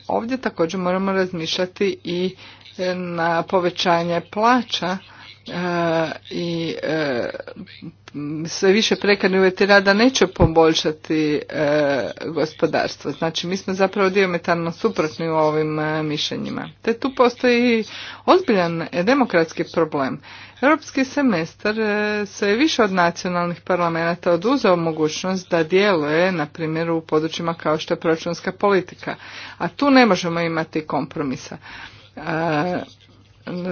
ovdje također moramo razmišljati i na povećanje plaća i e, sve više prekarni uvjeti rada neće poboljšati e, gospodarstvo. Znači mi smo zapravo diametarno suprotni u ovim e, mišljenjima. Te tu postoji ozbiljan demokratski problem. Europski semestar se više od nacionalnih parlamenta oduzeo mogućnost da djeluje, na primjer, u područjima kao što je proračunska politika. A tu ne možemo imati kompromisa.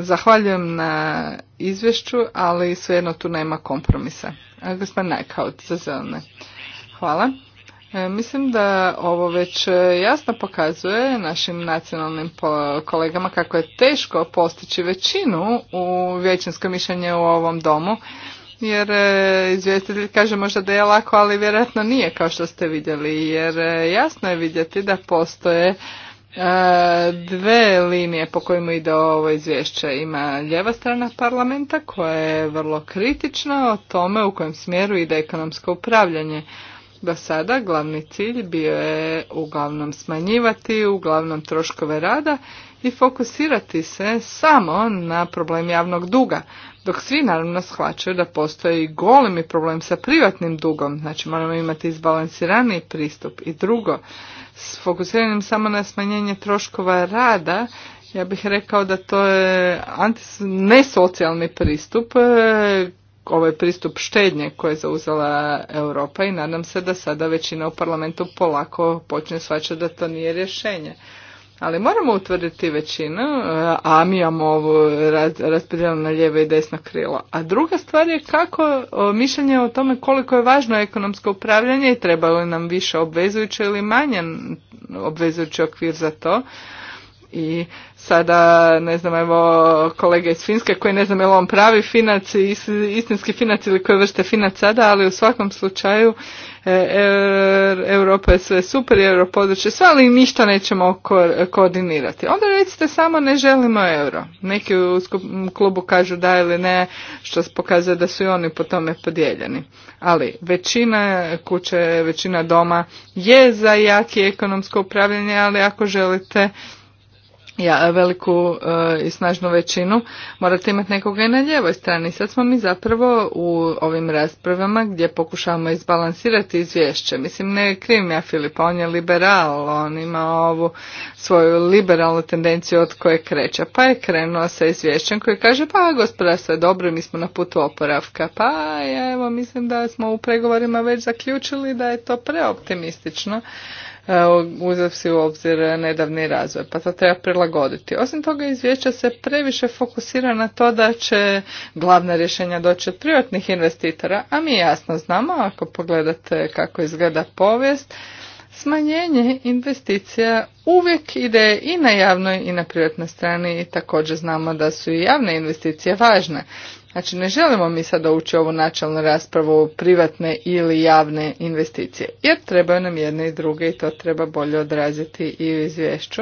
Zahvaljujem na izvješću, ali svejedno tu nema kompromisa. Gospodin Najkaut za zelene. Hvala. E, mislim da ovo već jasno pokazuje našim nacionalnim kolegama kako je teško postići većinu u većinskom mišljenju u ovom domu, jer e, izvjestitelj kaže možda da je lako, ali vjerojatno nije kao što ste vidjeli, jer e, jasno je vidjeti da postoje E, dve linije po kojima ide ovo izvješće. Ima lijeva strana parlamenta koja je vrlo kritična o tome u kojem smjeru ide ekonomsko upravljanje. Do sada glavni cilj bio je uglavnom smanjivati, uglavnom troškove rada i fokusirati se samo na problem javnog duga. Dok svi naravno shvaćaju da postoji golemi problem sa privatnim dugom, znači moramo imati izbalansirani pristup. I drugo, s fokusiranjem samo na smanjenje troškova rada, ja bih rekao da to je nesocijalni pristup, ovaj pristup štednje koje je zauzela Europa i nadam se da sada većina u parlamentu polako počne shvaćati da to nije rješenje. Ali moramo utvrditi većinu, eh, a mi imamo ovu raspodijeljenu na lijevo i desno krilo. A druga stvar je kako mišljenje o tome koliko je važno ekonomsko upravljanje i treba li nam više obvezujuće ili manje obvezujući okvir za to. I sada, ne znam, evo kolega iz Finske koji ne znam je on pravi finac, istinski finac ili koje vrste finac sada, ali u svakom slučaju E, Europa je sve super, euro područje, sve, ali ništa nećemo koordinirati. Onda recite samo ne želimo euro. Neki u klubu kažu da ili ne, što pokazuje da su i oni po tome podijeljeni. Ali većina kuće, većina doma je za jaki ekonomsko upravljanje, ali ako želite ja, veliku e, i snažnu većinu, morate imati nekoga i na ljevoj strani. Sad smo mi zapravo u ovim raspravama gdje pokušavamo izbalansirati izvješće. Mislim, ne krivim ja Filipa, on je liberal, on ima ovu svoju liberalnu tendenciju od koje kreće. Pa je krenuo sa izvješćem koji kaže, pa gospodarstvo je dobro, mi smo na putu oporavka. Pa ja, evo, mislim da smo u pregovorima već zaključili da je to preoptimistično uzavsi u obzir nedavni razvoj, pa to treba prilagoditi. Osim toga izvješća se previše fokusira na to da će glavna rješenja doći od privatnih investitora, a mi jasno znamo, ako pogledate kako izgleda povijest, smanjenje investicija uvijek ide i na javnoj i na privatnoj strani i također znamo da su i javne investicije važne. Znači ne želimo mi sada ući u ovu načelnu raspravu privatne ili javne investicije, jer trebaju nam jedne i druge i to treba bolje odraziti i u izvješću.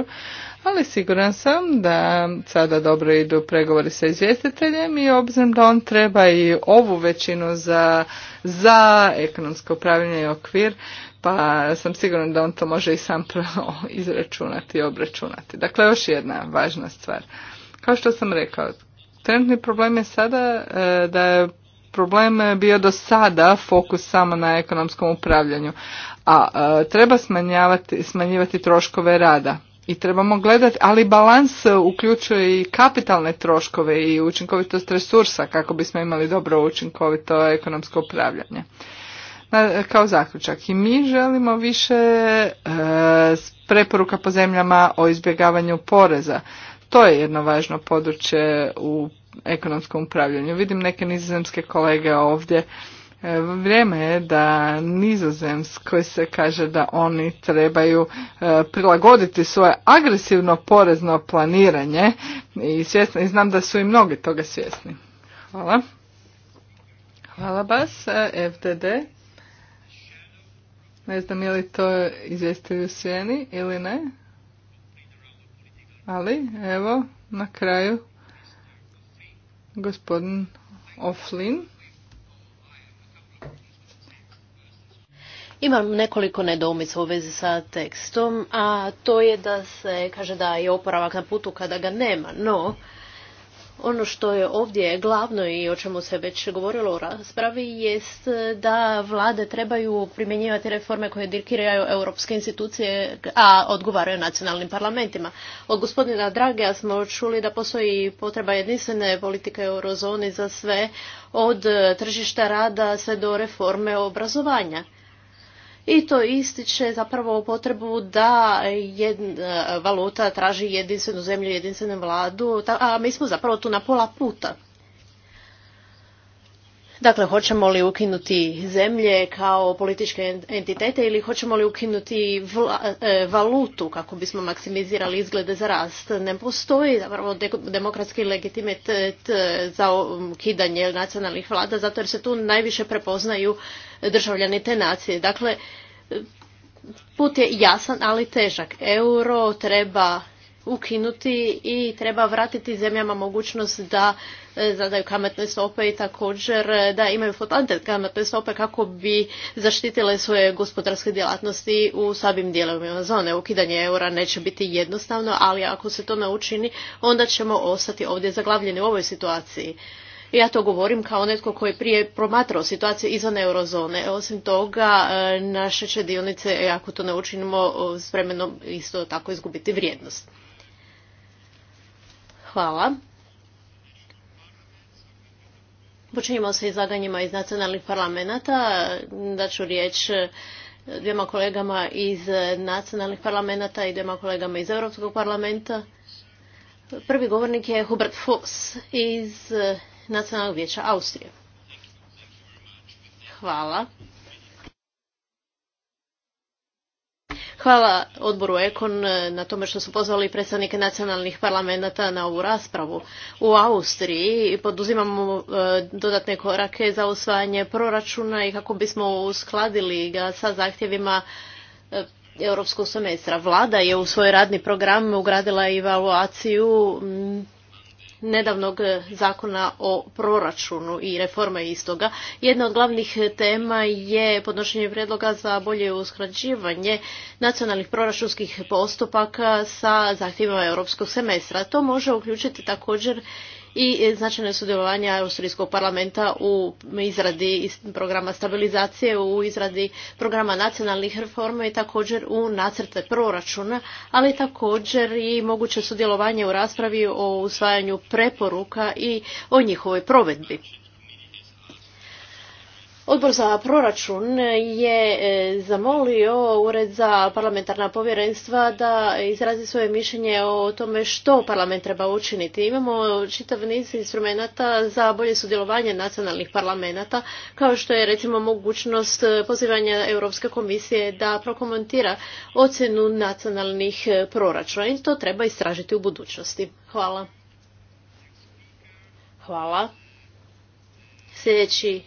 Ali siguran sam da sada dobro idu pregovori sa izvjestiteljem i obzirom da on treba i ovu većinu za, za ekonomsko upravljanje i okvir, pa sam siguran da on to može i sam (laughs) izračunati i obračunati. Dakle, još jedna važna stvar. Kao što sam rekao, Trenutni problem je sada e, da je problem bio do sada fokus samo na ekonomskom upravljanju, a e, treba smanjivati troškove rada. I trebamo gledati, ali balans uključuje i kapitalne troškove i učinkovitost resursa kako bismo imali dobro učinkovito ekonomsko upravljanje. kao zaključak. I mi želimo više e, preporuka po zemljama o izbjegavanju poreza. To je jedno važno područje u ekonomskom upravljanju. Vidim neke nizozemske kolege ovdje. E, vrijeme je da nizozemskoj se kaže da oni trebaju e, prilagoditi svoje agresivno porezno planiranje i, svjesni, znam da su i mnogi toga svjesni. Hvala. Hvala vas, e, FDD. Ne znam je li to izvjestitelj u sjeni ili ne. Ali, evo, na kraju, gospodin Oflin. Imam nekoliko nedoumica u vezi sa tekstom, a to je da se kaže da je oporavak na putu kada ga nema, no ono što je ovdje glavno i o čemu se već govorilo u raspravi jest da vlade trebaju primjenjivati reforme koje dirkiraju europske institucije, a odgovaraju nacionalnim parlamentima. Od gospodina Dragea smo čuli da postoji potreba jedinstvene politike eurozoni za sve, od tržišta rada sve do reforme obrazovanja i to ističe zapravo potrebu da jedna e, valuta traži jedinstvenu zemlju, jedinstvenu vladu, a mi smo zapravo tu na pola puta. Dakle, hoćemo li ukinuti zemlje kao političke entitete ili hoćemo li ukinuti e, valutu kako bismo maksimizirali izglede za rast? Ne postoji zapravo demokratski legitimitet e, za ukidanje nacionalnih vlada zato jer se tu najviše prepoznaju državljani te nacije. Dakle, e, put je jasan, ali težak. Euro treba ukinuti i treba vratiti zemljama mogućnost da E, zadaju kamatne stope i također e, da imaju flotante kamatne stope kako bi zaštitile svoje gospodarske djelatnosti u slabim dijelovima zone. Ukidanje eura neće biti jednostavno, ali ako se to ne učini, onda ćemo ostati ovdje zaglavljeni u ovoj situaciji. Ja to govorim kao netko koji je prije promatrao situaciju izvan eurozone. Osim toga, e, naše će dionice, ako to ne učinimo, s vremenom isto tako izgubiti vrijednost. Hvala. Počinjemo sa izlaganjima iz nacionalnih parlamenta. Daću riječ e, dvijema kolegama iz nacionalnih parlamenta i dvijema kolegama iz Europskog parlamenta. Prvi govornik je Hubert Fuchs iz e, Nacionalnog vijeća Austrije. Hvala. Hvala odboru Ekon eh, na tome što su pozvali predstavnike nacionalnih parlamenta na ovu raspravu. U Austriji poduzimamo eh, dodatne korake za usvajanje proračuna i kako bismo uskladili ga sa zahtjevima eh, europskog semestra. Vlada je u svoj radni program ugradila evaluaciju mm, nedavnog e, zakona o proračunu i reforme istoga. Jedna od glavnih tema je podnošenje predloga za bolje usklađivanje nacionalnih proračunskih postupaka sa zahtjevima europskog semestra. To može uključiti također i e, značajno sudjelovanje Austrijskog parlamenta u izradi programa stabilizacije, u izradi programa nacionalnih reforma i također u nacrte proračuna, ali također i moguće sudjelovanje u raspravi o usvajanju preporuka i o njihovoj provedbi. Odbor za proračun je e, zamolio Ured za parlamentarna povjerenstva da izrazi svoje mišljenje o tome što parlament treba učiniti. Imamo čitav niz instrumenata za bolje sudjelovanje nacionalnih parlamenta, kao što je recimo mogućnost pozivanja Europske komisije da prokomentira ocjenu nacionalnih proračuna i to treba istražiti u budućnosti. Hvala. Hvala. Sljedeći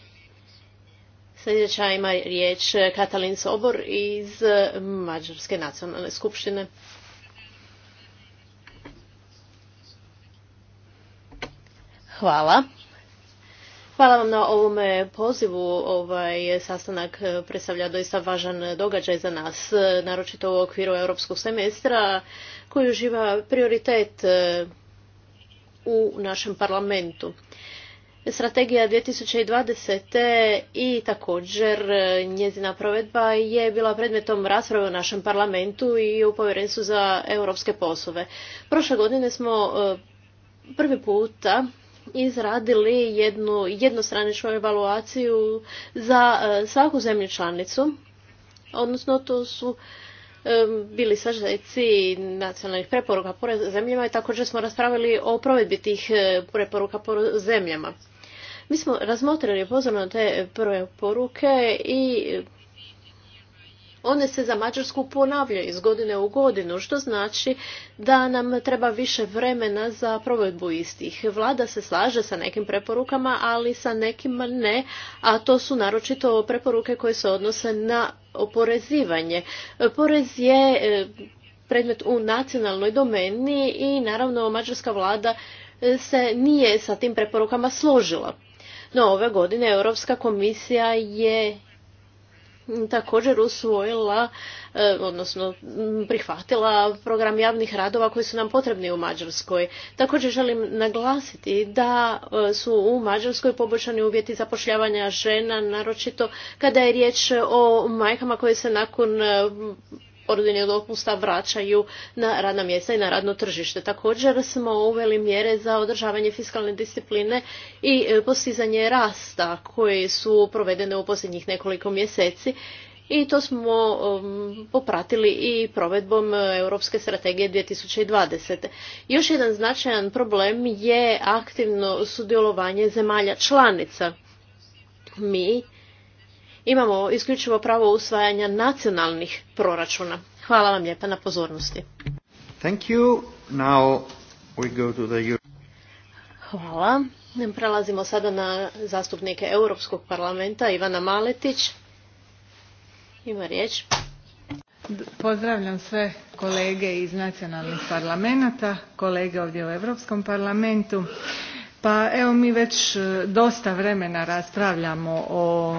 Sljedeća ima riječ eh, Katalin Sobor iz eh, Mađarske nacionalne skupštine. Hvala. Hvala vam na ovome pozivu. Ovaj eh, sastanak predstavlja doista važan događaj za nas, naročito u okviru europskog semestra koji uživa prioritet u našem parlamentu. Strategija 2020. i također e, njezina provedba je bila predmetom rasprave u našem parlamentu i u povjerenstvu za europske poslove. Prošle godine smo e, prvi puta izradili jednu jednostraničnu evaluaciju za e, svaku zemlju članicu, odnosno to su bili sažeci nacionalnih preporuka po zemljama i također smo raspravili o provedbi tih preporuka po zemljama. Mi smo razmotrili pozorno te prve poruke i one se za Mađarsku ponavljaju iz godine u godinu, što znači da nam treba više vremena za provedbu istih. Vlada se slaže sa nekim preporukama, ali sa nekim ne, a to su naročito preporuke koje se odnose na oporezivanje. Porez je e, predmet u nacionalnoj domeni i naravno mađarska vlada se nije sa tim preporukama složila. No, ove godine Europska komisija je također usvojila, e, odnosno prihvatila program javnih radova koji su nam potrebni u Mađarskoj. Također želim naglasiti da e, su u Mađarskoj poboljšani uvjeti zapošljavanja žena, naročito kada je riječ o majkama koje se nakon e, porodiljni dopusta vraćaju na radna mjesta i na radno tržište. Također smo uveli mjere za održavanje fiskalne discipline i e, postizanje rasta koje su provedene u posljednjih nekoliko mjeseci i to smo um, popratili i provedbom e, Europske strategije 2020. Još jedan značajan problem je aktivno sudjelovanje zemalja članica. Mi imamo isključivo pravo usvajanja nacionalnih proračuna. Hvala vam lijepa na pozornosti. Thank you. Now we go to the... Hvala. Prelazimo sada na zastupnike Europskog parlamenta Ivana Maletić. Ima riječ. Pozdravljam sve kolege iz nacionalnih parlamenta, kolege ovdje u Europskom parlamentu pa evo mi već e, dosta vremena raspravljamo o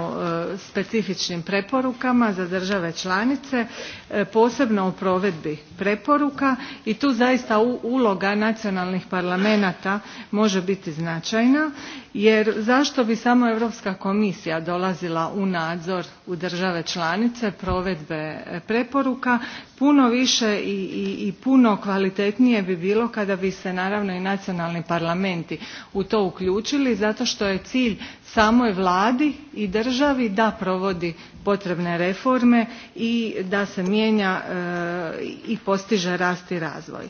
e, specifičnim preporukama za države članice e, posebno o provedbi preporuka i tu zaista uloga nacionalnih parlamenata može biti značajna jer zašto bi samo europska komisija dolazila u nadzor u države članice provedbe preporuka puno više i, puno kvalitetnije bi bilo kada bi se naravno i nacionalni parlamenti u to uključili zato što je cilj samoj vladi i državi da provodi potrebne reforme i da se mijenja e, i postiže rast i razvoj.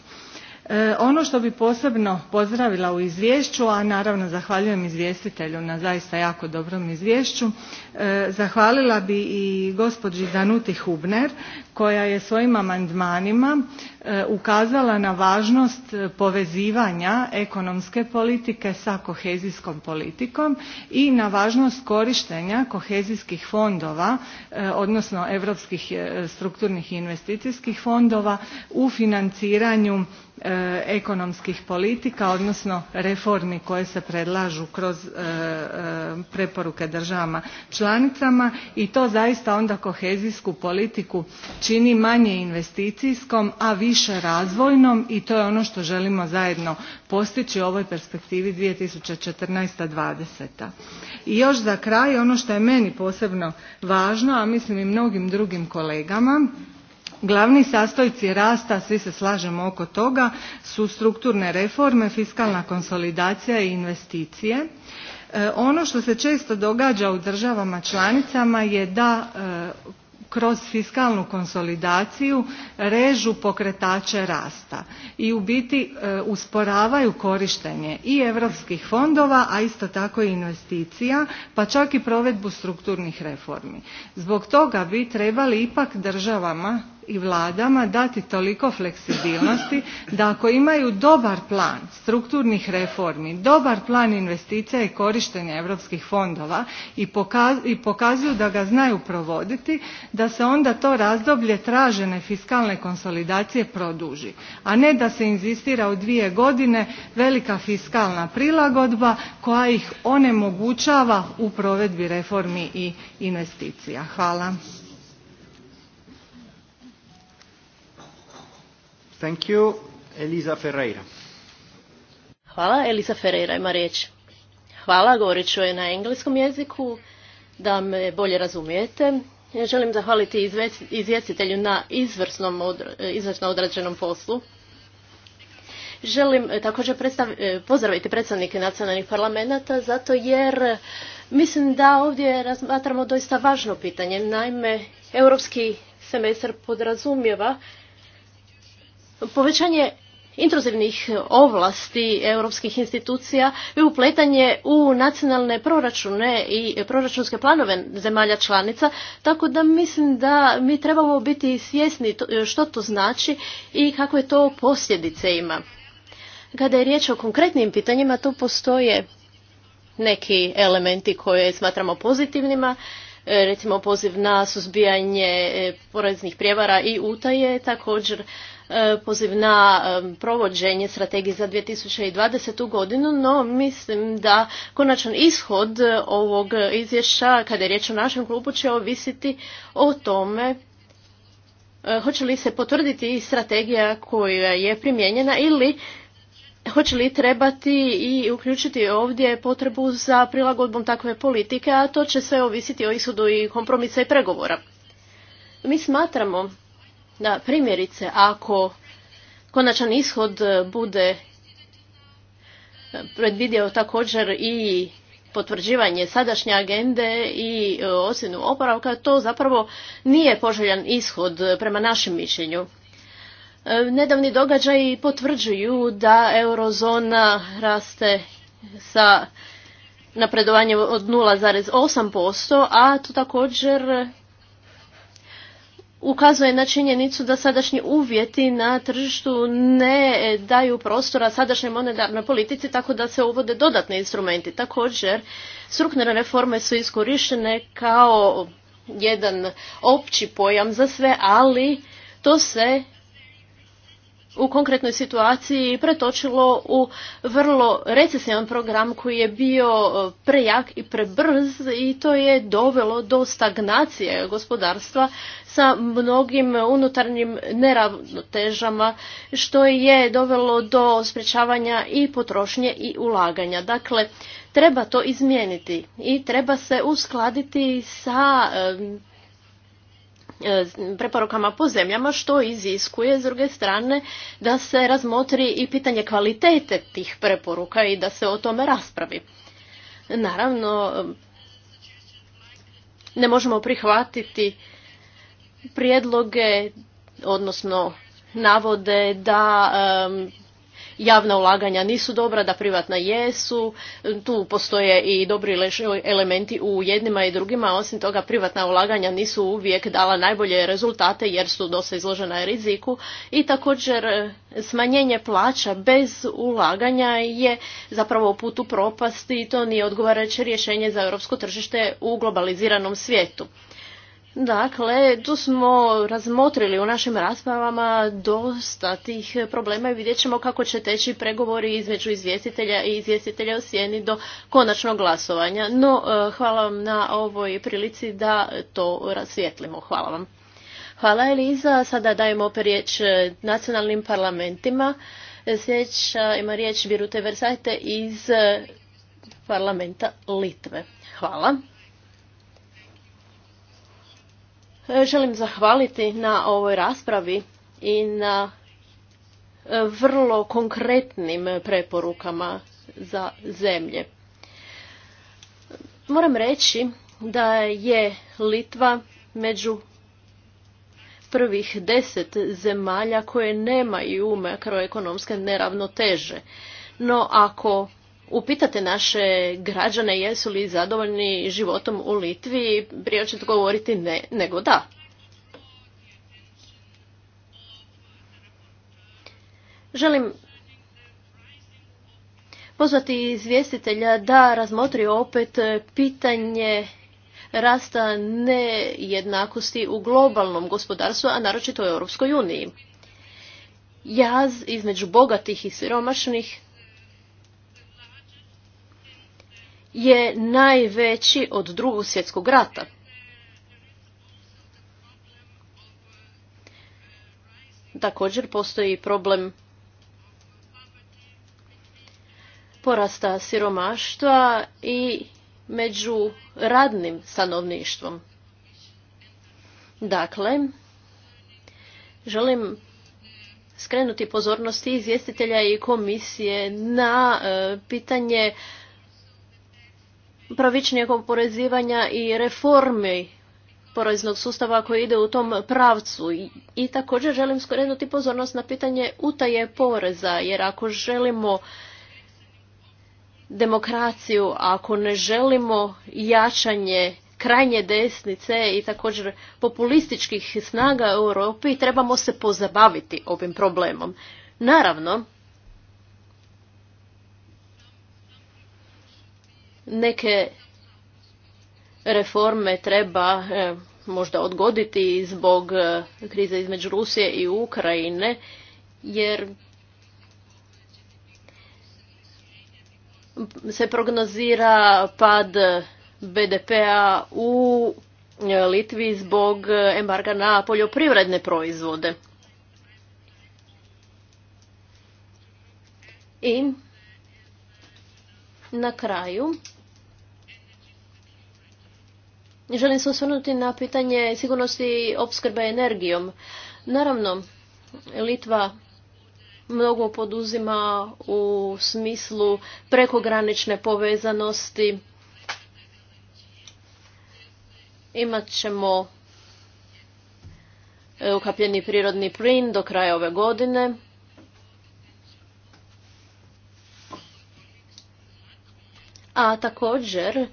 E, ono što bi posebno pozdravila u izvješću, a naravno zahvaljujem izvjestitelju na zaista jako dobrom izvješću, E, zahvalila bi i gospođi Danuti Hubner koja je svojim amandmanima e, ukazala na važnost povezivanja ekonomske politike sa kohezijskom politikom i na važnost korištenja kohezijskih fondova e, odnosno europskih strukturnih i investicijskih fondova u financiranju ekonomskih politika odnosno reformi koje se predlažu kroz preporuke državama članicama članicama i to zaista onda kohezijsku politiku čini manje investicijskom a više razvojnom i to je ono što želimo zajedno postići u ovoj perspektivi. two thousand and fourteen i još za kraj ono što je meni posebno važno a mislim i mnogim drugim kolegama glavni sastojci rasta svi se slažemo oko toga su strukturne reforme fiskalna konsolidacija i investicije E, ono što se često događa u državama članicama je da e, kroz fiskalnu konsolidaciju režu pokretače rasta i u biti e, usporavaju korištenje i europskih fondova a isto tako i investicija pa čak i provedbu strukturnih reformi. zbog toga bi trebali ipak državama i vladama dati toliko fleksibilnosti da ako imaju dobar plan strukturnih reformi dobar plan investicija i korištenja europskih fondova i, pokazuju da ga znaju provoditi da se onda to razdoblje tražene fiskalne konsolidacije produži a ne da se inzistira u dvije godine velika fiskalna prilagodba koja ih onemogućava u provedbi reformi i investicija. hvala. Thank you. Ferreira. Hvala, Elisa Ferreira ima riječ. Hvala, govorit ću je na engleskom jeziku da me bolje razumijete. želim zahvaliti izvjestitelju na izvrsnom, izvrsno odrađenom poslu. Želim eh, također eh, pozdraviti predstavnike nacionalnih parlamenta zato jer eh, mislim da ovdje razmatramo doista važno pitanje. Naime, europski semestar podrazumijeva povećanje intruzivnih ovlasti europskih institucija i upletanje u nacionalne proračune i proračunske planove zemalja članica, tako da mislim da mi trebamo biti svjesni što to znači i kakve to posljedice ima. Kada je riječ o konkretnim pitanjima, tu postoje neki elementi koje smatramo pozitivnima, recimo poziv na suzbijanje e, poreznih prijevara i utaje, također E, poziv na e, provođenje strategije za 2020. godinu, no mislim da konačan ishod ovog izvješća, kada je riječ o našem klubu, će ovisiti o tome e, hoće li se potvrditi strategija koja je primijenjena ili hoće li trebati i uključiti ovdje potrebu za prilagodbom takve politike, a to će sve ovisiti o ishodu i kompromisa i pregovora. Mi smatramo da primjerice ako konačan ishod e, bude e, predvidio također i potvrđivanje sadašnje agende i e, osjenu oporavka, to zapravo nije poželjan ishod prema našem mišljenju. Nedavni događaji potvrđuju da eurozona raste sa napredovanjem od 0,8%, a to također ukazuje na činjenicu da sadašnji uvjeti na tržištu ne daju prostora sadašnjoj monetarnoj politici tako da se uvode dodatni instrumenti. Također, strukturne reforme su iskorištene kao jedan opći pojam za sve, ali to se u konkretnoj situaciji pretočilo u vrlo recesivan program koji je bio e, prejak i prebrz i to je dovelo do stagnacije gospodarstva sa mnogim unutarnjim neravnotežama što je dovelo do sprječavanja i potrošnje i ulaganja. Dakle, treba to izmijeniti i treba se uskladiti sa E, preporukama po zemljama što iziskuje s druge strane da se razmotri i pitanje kvalitete tih preporuka i da se o tome raspravi. Naravno, e, ne možemo prihvatiti prijedloge, odnosno navode da javna ulaganja nisu dobra, da privatna jesu. Tu postoje i dobri elementi u jednima i drugima. Osim toga, privatna ulaganja nisu uvijek dala najbolje rezultate jer su dosta izložena riziku. I također smanjenje plaća bez ulaganja je zapravo put u propasti i to nije odgovarajuće rješenje za europsko tržište u globaliziranom svijetu. Dakle, tu smo razmotrili u našim raspravama dosta tih problema i vidjet ćemo kako će teći pregovori između izvjestitelja i izvjestitelja u sjeni do konačnog glasovanja. No, e, hvala vam na ovoj prilici da to rasvijetlimo. Hvala vam. Hvala Eliza. Sada dajemo riječ nacionalnim parlamentima. Sljedeća ima riječ Birute Versajte iz parlamenta Litve. Hvala. E, želim zahvaliti na ovoj raspravi i na e, vrlo konkretnim preporukama za zemlje. Moram reći da je Litva među prvih deset zemalja koje nemaju makroekonomske neravnoteže. No ako upitate naše građane jesu li zadovoljni životom u Litvi, prije ćete govoriti ne, nego da. Želim pozvati izvjestitelja da razmotri opet pitanje rasta nejednakosti u globalnom gospodarstvu, a naročito u Europskoj uniji. Jaz između bogatih i siromašnih je najveći od drugog svjetskog rata. Također postoji problem porasta siromaštva i među radnim stanovništvom. Dakle, želim skrenuti pozornosti izvjestitelja i komisije na e, pitanje pravičnijeg oporezivanja i reformi poreznog sustava koji ide u tom pravcu. I, također želim skrenuti pozornost na pitanje utaje poreza, jer ako želimo demokraciju, ako ne želimo jačanje krajnje desnice i također populističkih snaga u Europi, trebamo se pozabaviti ovim problemom. Naravno, Neke reforme treba e, možda odgoditi zbog e, krize između Rusije i Ukrajine, jer se prognozira pad BDP-a u e, Litvi zbog embarga na poljoprivredne proizvode. I na kraju želim se osvrnuti na pitanje sigurnosti opskrbe energijom. Naravno, Litva mnogo poduzima u smislu prekogranične povezanosti. Imat ćemo e, ukapljeni prirodni plin do kraja ove godine. A također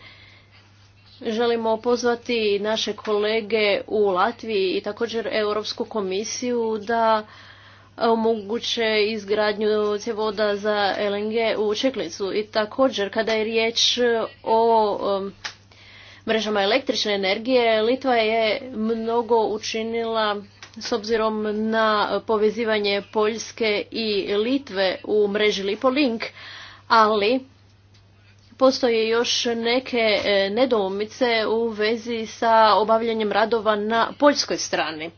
želimo pozvati naše kolege u Latviji i također Europsku komisiju da omoguće izgradnju cjevoda za LNG u Čeklicu. I također kada je riječ o um, mrežama električne energije, Litva je mnogo učinila s obzirom na povezivanje Poljske i Litve u mreži LipoLink, ali postoje još neke e, nedoumice u vezi sa obavljanjem radova na poljskoj strani.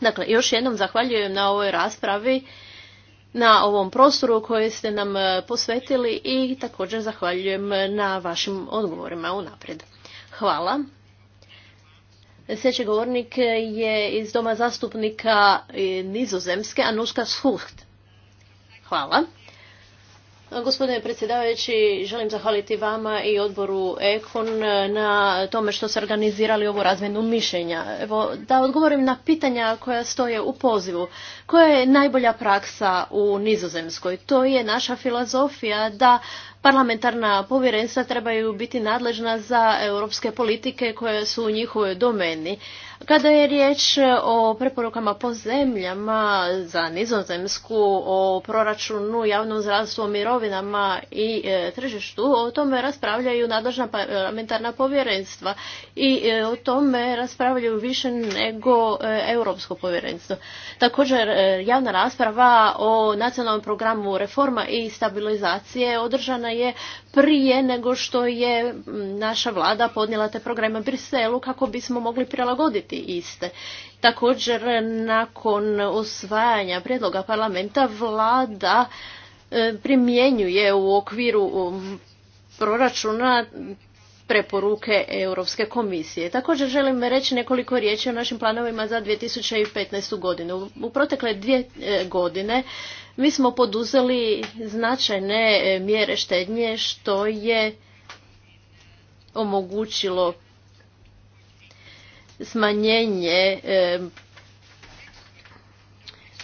Dakle, još jednom zahvaljujem na ovoj raspravi, na ovom prostoru koji ste nam e, posvetili i također zahvaljujem na vašim odgovorima unaprijed. Hvala. Sljedeći govornik je iz Doma zastupnika e, Nizozemske, Anuska Schucht. Hvala. Gospodine predsjedavajući, želim zahvaliti vama i odboru EKON eh, na tome što ste organizirali ovu razmjenu mišljenja. Evo, da odgovorim na pitanja koja stoje u pozivu. Koja je najbolja praksa u Nizozemskoj? To je naša filozofija da parlamentarna povjerenstva trebaju biti nadležna za europske politike koje su u njihovoj domeni. Kada je riječ e, o preporukama po zemljama za nizozemsku, o proračunu, javnom zdravstvu, o mirovinama i e, tržištu, o tome raspravljaju nadležna parlamentarna povjerenstva i e, o tome raspravljaju više nego Europsko povjerenstvo. Također, javna rasprava o nacionalnom programu reforma i stabilizacije održana je prije nego što je naša vlada podnijela te programe Briselu kako bismo mogli prilagoditi iste. Također, nakon osvajanja predloga parlamenta, vlada e, primjenjuje u okviru proračuna preporuke Europske komisije. Također želim reći nekoliko riječi o našim planovima za 2015. godinu. U protekle dvije e, godine mi smo poduzeli značajne e, mjere štednje što je omogućilo smanjenje e,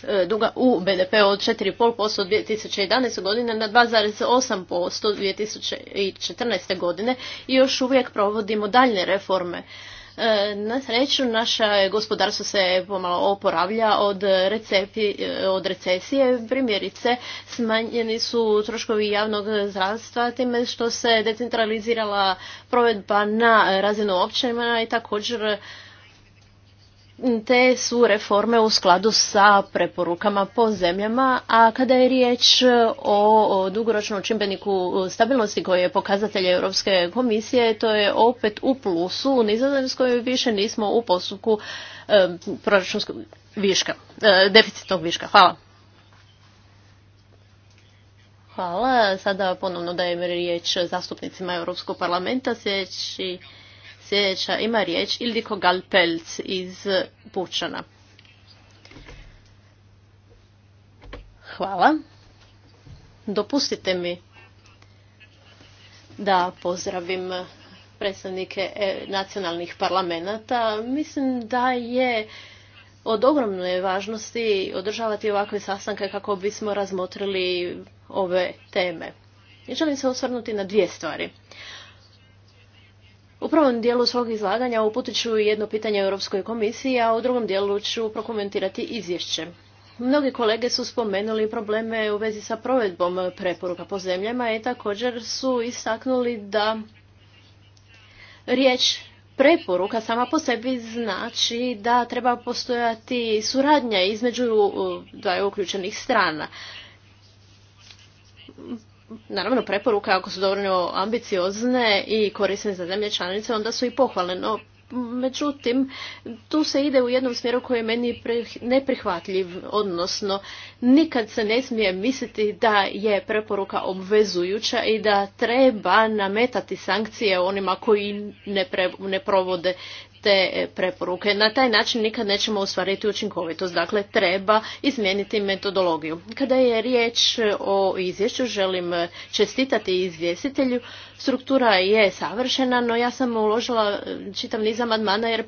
e, duga u BDP od 4,5% 2011. godine na 2,8% 2014. godine i još uvijek provodimo daljne reforme. E, na sreću, naše gospodarstvo se pomalo oporavlja od, e, od recesije. Primjerice, smanjeni su troškovi javnog zdravstva time što se decentralizirala provedba na razinu općina i također te su reforme u skladu sa preporukama po zemljama, a kada je riječ o dugoročnom čimbeniku stabilnosti koji je pokazatelj Europske komisije, to je opet u plusu. U Nizozemskoj više nismo u postupku e, proračunskog viška, e, deficitnog viška. Hvala. Hvala. Sada ponovno dajem riječ zastupnicima Europskog parlamenta. Sljedeći Sljedeća ima riječ Ildiko Galpelc iz Pučana. Hvala. Dopustite mi da pozdravim predstavnike e, nacionalnih parlamenta. Mislim da je od ogromne važnosti održavati ovakve sastanke kako bismo razmotrili ove teme. I želim se osvrnuti na dvije stvari. U prvom dijelu svog izlaganja uputit ću jedno pitanje Europskoj komisiji, a u drugom dijelu ću prokomentirati izvješće. Mnogi kolege su spomenuli probleme u vezi sa provedbom preporuka po zemljama i također su istaknuli da riječ preporuka sama po sebi znači da treba postojati suradnja između dvaju uključenih strana naravno preporuke ako su dovoljno ambiciozne i korisne za zemlje članice, onda su i pohvalne. No, međutim, tu se ide u jednom smjeru koji je meni neprihvatljiv, odnosno nikad se ne smije misliti da je preporuka obvezujuća i da treba nametati sankcije onima koji ne, pre, ne provode te preporuke. Na taj način nikad nećemo ostvariti učinkovitost, dakle treba izmijeniti metodologiju. Kada je riječ o izvješću, želim čestitati izvjestitelju. Struktura je savršena, no ja sam uložila čitav niz amandmana jer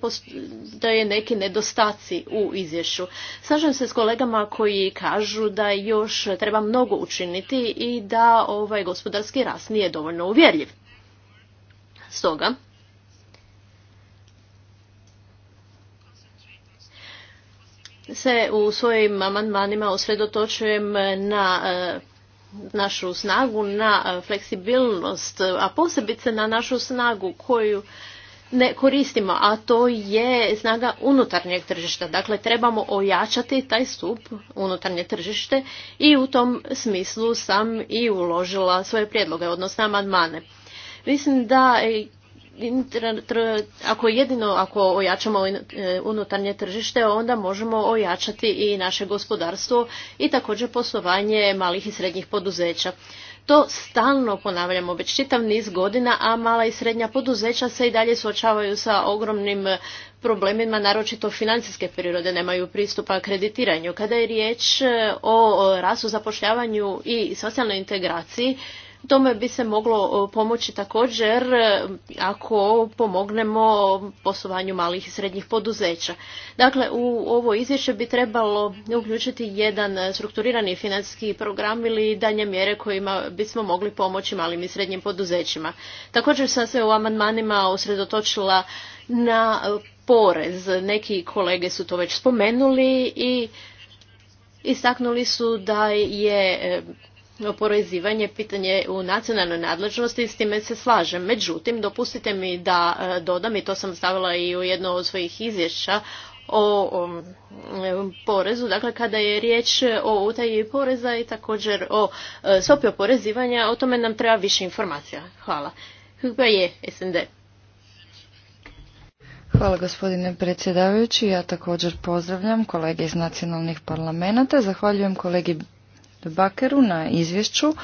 daje neki nedostaci u izvješću. Slažem se s kolegama koji kažu da još treba mnogo učiniti i da ovaj gospodarski rast nije dovoljno uvjerljiv. Stoga, se u svojim amandmanima osredotočujem na e, našu snagu, na e, fleksibilnost, a posebice na našu snagu koju ne koristimo, a to je snaga unutarnjeg tržišta. Dakle, trebamo ojačati taj stup unutarnje tržište i u tom smislu sam i uložila svoje prijedloge, odnosno amandmane. Mislim da ako jedino ako ojačamo e, unutarnje tržište onda možemo ojačati i naše gospodarstvo i također poslovanje malih i srednjih poduzeća. To stalno ponavljamo već čitav niz godina, a mala i srednja poduzeća se i dalje suočavaju sa ogromnim problemima, naročito financijske prirode, nemaju pristupa kreditiranju. Kada je riječ e, o rastu zapošljavanju i socijalnoj integraciji, Tome bi se moglo pomoći također e, ako pomognemo poslovanju malih i srednjih poduzeća. Dakle, u ovo izvješće bi trebalo uključiti jedan strukturirani financijski program ili danje mjere kojima bismo mogli pomoći malim i srednjim poduzećima. Također sam se u amandmanima osredotočila na e, porez. Neki kolege su to već spomenuli i istaknuli su da je e, oporezivanje pitanje u nacionalnoj nadležnosti, s time se slažem. Međutim, dopustite mi da e, dodam, i to sam stavila i u jedno od svojih izvješća, o, e, porezu, dakle kada je riječ o utaji poreza i također o sopio e, stopi oporezivanja, o tome nam treba više informacija. Hvala. je Hvala gospodine predsjedavajući. Ja također pozdravljam kolege iz nacionalnih parlamenta. Zahvaljujem kolegi Bakeru na izvješću.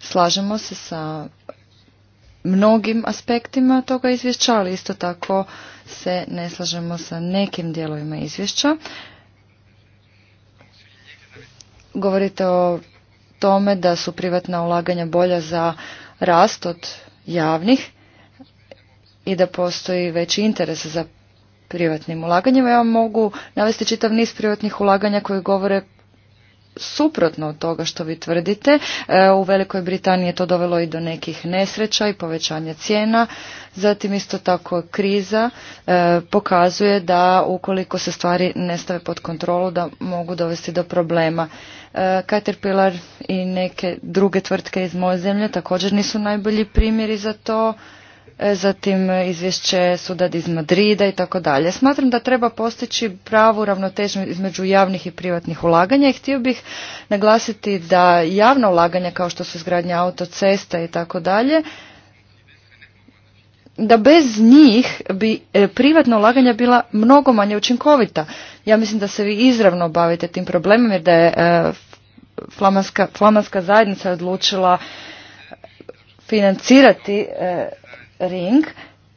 Slažemo se sa mnogim aspektima toga izvješća, ali isto tako se ne slažemo sa nekim dijelovima izvješća. Govorite o tome da su privatna ulaganja bolja za rast od javnih i da postoji veći interes za privatnim ulaganjima. Ja mogu navesti čitav niz privatnih ulaganja koji govore suprotno od toga što vi tvrdite. E, u Velikoj Britaniji je to dovelo i do nekih nesreća i povećanja cijena. Zatim isto tako kriza e, pokazuje da ukoliko se stvari ne stave pod kontrolu da mogu dovesti do problema. E, Caterpillar i neke druge tvrtke iz moje zemlje također nisu najbolji primjeri za to. E, zatim izvješće sudad iz Madrida i tako dalje. Smatram da treba postići pravu ravnotežu između javnih i privatnih ulaganja i htio bih naglasiti da javna ulaganja kao što su izgradnja autocesta i tako dalje, da bez njih bi e, privatna ulaganja bila mnogo manje učinkovita. Ja mislim da se vi izravno bavite tim problemom jer da je e, flamanska, flamanska zajednica odlučila financirati ring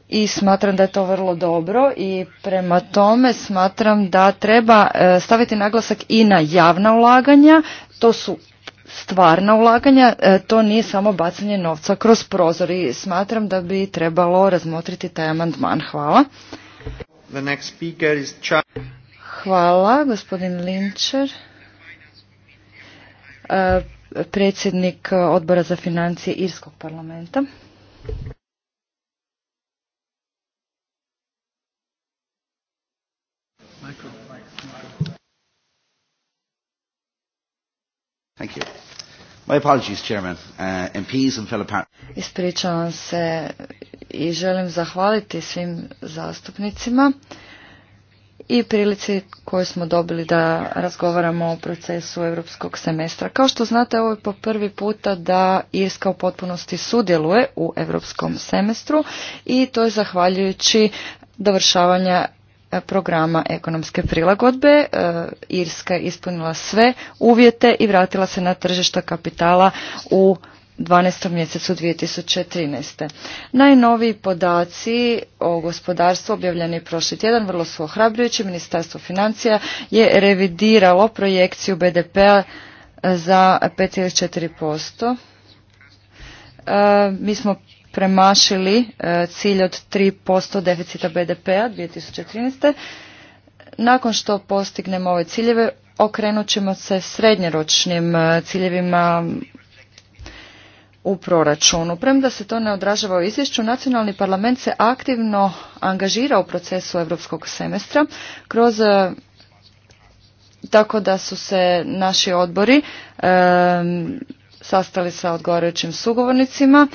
i smatram da je to vrlo dobro i prema tome smatram da treba e, staviti naglasak i na javna ulaganja, to su stvarna ulaganja, e, to nije samo bacanje novca kroz prozor i smatram da bi trebalo razmotriti taj amandman. Hvala. Hvala, gospodin Linčer. E, predsjednik odbora za financije Irskog parlamenta. Thank you. My uh, Ispričavam se i želim zahvaliti svim zastupnicima i prilici koju smo dobili da razgovaramo o procesu europskog semestra. Kao što znate, ovo je po prvi puta da Irska u potpunosti sudjeluje u europskom semestru i to je zahvaljujući dovršavanja E, programa ekonomske prilagodbe. E, Irska je ispunila sve uvjete i vratila se na tržišta kapitala u 12. mjesecu 2013. Najnoviji podaci o gospodarstvu objavljeni prošli tjedan vrlo su ohrabrujući. Ministarstvo financija je revidiralo projekciju BDP-a e, za 5,4%. Mi smo premašili e, cilj od 3% deficita BDP-a 2013. Nakon što postignemo ove ciljeve, okrenut ćemo se srednjeročnim e, ciljevima u proračunu. Premda se to ne odražava u izvješću, nacionalni parlament se aktivno angažira u procesu europskog semestra kroz e, tako da su se naši odbori sastali sa odgovarajućim sugovornicima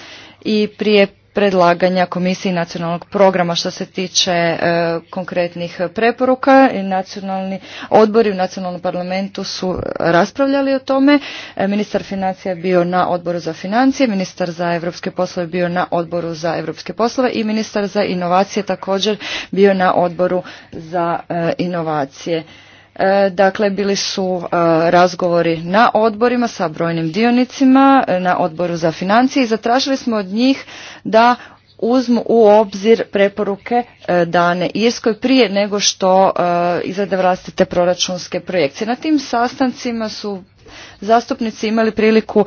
i prije predlaganja Komisiji nacionalnog programa što se tiče e, konkretnih preporuka i nacionalni odbori u nacionalnom parlamentu su raspravljali o tome. E, ministar financija je bio na odboru za financije, ministar za europske poslove bio na odboru za europske poslove i ministar za inovacije također bio na odboru za e, inovacije. E, dakle, bili su e, razgovori na odborima sa brojnim dionicima, e, na odboru za financije i zatražili smo od njih da uzmu u obzir preporuke dane Irskoj prije nego što izrade vlastite proračunske projekcije. Na tim sastancima su zastupnici imali priliku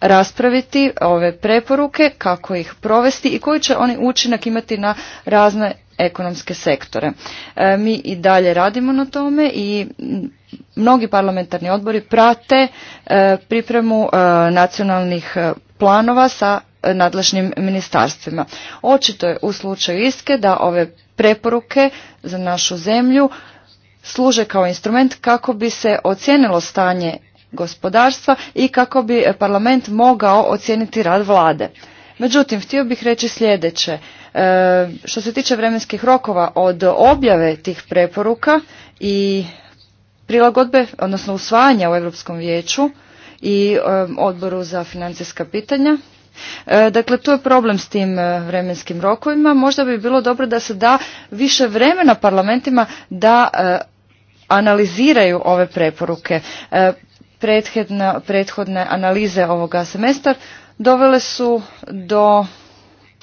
raspraviti ove preporuke, kako ih provesti i koji će oni učinak imati na razne ekonomske sektore. E, mi i dalje radimo na tome i mnogi parlamentarni odbori prate e, pripremu e, nacionalnih planova sa nadležnim ministarstvima. Očito je u slučaju iske da ove preporuke za našu zemlju služe kao instrument kako bi se ocijenilo stanje gospodarstva i kako bi parlament mogao ocijeniti rad vlade. Međutim, htio bih reći sljedeće. E, što se tiče vremenskih rokova od objave tih preporuka i prilagodbe, odnosno usvajanja u Europskom vijeću i e, odboru za financijska pitanja, e, Dakle, tu je problem s tim vremenskim rokovima. Možda bi bilo dobro da se da više vremena parlamentima da analiziraju ove preporuke. Prethodne analize ovoga semestar dovele su do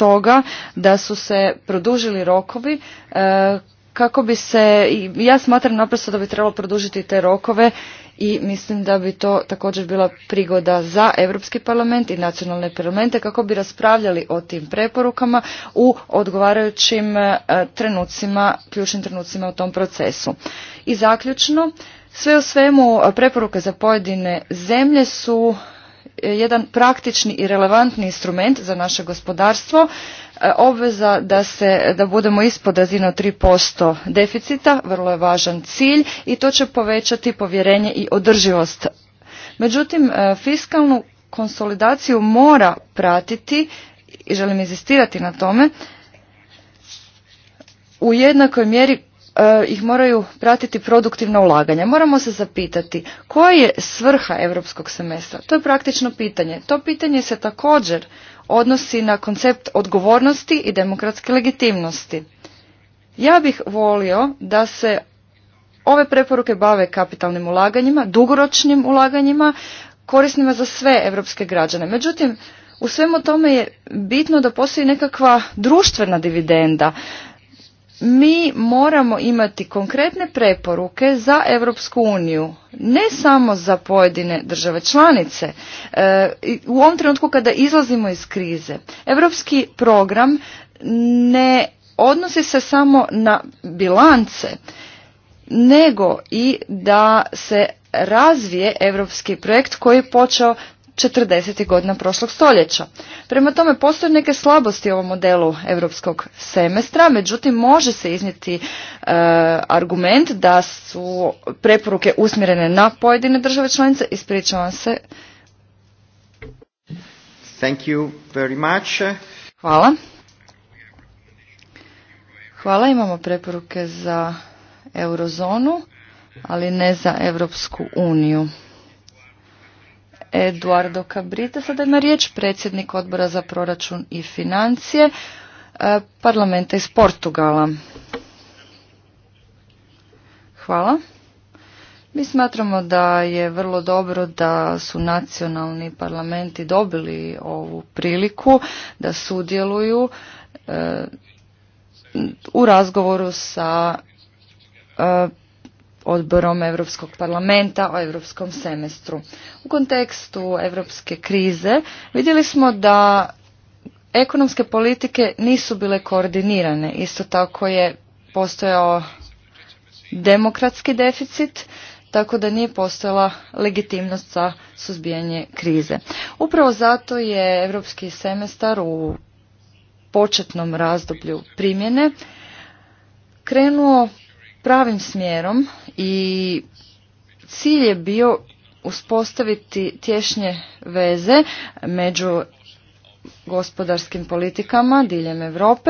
toga da su se produžili rokovi e, kako bi se, ja smatram naprosto da bi trebalo produžiti te rokove i mislim da bi to također bila prigoda za Europski parlament i nacionalne parlamente kako bi raspravljali o tim preporukama u odgovarajućim e, trenucima, ključnim trenucima u tom procesu. I zaključno, sve u svemu preporuke za pojedine zemlje su jedan praktični i relevantni instrument za naše gospodarstvo. E, obveza da, se, da budemo ispod razine 3% deficita, vrlo je važan cilj i to će povećati povjerenje i održivost. Međutim, e, fiskalnu konsolidaciju mora pratiti i želim inzistirati na tome u jednakoj mjeri E, ih moraju pratiti produktivna ulaganja. Moramo se zapitati koja je svrha europskog semestra. To je praktično pitanje. To pitanje se također odnosi na koncept odgovornosti i demokratske legitimnosti. Ja bih volio da se ove preporuke bave kapitalnim ulaganjima, dugoročnim ulaganjima, korisnima za sve europske građane. Međutim, u svemu tome je bitno da postoji nekakva društvena dividenda mi moramo imati konkretne preporuke za Europsku uniju, ne samo za pojedine države članice. E, u ovom trenutku kada izlazimo iz krize, Europski program ne odnosi se samo na bilance, nego i da se razvije europski projekt koji je počeo 40. godina prošlog stoljeća. Prema tome postoje neke slabosti u ovom modelu europskog semestra, međutim može se iznijeti e, argument da su preporuke usmjerene na pojedine države članice. Ispričavam se. Thank you very much. Hvala. Hvala, imamo preporuke za eurozonu, ali ne za Europsku uniju. Eduardo Cabrita. Sada na riječ predsjednik odbora za proračun i financije e, parlamenta iz Portugala. Hvala. Mi smatramo da je vrlo dobro da su nacionalni parlamenti dobili ovu priliku da sudjeluju e, u razgovoru sa e, odborom Europskog parlamenta o europskom semestru. U kontekstu europske krize vidjeli smo da ekonomske politike nisu bile koordinirane. Isto tako je postojao demokratski deficit, tako da nije postojala legitimnost za suzbijanje krize. Upravo zato je europski semestar u početnom razdoblju primjene krenuo pravim smjerom i cilj je bio uspostaviti tješnje veze među gospodarskim politikama diljem Europe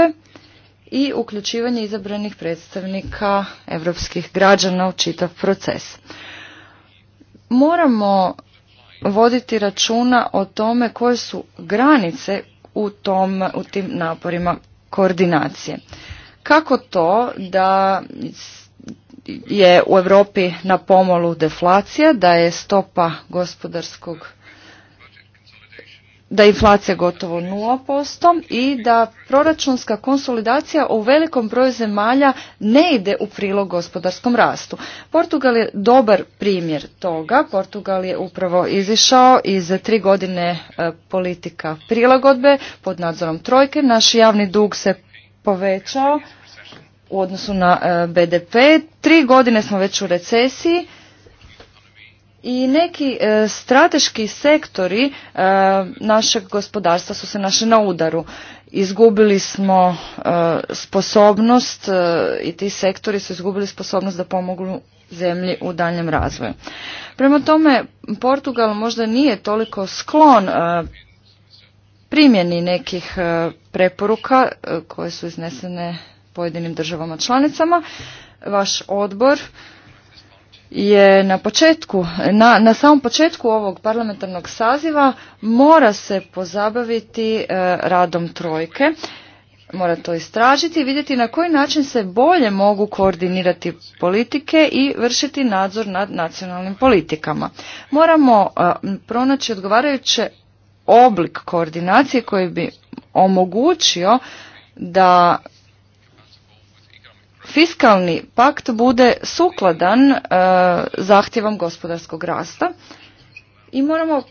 i uključivanje izabranih predstavnika europskih građana u čitav proces. Moramo voditi računa o tome koje su granice u, tom, u tim naporima koordinacije. Kako to da je u Europi na pomolu deflacija, da je stopa gospodarskog da je inflacija gotovo 0% i da proračunska konsolidacija u velikom broju zemalja ne ide u prilog gospodarskom rastu. Portugal je dobar primjer toga. Portugal je upravo izišao iz tri godine e, politika prilagodbe pod nadzorom trojke. Naš javni dug se povećao u odnosu na e, BDP. Tri godine smo već u recesiji i neki e, strateški sektori e, našeg gospodarstva su se našli na udaru. Izgubili smo sposobnost i ti sektori su izgubili sposobnost da pomogu zemlji u daljem razvoju. Prema tome, Portugal možda nije toliko sklon primjeni nekih preporuka koje su iznesene pojedinim državama članicama. Vaš odbor je na početku, na, samom početku ovog parlamentarnog saziva mora se pozabaviti e, radom trojke, mora to istražiti i vidjeti na koji način se bolje mogu koordinirati politike i vršiti nadzor nad nacionalnim politikama. Moramo e, pronaći odgovarajuće oblik koordinacije koji bi omogućio da fiskalni pakt bude sukladan e, zahtjevom gospodarskog rasta i moramo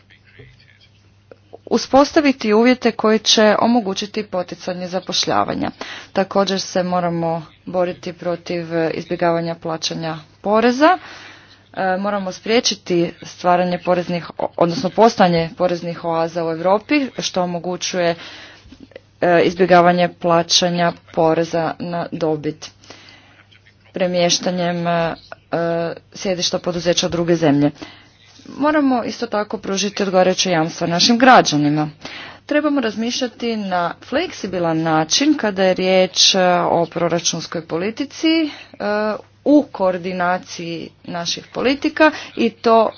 uspostaviti uvjete koji će omogućiti poticanje zapošljavanja. Također se moramo boriti protiv izbjegavanja plaćanja poreza. E, moramo spriječiti stvaranje poreznih, odnosno postanje poreznih oaza u Europi što omogućuje e, izbjegavanje plaćanja poreza na dobit premještanjem e, e, sjedišta poduzeća u druge zemlje. Moramo isto tako pružiti odgoreće jamstva našim građanima. Trebamo razmišljati na fleksibilan način kada je riječ e, o proračunskoj politici u koordinaciji naših politika i to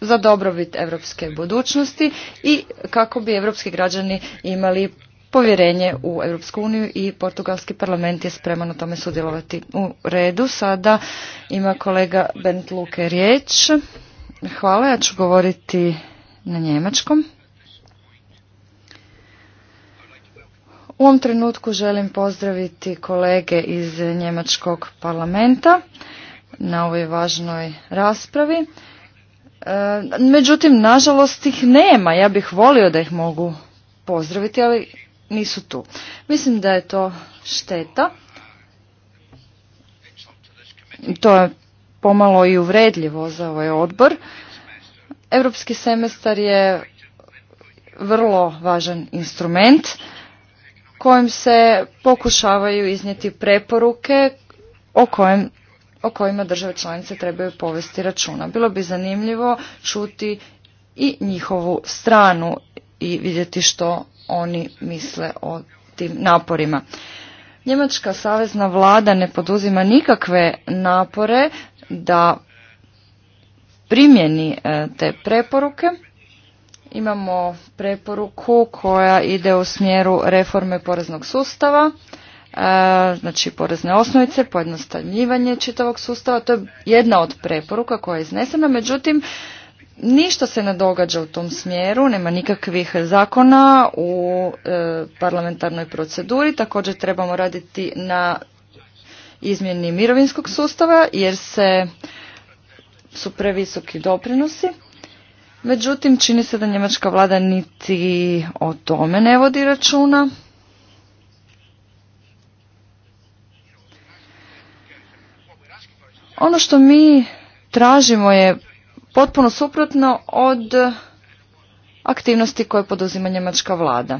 za dobrobit europske budućnosti i kako bi europski građani imali povjerenje u Europsku uniju i portugalski parlament je spreman na tome sudjelovati. U redu sada ima kolega Bent Luke riječ. Hvala, ja ću govoriti na njemačkom. U ovom trenutku želim pozdraviti kolege iz njemačkog parlamenta na ovoj važnoj raspravi. E, međutim, nažalost ih nema. Ja bih volio da ih mogu pozdraviti, ali nisu tu. Mislim da je to šteta. To je pomalo i uvredljivo za ovaj odbor. Europski semestar je vrlo važan instrument kojim se pokušavaju iznijeti preporuke o, kojem, o kojima države članice trebaju povesti računa. Bilo bi zanimljivo čuti i njihovu stranu i vidjeti što oni misle o tim naporima. Njemačka savezna vlada ne poduzima nikakve napore da primjeni e, te preporuke. Imamo preporuku koja ide u smjeru reforme poreznog sustava, e, znači porezne osnovice, pojednostavljivanje čitavog sustava. To je jedna od preporuka koja je iznesena, međutim Ništa se ne događa u tom smjeru, nema nikakvih zakona u e, parlamentarnoj proceduri. Također trebamo raditi na izmjeni mirovinskog sustava jer se su previsoki doprinosi. Međutim, čini se da njemačka vlada niti o tome ne vodi računa. Ono što mi tražimo je potpuno suprotno od aktivnosti koje poduzima njemačka vlada.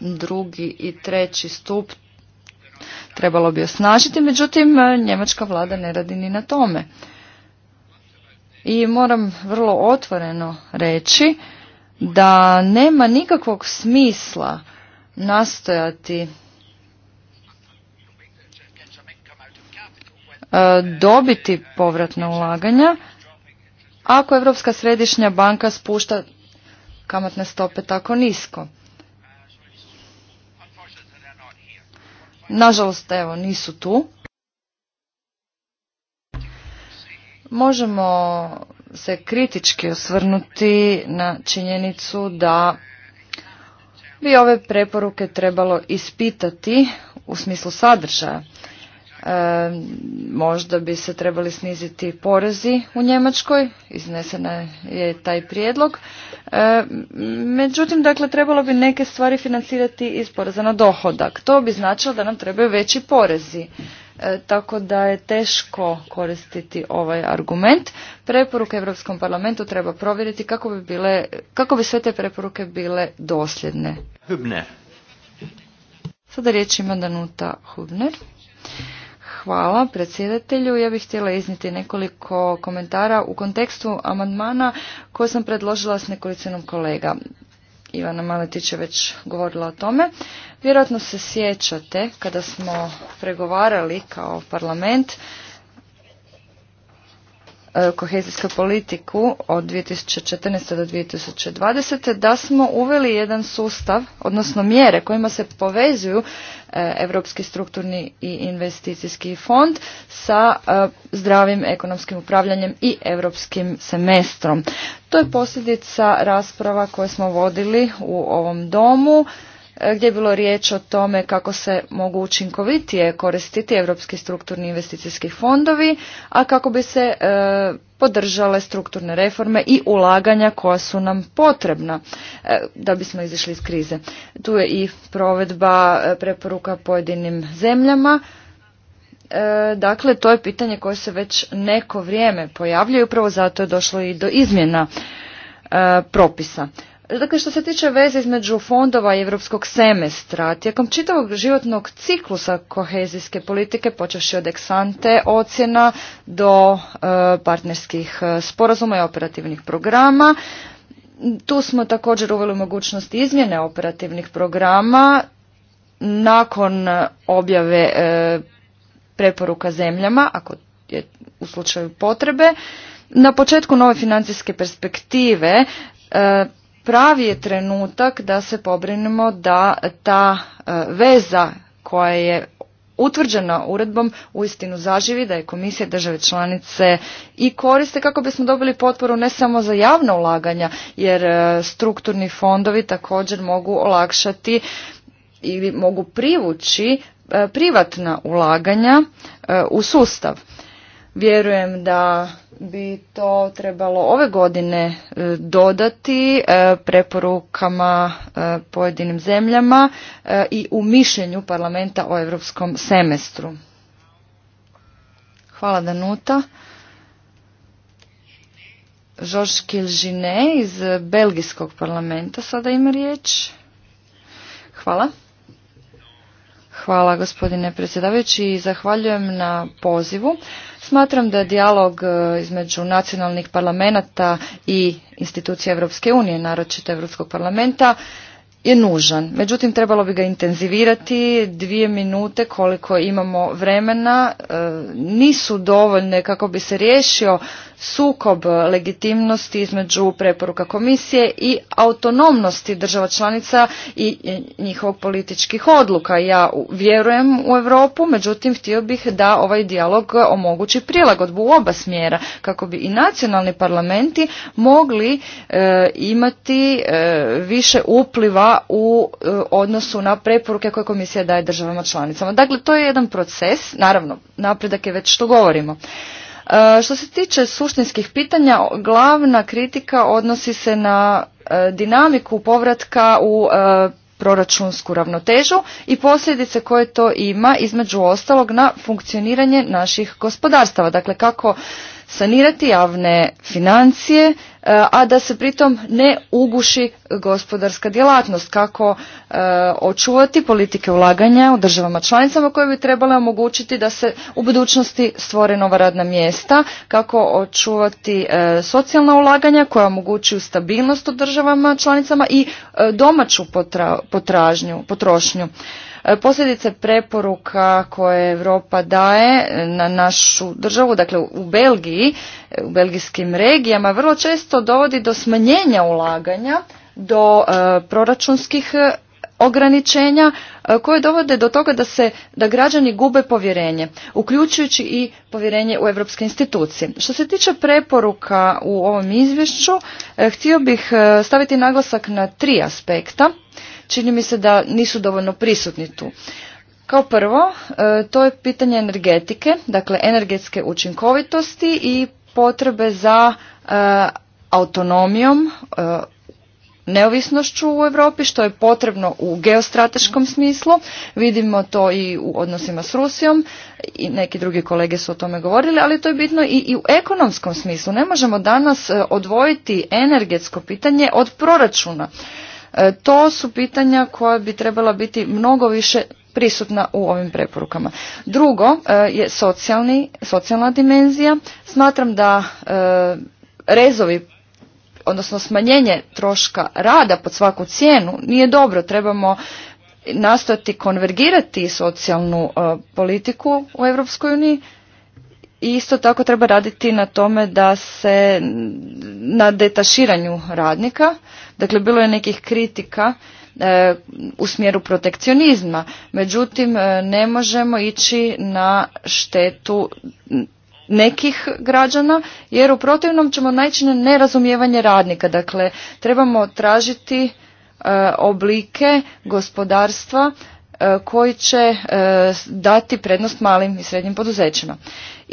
Drugi i treći stup trebalo bi osnažiti, međutim njemačka vlada ne radi ni na tome. I moram vrlo otvoreno reći da nema nikakvog smisla nastojati e, dobiti povratna ulaganja ako Europska središnja banka spušta kamatne stope tako nisko. Nažalost, evo, nisu tu. Možemo se kritički osvrnuti na činjenicu da bi ove preporuke trebalo ispitati u smislu sadržaja možda bi se trebali sniziti porezi u Njemačkoj, iznesena je taj prijedlog. Međutim, dakle, trebalo bi neke stvari financirati iz poreza na dohodak. To bi značilo da nam trebaju veći porezi. E, tako da je teško koristiti ovaj argument. Preporuke Europskom parlamentu treba provjeriti kako bi, bile, kako bi sve te preporuke bile dosljedne. Hübner. Sada riječ ima Danuta Hubner. Hvala predsjedatelju. Ja bih htjela izniti nekoliko komentara u kontekstu amandmana koje sam predložila s nekolicinom kolega. Ivana Maletić je već govorila o tome. Vjerojatno se sjećate kada smo pregovarali kao parlament E, kohezijsku politiku od 2014. do 2020. da smo uveli jedan sustav, odnosno mjere kojima se povezuju e, Europski strukturni i investicijski fond sa e, zdravim ekonomskim upravljanjem i europskim semestrom. To je posljedica rasprava koje smo vodili u ovom domu E, gdje je bilo riječ o tome kako se mogu učinkovitije koristiti europski strukturni investicijski fondovi, a kako bi se e, podržale strukturne reforme i ulaganja koja su nam potrebna e, da bismo izišli iz krize. Tu je i provedba preporuka pojedinim zemljama. dakle, to je pitanje koje se već neko vrijeme pojavljuje, upravo zato je došlo i do izmjena propisa. Dakle, što se tiče veze između fondova i evropskog semestra, tijekom čitavog životnog ciklusa kohezijske politike, počeši od eksante ocjena do e, partnerskih e, sporazuma i operativnih programa, tu smo također uveli mogućnost izmjene operativnih programa nakon objave e, preporuka zemljama, ako je u slučaju potrebe. Na početku nove financijske perspektive pravi je trenutak da se pobrinemo da ta e, veza koja je utvrđena uredbom uistinu zaživi, da je komisija države članice i koriste kako bismo dobili potporu ne samo za javna ulaganja, jer e, strukturni fondovi također mogu olakšati ili mogu privući e, privatna ulaganja u sustav. Vjerujem da bi to trebalo ove godine e, dodati e, preporukama e, pojedinim zemljama i u mišljenju parlamenta o europskom semestru. Hvala Danuta. Georges Kilžine iz Belgijskog parlamenta sada ima riječ. Hvala. Hvala gospodine predsjedavajući i zahvaljujem na pozivu. Smatram da je dijalog e, između nacionalnih parlamenata i institucija Europske unije, naročito Europskog parlamenta, je nužan. Međutim, trebalo bi ga intenzivirati. Dvije minute koliko imamo vremena e, nisu dovoljne kako bi se riješio sukob legitimnosti između preporuka komisije i autonomnosti država članica i njihovog političkih odluka. Ja vjerujem u Europu, međutim htio bih da ovaj dijalog omogući prilagodbu u oba smjera kako bi i nacionalni parlamenti mogli e, imati e, više upliva u e, odnosu na preporuke koje komisija daje državama članicama. Dakle, to je jedan proces, naravno, napredak je već što govorimo. E, što se tiče suštinskih pitanja, glavna kritika odnosi se na e, dinamiku povratka u proračunsku ravnotežu i posljedice koje to ima između ostalog na funkcioniranje naših gospodarstava. Dakle, kako sanirati javne financije, e, a da se pritom ne uguši gospodarska djelatnost, kako e, očuvati politike ulaganja u državama članicama koje bi trebale omogućiti da se u budućnosti stvore nova radna mjesta, kako očuvati e, socijalna ulaganja koja omogućuju stabilnost u državama članicama i domaću potražnju, potrošnju. Posljedice preporuka koje Europa daje na našu državu, dakle u Belgiji, u belgijskim regijama, vrlo često dovodi do smanjenja ulaganja, do e, proračunskih e, ograničenja e, koje dovode do toga da se da građani gube povjerenje, uključujući i povjerenje u europske institucije. Što se tiče preporuka u ovom izvješću, htio bih staviti naglasak na tri aspekta čini mi se da nisu dovoljno prisutni tu. Kao prvo, e, to je pitanje energetike, dakle energetske učinkovitosti i potrebe za e, autonomijom, e, neovisnošću u Europi što je potrebno u geostrateškom smislu. Vidimo to i u odnosima s Rusijom i neki drugi kolege su o tome govorili, ali to je bitno i, i u ekonomskom smislu. Ne možemo danas odvojiti energetsko pitanje od proračuna. E, to su pitanja koja bi trebala biti mnogo više prisutna u ovim preporukama. Drugo e, je socijalni, socijalna dimenzija. Smatram da e, rezovi odnosno smanjenje troška rada pod svaku cijenu nije dobro. Trebamo nastojati konvergirati socijalnu politiku u Europskoj uniji i isto tako treba raditi na tome da se na detaširanju radnika Dakle, bilo je nekih kritika e, u smjeru protekcionizma, međutim e, ne možemo ići na štetu nekih građana, jer u protivnom ćemo naći na nerazumijevanje radnika. Dakle, trebamo tražiti e, oblike gospodarstva koji će dati prednost malim i srednjim poduzećima.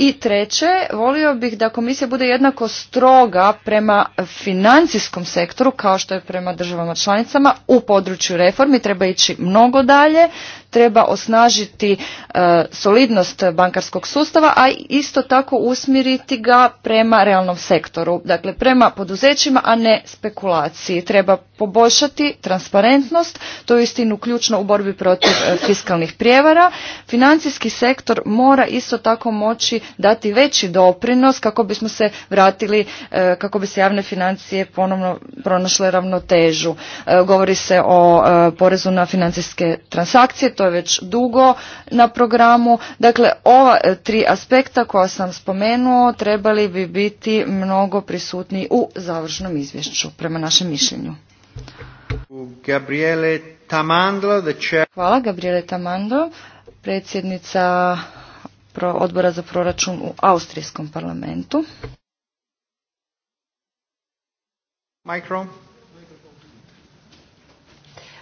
I treće, volio bih da komisija bude jednako stroga prema financijskom sektoru kao što je prema državama članicama u području reformi. Treba ići mnogo dalje, treba osnažiti e, solidnost bankarskog sustava, a isto tako usmjeriti ga prema realnom sektoru. Dakle, prema poduzećima, a ne spekulaciji. Treba poboljšati transparentnost, to je istinu ključno u borbi protiv e, fiskalnih prijevara. Financijski sektor mora isto tako moći dati veći doprinos kako bismo se vratili, e, kako bi se javne financije ponovno pronašle ravnotežu. E, govori se o e, porezu na financijske transakcije, to je već dugo na programu. Dakle, ova tri aspekta koja sam spomenuo trebali bi biti mnogo prisutniji u završnom izvješću, prema našem mišljenju. Gabriele Hvala, Gabriele Tamando, predsjednica odbora za proračun u Austrijskom parlamentu. Mikro.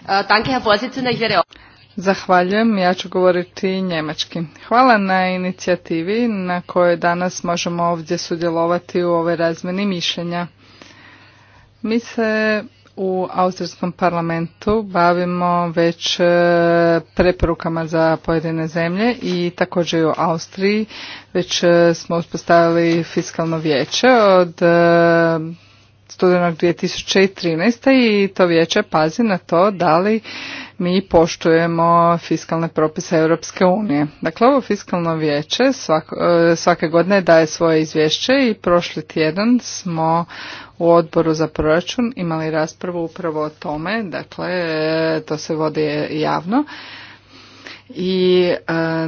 E, Zahvaljujem, ja ću govoriti njemački. Hvala na inicijativi na kojoj danas možemo ovdje sudjelovati u ovoj razmeni mišljenja. Mi se u Austrijskom parlamentu bavimo već e, preporukama za pojedine zemlje i također i u Austriji već e, smo uspostavili fiskalno vijeće od e, studenog 2013. i to vijeće pazi na to da li mi poštujemo fiskalne propise Europske unije. Dakle, ovo fiskalno vijeće svake godine daje svoje izvješće i prošli tjedan smo u odboru za proračun imali raspravu upravo o tome, dakle to se vodi javno. I e,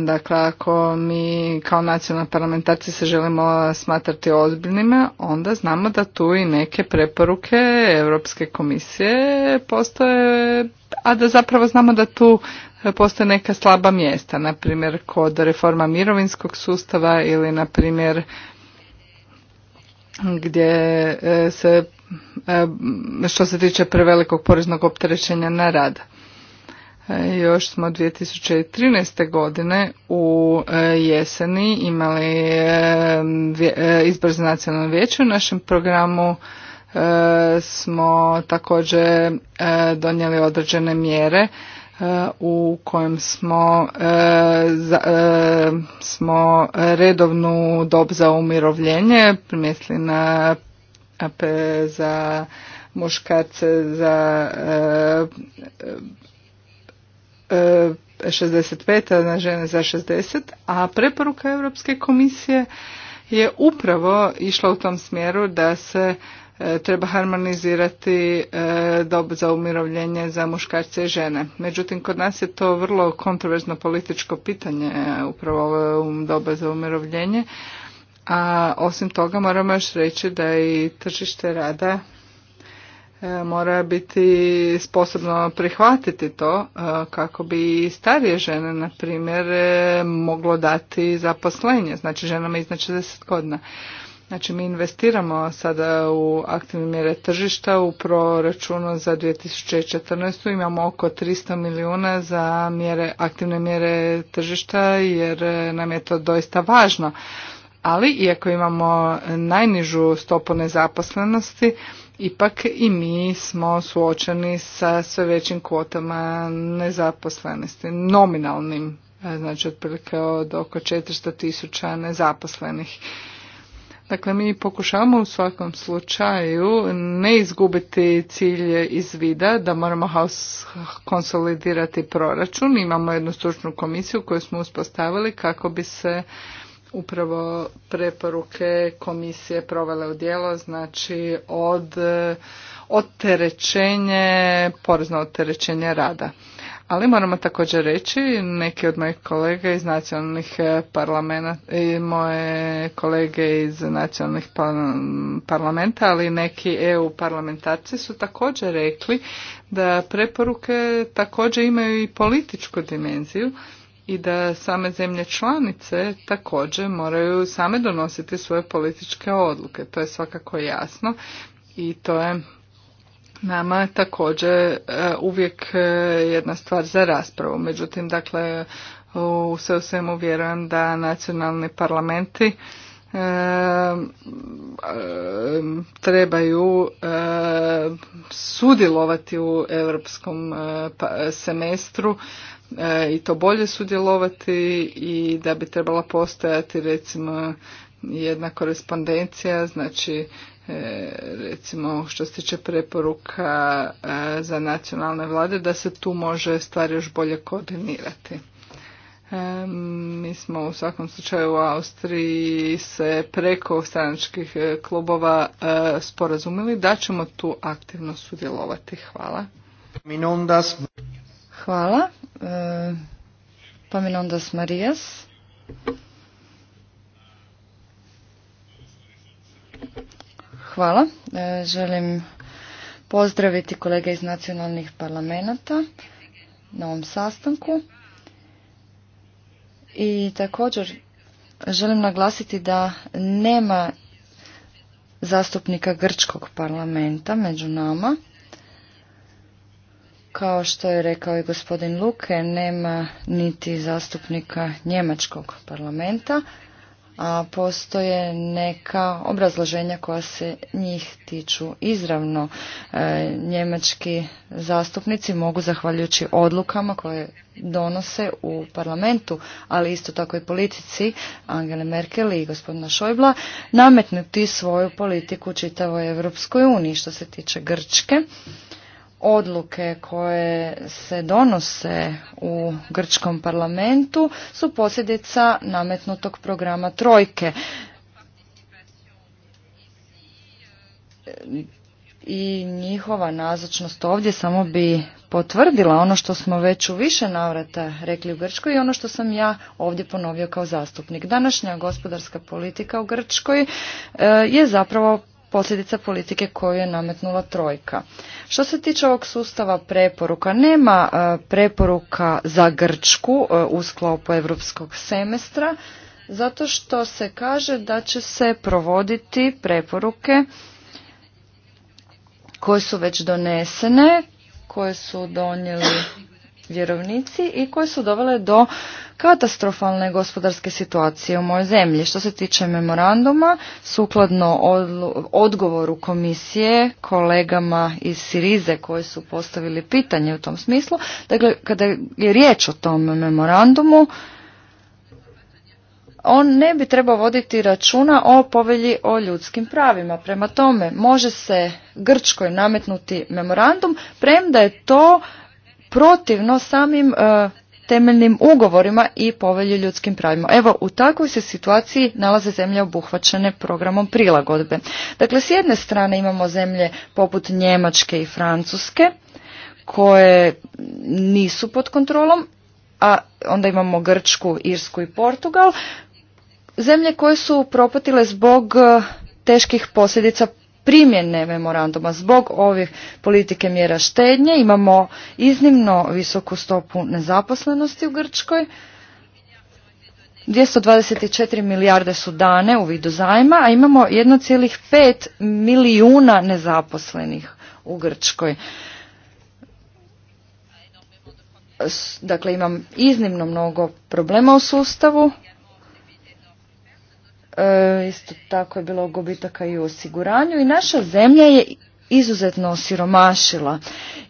dakle ako mi kao nacionalna parlamentarci se želimo smatrati ozbiljnima, onda znamo da tu i neke preporuke Europske komisije postoje, a da zapravo znamo da tu postoje neka slaba mjesta, na primjer kod reforma mirovinskog sustava ili na primjer gdje e, se e, što se tiče prevelikog poreznog opterećenja na rad. E, još smo 2013. godine u jeseni imali izbor za nacionalno vijeće. U našem programu smo također donijeli određene mjere E, u kojem smo, e, e, smo redovnu dob za umirovljenje primjestili na AP za muškarce za 65, a na žene za 60, a preporuka Europske komisije je upravo išla u tom smjeru da se E, treba harmonizirati e, dob za umirovljenje za muškarce i žene. Međutim, kod nas je to vrlo kontroverzno političko pitanje, e, upravo ovo um, doba za umirovljenje. A osim toga moramo još reći da i tržište rada mora biti sposobno prihvatiti to kako bi starije žene, na primjer, moglo dati zaposlenje, znači ženama iznad 60 godina. Znači mi investiramo sada u aktivne mjere tržišta u proračunu za 2014. Imamo oko 300 milijuna za mjere, aktivne mjere tržišta jer nam je to doista važno. Ali iako imamo najnižu stopu nezaposlenosti, ipak i mi smo suočeni sa sve većim kvotama nezaposlenosti, nominalnim, e, znači otprilike od oko 400 tisuća nezaposlenih. Dakle, mi pokušavamo u svakom slučaju ne izgubiti cilj iz vida, da moramo konsolidirati proračun. Imamo jednu stručnu komisiju koju smo uspostavili kako bi se upravo preporuke komisije provele u djelo, znači od e, oterećenje, porezno oterećenje rada. Ali moramo također reći, neki od mojih kolega iz nacionalnih e, parlamenta i e, moje kolege iz nacionalnih pa, parlamenta, ali neki EU parlamentarci su također rekli da preporuke također imaju i političku dimenziju i da same zemlje članice također moraju same donositi svoje političke odluke. To je svakako jasno i to je nama također e, uvijek e, jedna stvar za raspravu. Međutim, dakle, u sve u svemu vjerujem da nacionalni parlamenti e, trebaju sudjelovati u europskom pa, semestru i to bolje sudjelovati i da bi trebala postojati recimo jedna korespondencija, znači E, recimo što se tiče preporuka e, za nacionalne vlade da se tu može stvari još bolje koordinirati. E, mi smo u svakom slučaju u Austriji se preko stranačkih klubova sporazumili da ćemo tu aktivno sudjelovati. Hvala. Hvala. Pa Marijas. Hvala. E, želim pozdraviti kolege iz nacionalnih parlamenta na ovom sastanku. I također želim naglasiti da nema zastupnika Grčkog parlamenta među nama. Kao što je rekao i gospodin Luke, nema niti zastupnika Njemačkog parlamenta a postoje neka obrazloženja koja se njih tiču izravno. E, njemački zastupnici mogu, zahvaljujući odlukama koje donose u parlamentu, ali isto tako i politici Angele Merkel i gospodina Šojbla, nametnuti svoju politiku čitavoj Evropskoj uniji što se tiče Grčke odluke koje se donose u grčkom parlamentu su posljedica nametnutog programa trojke. I njihova nazočnost ovdje samo bi potvrdila ono što smo već u više navrata rekli u Grčkoj i ono što sam ja ovdje ponovio kao zastupnik. Današnja gospodarska politika u Grčkoj e, je zapravo posljedica politike koju je nametnula trojka. Što se tiče ovog sustava preporuka, nema e, preporuka za Grčku e, u sklopu europskog semestra, zato što se kaže da će se provoditi preporuke koje su već donesene, koje su donijeli vjerovnici i koje su dovele do katastrofalne gospodarske situacije u mojoj zemlji. Što se tiče memoranduma, sukladno odgovoru komisije kolegama iz Sirize koji su postavili pitanje u tom smislu, dakle kada je riječ o tom memorandumu, on ne bi trebao voditi računa o povelji o ljudskim pravima. Prema tome, može se Grčkoj nametnuti memorandum, premda je to protivno samim e, temeljnim ugovorima i povelji ljudskim pravima. Evo, u takvoj se situaciji nalaze zemlje obuhvaćene programom prilagodbe. Dakle, s jedne strane imamo zemlje poput Njemačke i Francuske, koje nisu pod kontrolom, a onda imamo Grčku, Irsku i Portugal, zemlje koje su propatile zbog e, teških posljedica primjene memoranduma. Zbog ovih politike mjera štednje imamo iznimno visoku stopu nezaposlenosti u Grčkoj. 224 milijarde su dane u vidu zajma, a imamo 1,5 milijuna nezaposlenih u Grčkoj. Dakle, imam iznimno mnogo problema u sustavu E, isto tako je bilo gubitaka i u osiguranju i naša zemlja je izuzetno osiromašila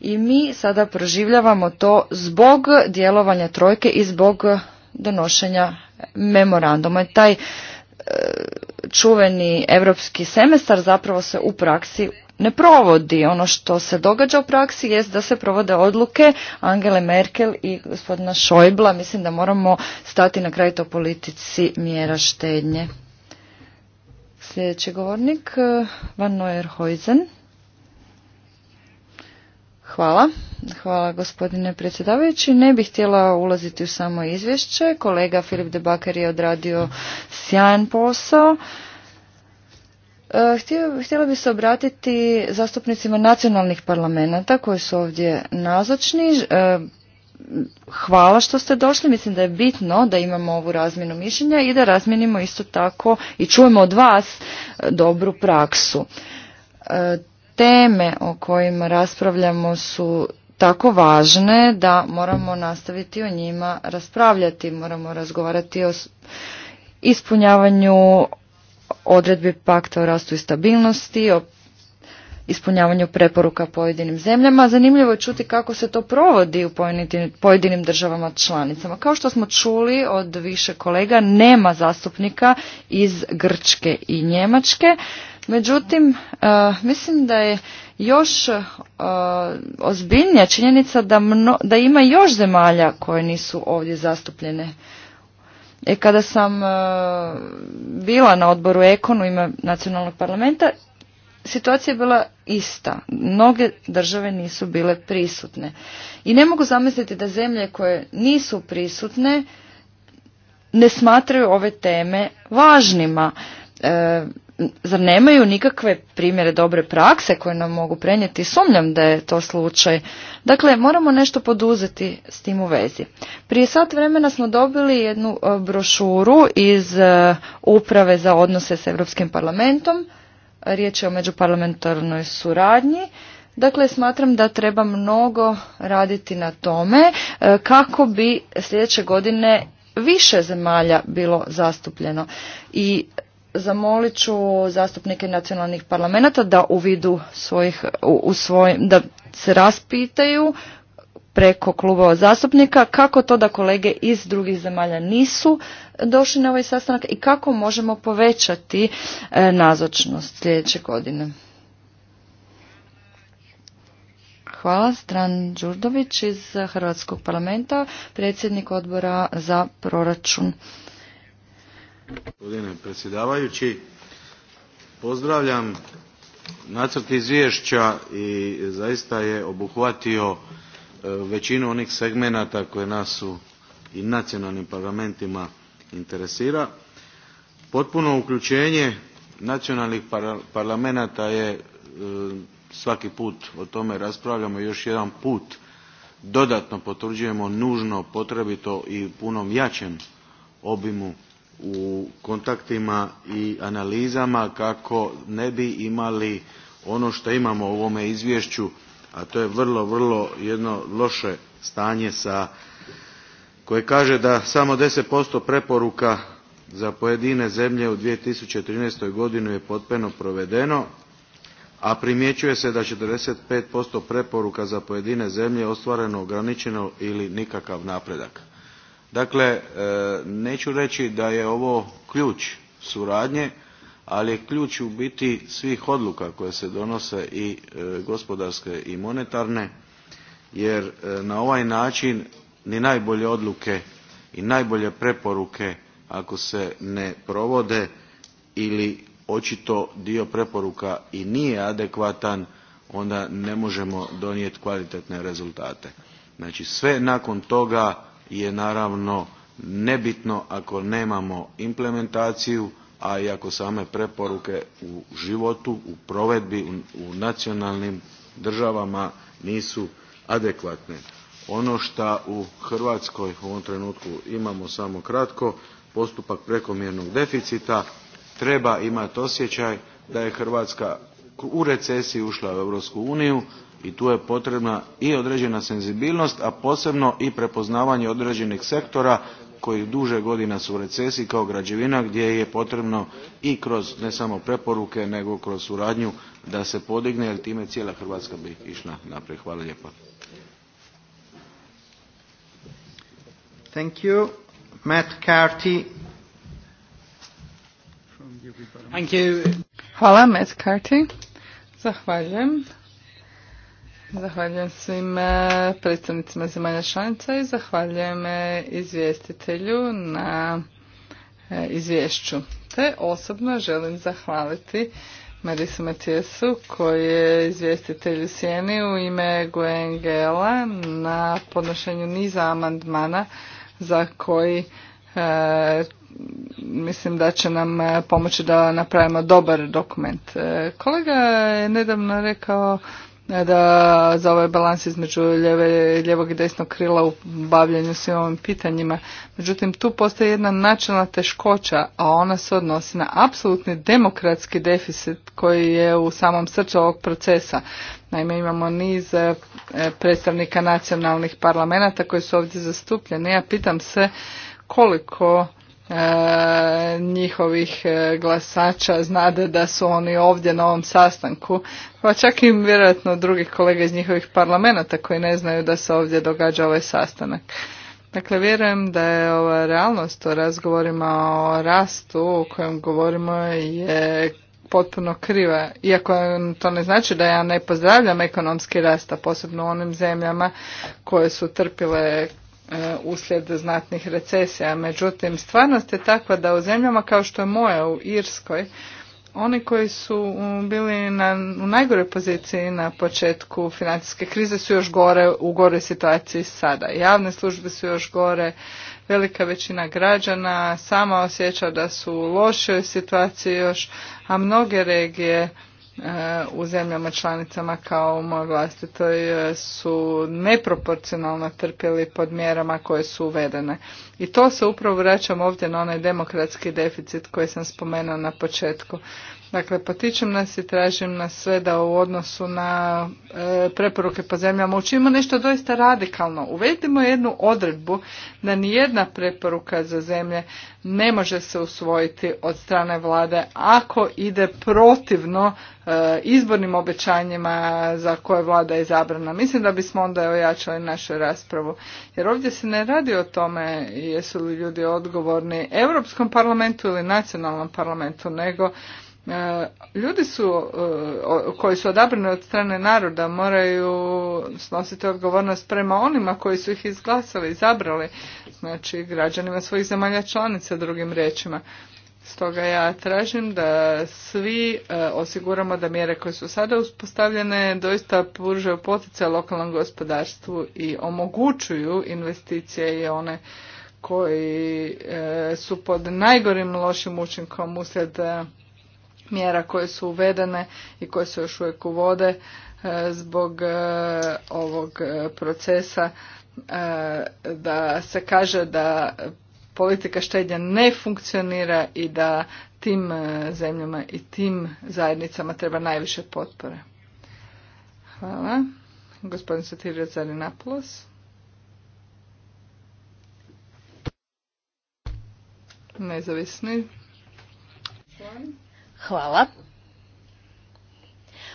i mi sada proživljavamo to zbog djelovanja trojke i zbog donošenja memoranduma. I taj e, čuveni europski semestar zapravo se u praksi ne provodi. Ono što se događa u praksi jest da se provode odluke Angele Merkel i gospodina Šojbla. Mislim da moramo stati na kraj to politici mjera štednje. Sljedeći govornik, e, Van Noer Hvala. Hvala gospodine predsjedavajući. Ne bih htjela ulaziti u samo izvješće. Kolega Filip de Bakar je odradio sjajan posao. E, htjela bih se obratiti zastupnicima nacionalnih parlamenta koji su ovdje nazočni. E, hvala što ste došli. Mislim da je bitno da imamo ovu razmjenu mišljenja i da razmjenimo isto tako i čujemo od vas e, dobru praksu. E, teme o kojima raspravljamo su tako važne da moramo nastaviti o njima raspravljati, moramo razgovarati o ispunjavanju odredbi pakta o rastu i stabilnosti, o ispunjavanju preporuka pojedinim zemljama. Zanimljivo je čuti kako se to provodi u pojedinim državama članicama. Kao što smo čuli od više kolega, nema zastupnika iz Grčke i Njemačke. Međutim, e, mislim da je još e, ozbiljnija činjenica da, ima još zemalja koje nisu ovdje zastupljene. E, kada sam e, bila na odboru Ekonu ima nacionalnog parlamenta, situacija je bila ista. Mnoge države nisu bile prisutne. I ne mogu zamisliti da zemlje koje nisu prisutne ne smatraju ove teme važnima. E, zar nemaju nikakve primjere dobre prakse koje nam mogu prenijeti? Sumnjam da je to slučaj. Dakle, moramo nešto poduzeti s tim u vezi. Prije sat vremena smo dobili jednu e, brošuru iz e, Uprave za odnose s Europskim parlamentom Riječ je o međuparlamentarnoj suradnji. Dakle, smatram da treba mnogo raditi na tome e, kako bi sljedeće godine više zemalja bilo zastupljeno. I zamolit ću zastupnike nacionalnih parlamenta da u vidu svojih, u, u svoj, da se raspitaju preko klubova zastupnika, kako to da kolege iz drugih zemalja nisu došli na ovaj sastanak i kako možemo povećati e, nazočnost sljedeće godine. Hvala. Stran Đurdović iz Hrvatskog parlamenta, predsjednik odbora za proračun. Gospodine predsjedavajući, pozdravljam nacrt izvješća i zaista je obuhvatio E, većinu onih segmenata koje nas u i nacionalnim parlamentima interesira. Potpuno uključenje nacionalnih parlamenata je e, svaki put o tome raspravljamo još jedan put dodatno potvrđujemo nužno potrebito i punom jačem obimu u kontaktima i analizama kako ne bi imali ono što imamo u ovome izvješću a to je vrlo, vrlo jedno loše stanje sa, koje kaže da samo 10% preporuka za pojedine zemlje u 2013. godini je potpuno provedeno, a primjećuje se da 45% preporuka za pojedine zemlje ostvareno ograničeno ili nikakav napredak. Dakle, e, neću reći da je ovo ključ suradnje, ali je ključ u biti svih odluka koje se donose i e, gospodarske i monetarne jer e, na ovaj način ni najbolje odluke i najbolje preporuke ako se ne provode ili očito dio preporuka i nije adekvatan onda ne možemo donijeti kvalitetne rezultate. Znači sve nakon toga je naravno nebitno ako nemamo implementaciju, a i ako same preporuke u životu, u provedbi u nacionalnim državama nisu adekvatne. Ono što u Hrvatskoj u ovom trenutku imamo samo kratko, postupak prekomjernog deficita, treba imati osjećaj da je Hrvatska u recesiji ušla u Europsku uniju i tu je potrebna i određena senzibilnost, a posebno i prepoznavanje određenih sektora koji duže godina su u recesiji kao građevina gdje je potrebno i kroz ne samo preporuke nego kroz suradnju da se podigne jer time cijela Hrvatska bi išla naprijed. Hvala Hvala Zahvaljujem svim e, predstavnicima zemalja članica i zahvaljujem e, izvjestitelju na e, izvješću. Te osobno želim zahvaliti Marisu Matijesu koji je izvjestitelj u Sjeni u ime Guengela na podnošenju niza amandmana za koji mislim da će nam pomoći da napravimo dobar dokument. kolega je nedavno rekao da za ovaj balans između ljeve, ljevog i desnog krila u bavljanju svim ovim pitanjima. Međutim, tu postoji jedna načelna teškoća, a ona se odnosi na apsolutni demokratski deficit koji je u samom srcu ovog procesa. Naime, imamo niz e, predstavnika nacionalnih parlamenta koji su ovdje zastupljeni. Ja pitam se koliko E, njihovih e, glasača znade da su oni ovdje na ovom sastanku, pa čak i vjerojatno drugih kolege iz njihovih parlamenta koji ne znaju da se ovdje događa ovaj sastanak. Dakle, vjerujem da je ova realnost o razgovorima o rastu o kojem govorimo je potpuno kriva. Iako to ne znači da ja ne pozdravljam ekonomski rasta, posebno u onim zemljama koje su trpile E, uslijed znatnih recesija. Međutim, stvarnost je takva da u zemljama kao što je moja u Irskoj, oni koji su mm, bili na, u najgore poziciji na početku financijske krize su još gore u gore situaciji sada. Javne službe su još gore, velika većina građana sama osjeća da su u lošoj situaciji još, a mnoge regije E, u zemljama članicama kao u mojoj vlastitoj e, su neproporcionalno trpjeli pod mjerama koje su uvedene. I to se upravo vraćam ovdje na onaj demokratski deficit koji sam spomenuo na početku. Dakle, potičem nas i tražim nas sve da u odnosu na e, preporuke po zemljama učinimo nešto doista radikalno. Uvedimo jednu odredbu da nijedna preporuka za zemlje ne može se usvojiti od strane vlade ako ide protivno e, izbornim obećanjima za koje vlada je zabrana. Mislim da bismo onda ojačali našu raspravu. Jer ovdje se ne radi o tome jesu li ljudi odgovorni Europskom parlamentu ili nacionalnom parlamentu, nego E, ljudi su e, koji su odabrani od strane naroda moraju snositi odgovornost prema onima koji su ih izglasali, izabrali, znači građanima svojih zemalja članica drugim riječima. Stoga ja tražim da svi e, osiguramo da mjere koje su sada uspostavljene doista pružaju poticaj lokalnom gospodarstvu i omogućuju investicije i one koji su pod najgorim lošim učinkom uslijed mjera koje su uvedene i koje se još uvijek uvode e, zbog e, ovog e, procesa da se kaže da politika štednja ne funkcionira i da tim zemljama i tim zajednicama treba najviše potpore. Hvala. Gospodin Satirio Zarinapolos. Nezavisni. Hvala.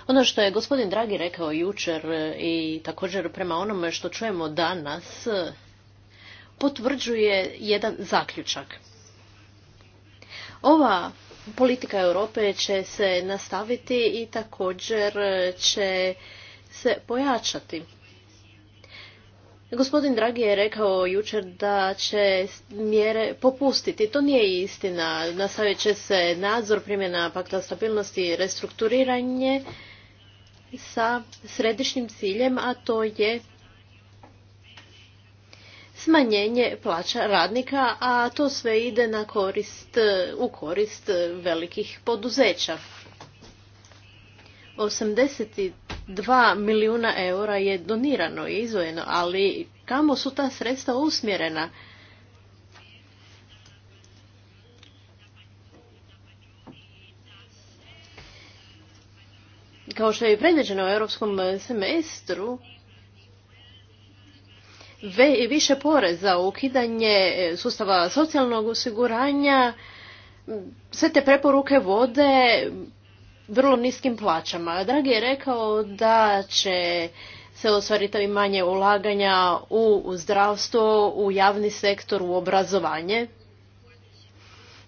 Ono što je gospodin Dragi rekao jučer e, i također prema onome što čujemo danas, e, potvrđuje jedan zaključak. Ova politika Europe će se nastaviti i također e, će se pojačati. Gospodin Dragi je rekao jučer da će mjere popustiti. To nije istina. Nastavit će se nadzor primjena pakta stabilnosti i restrukturiranje sa središnjim ciljem, a to je smanjenje plaća radnika, a to sve ide na korist, u korist velikih poduzeća. 83 dva milijuna eura je donirano i izvojeno, ali kamo su ta sredstva usmjerena? Kao što je predviđeno u europskom semestru, više poreza, ukidanje sustava socijalnog osiguranja, sve te preporuke vode vrlo niskim plaćama. Dragi je rekao da će se ostvariti manje ulaganja u zdravstvo, u javni sektor, u obrazovanje.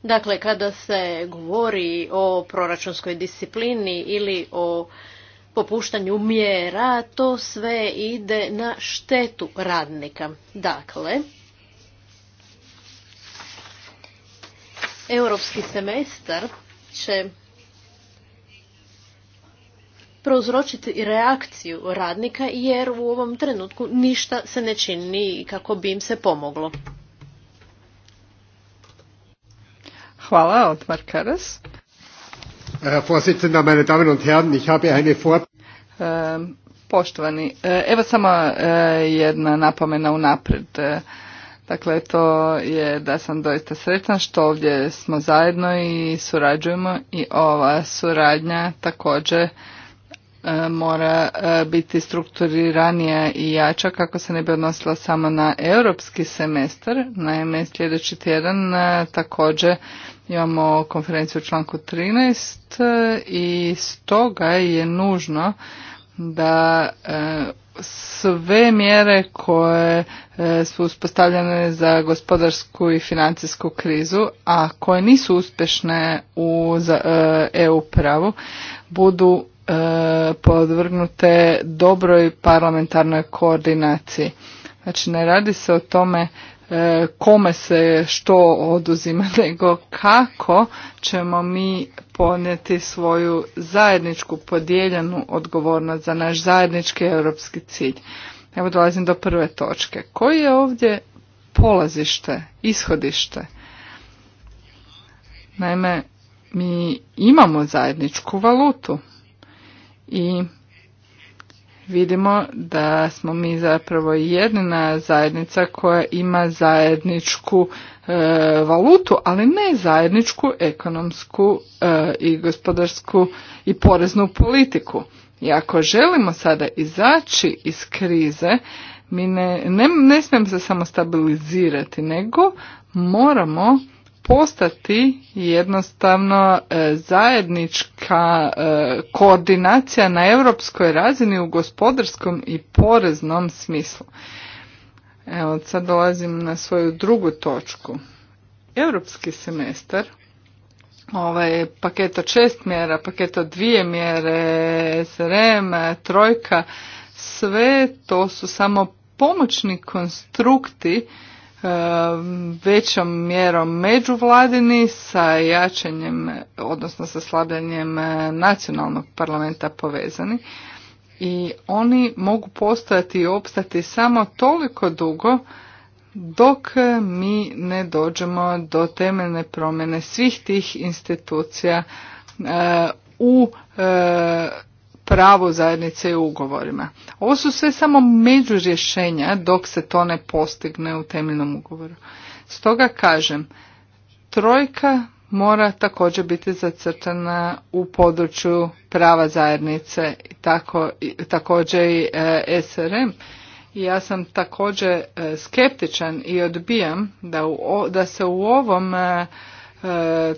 Dakle, kada se govori o proračunskoj disciplini ili o popuštanju mjera, to sve ide na štetu radnika. Dakle, europski semestar će prouzročiti reakciju radnika jer u ovom trenutku ništa se ne čini kako bi im se pomoglo. Hvala, Otmar Karas. Poštovani, evo samo e, jedna napomena unaprijed. E, dakle, to je da sam doista sretan što ovdje smo zajedno i surađujemo i ova suradnja također E, mora e, biti strukturiranija i jača kako se ne bi odnosila samo na europski semestar. Naime, sljedeći tjedan e, također imamo konferenciju u članku 13 i stoga je nužno da sve mjere koje su uspostavljene za gospodarsku i financijsku krizu, a koje nisu uspješne u EU pravu, budu E, podvrgnute dobroj parlamentarnoj koordinaciji. Znači ne radi se o tome e, kome se što oduzima, (laughs) nego kako ćemo mi ponijeti svoju zajedničku podijeljenu odgovornost za naš zajednički europski cilj. Evo dolazim do prve točke. Koji je ovdje polazište, ishodište? Naime, mi imamo zajedničku valutu, i vidimo da smo mi zapravo jedina zajednica koja ima zajedničku e, valutu, ali ne zajedničku ekonomsku e, i gospodarsku i poreznu politiku. I ako želimo sada izaći iz krize, mi ne, ne, ne smijemo se samo stabilizirati, nego moramo postati jednostavno e, zajednička e, koordinacija na europskoj razini u gospodarskom i poreznom smislu. Evo, sad dolazim na svoju drugu točku. Europski semestar, ovaj paket od šest mjera, paket od dvije mjere, SRM, trojka, sve to su samo pomoćni konstrukti većom mjerom međuvladini sa jačanjem, odnosno sa slabljanjem e, nacionalnog parlamenta povezani. I oni mogu postojati i opstati samo toliko dugo dok e, mi ne dođemo do temeljne promjene svih tih institucija e, u pravo zajednice i ugovorima. Ovo su sve samo među rješenja dok se to ne postigne u temeljnom ugovoru. Stoga kažem, trojka mora također biti zacrtana u području prava zajednice i također i e, SRM. I ja sam također e, skeptičan i odbijam da, da se u ovom e,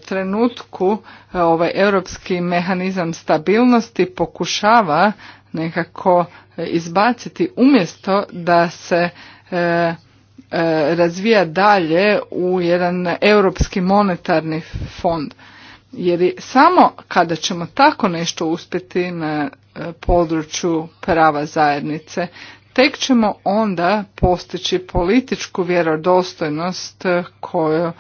trenutku e, ovaj europski mehanizam stabilnosti pokušava nekako e, izbaciti umjesto da se e, razvija dalje u jedan europski monetarni fond. Jer samo kada ćemo tako nešto uspjeti na području prava zajednice, tek ćemo onda postići političku vjerodostojnost koju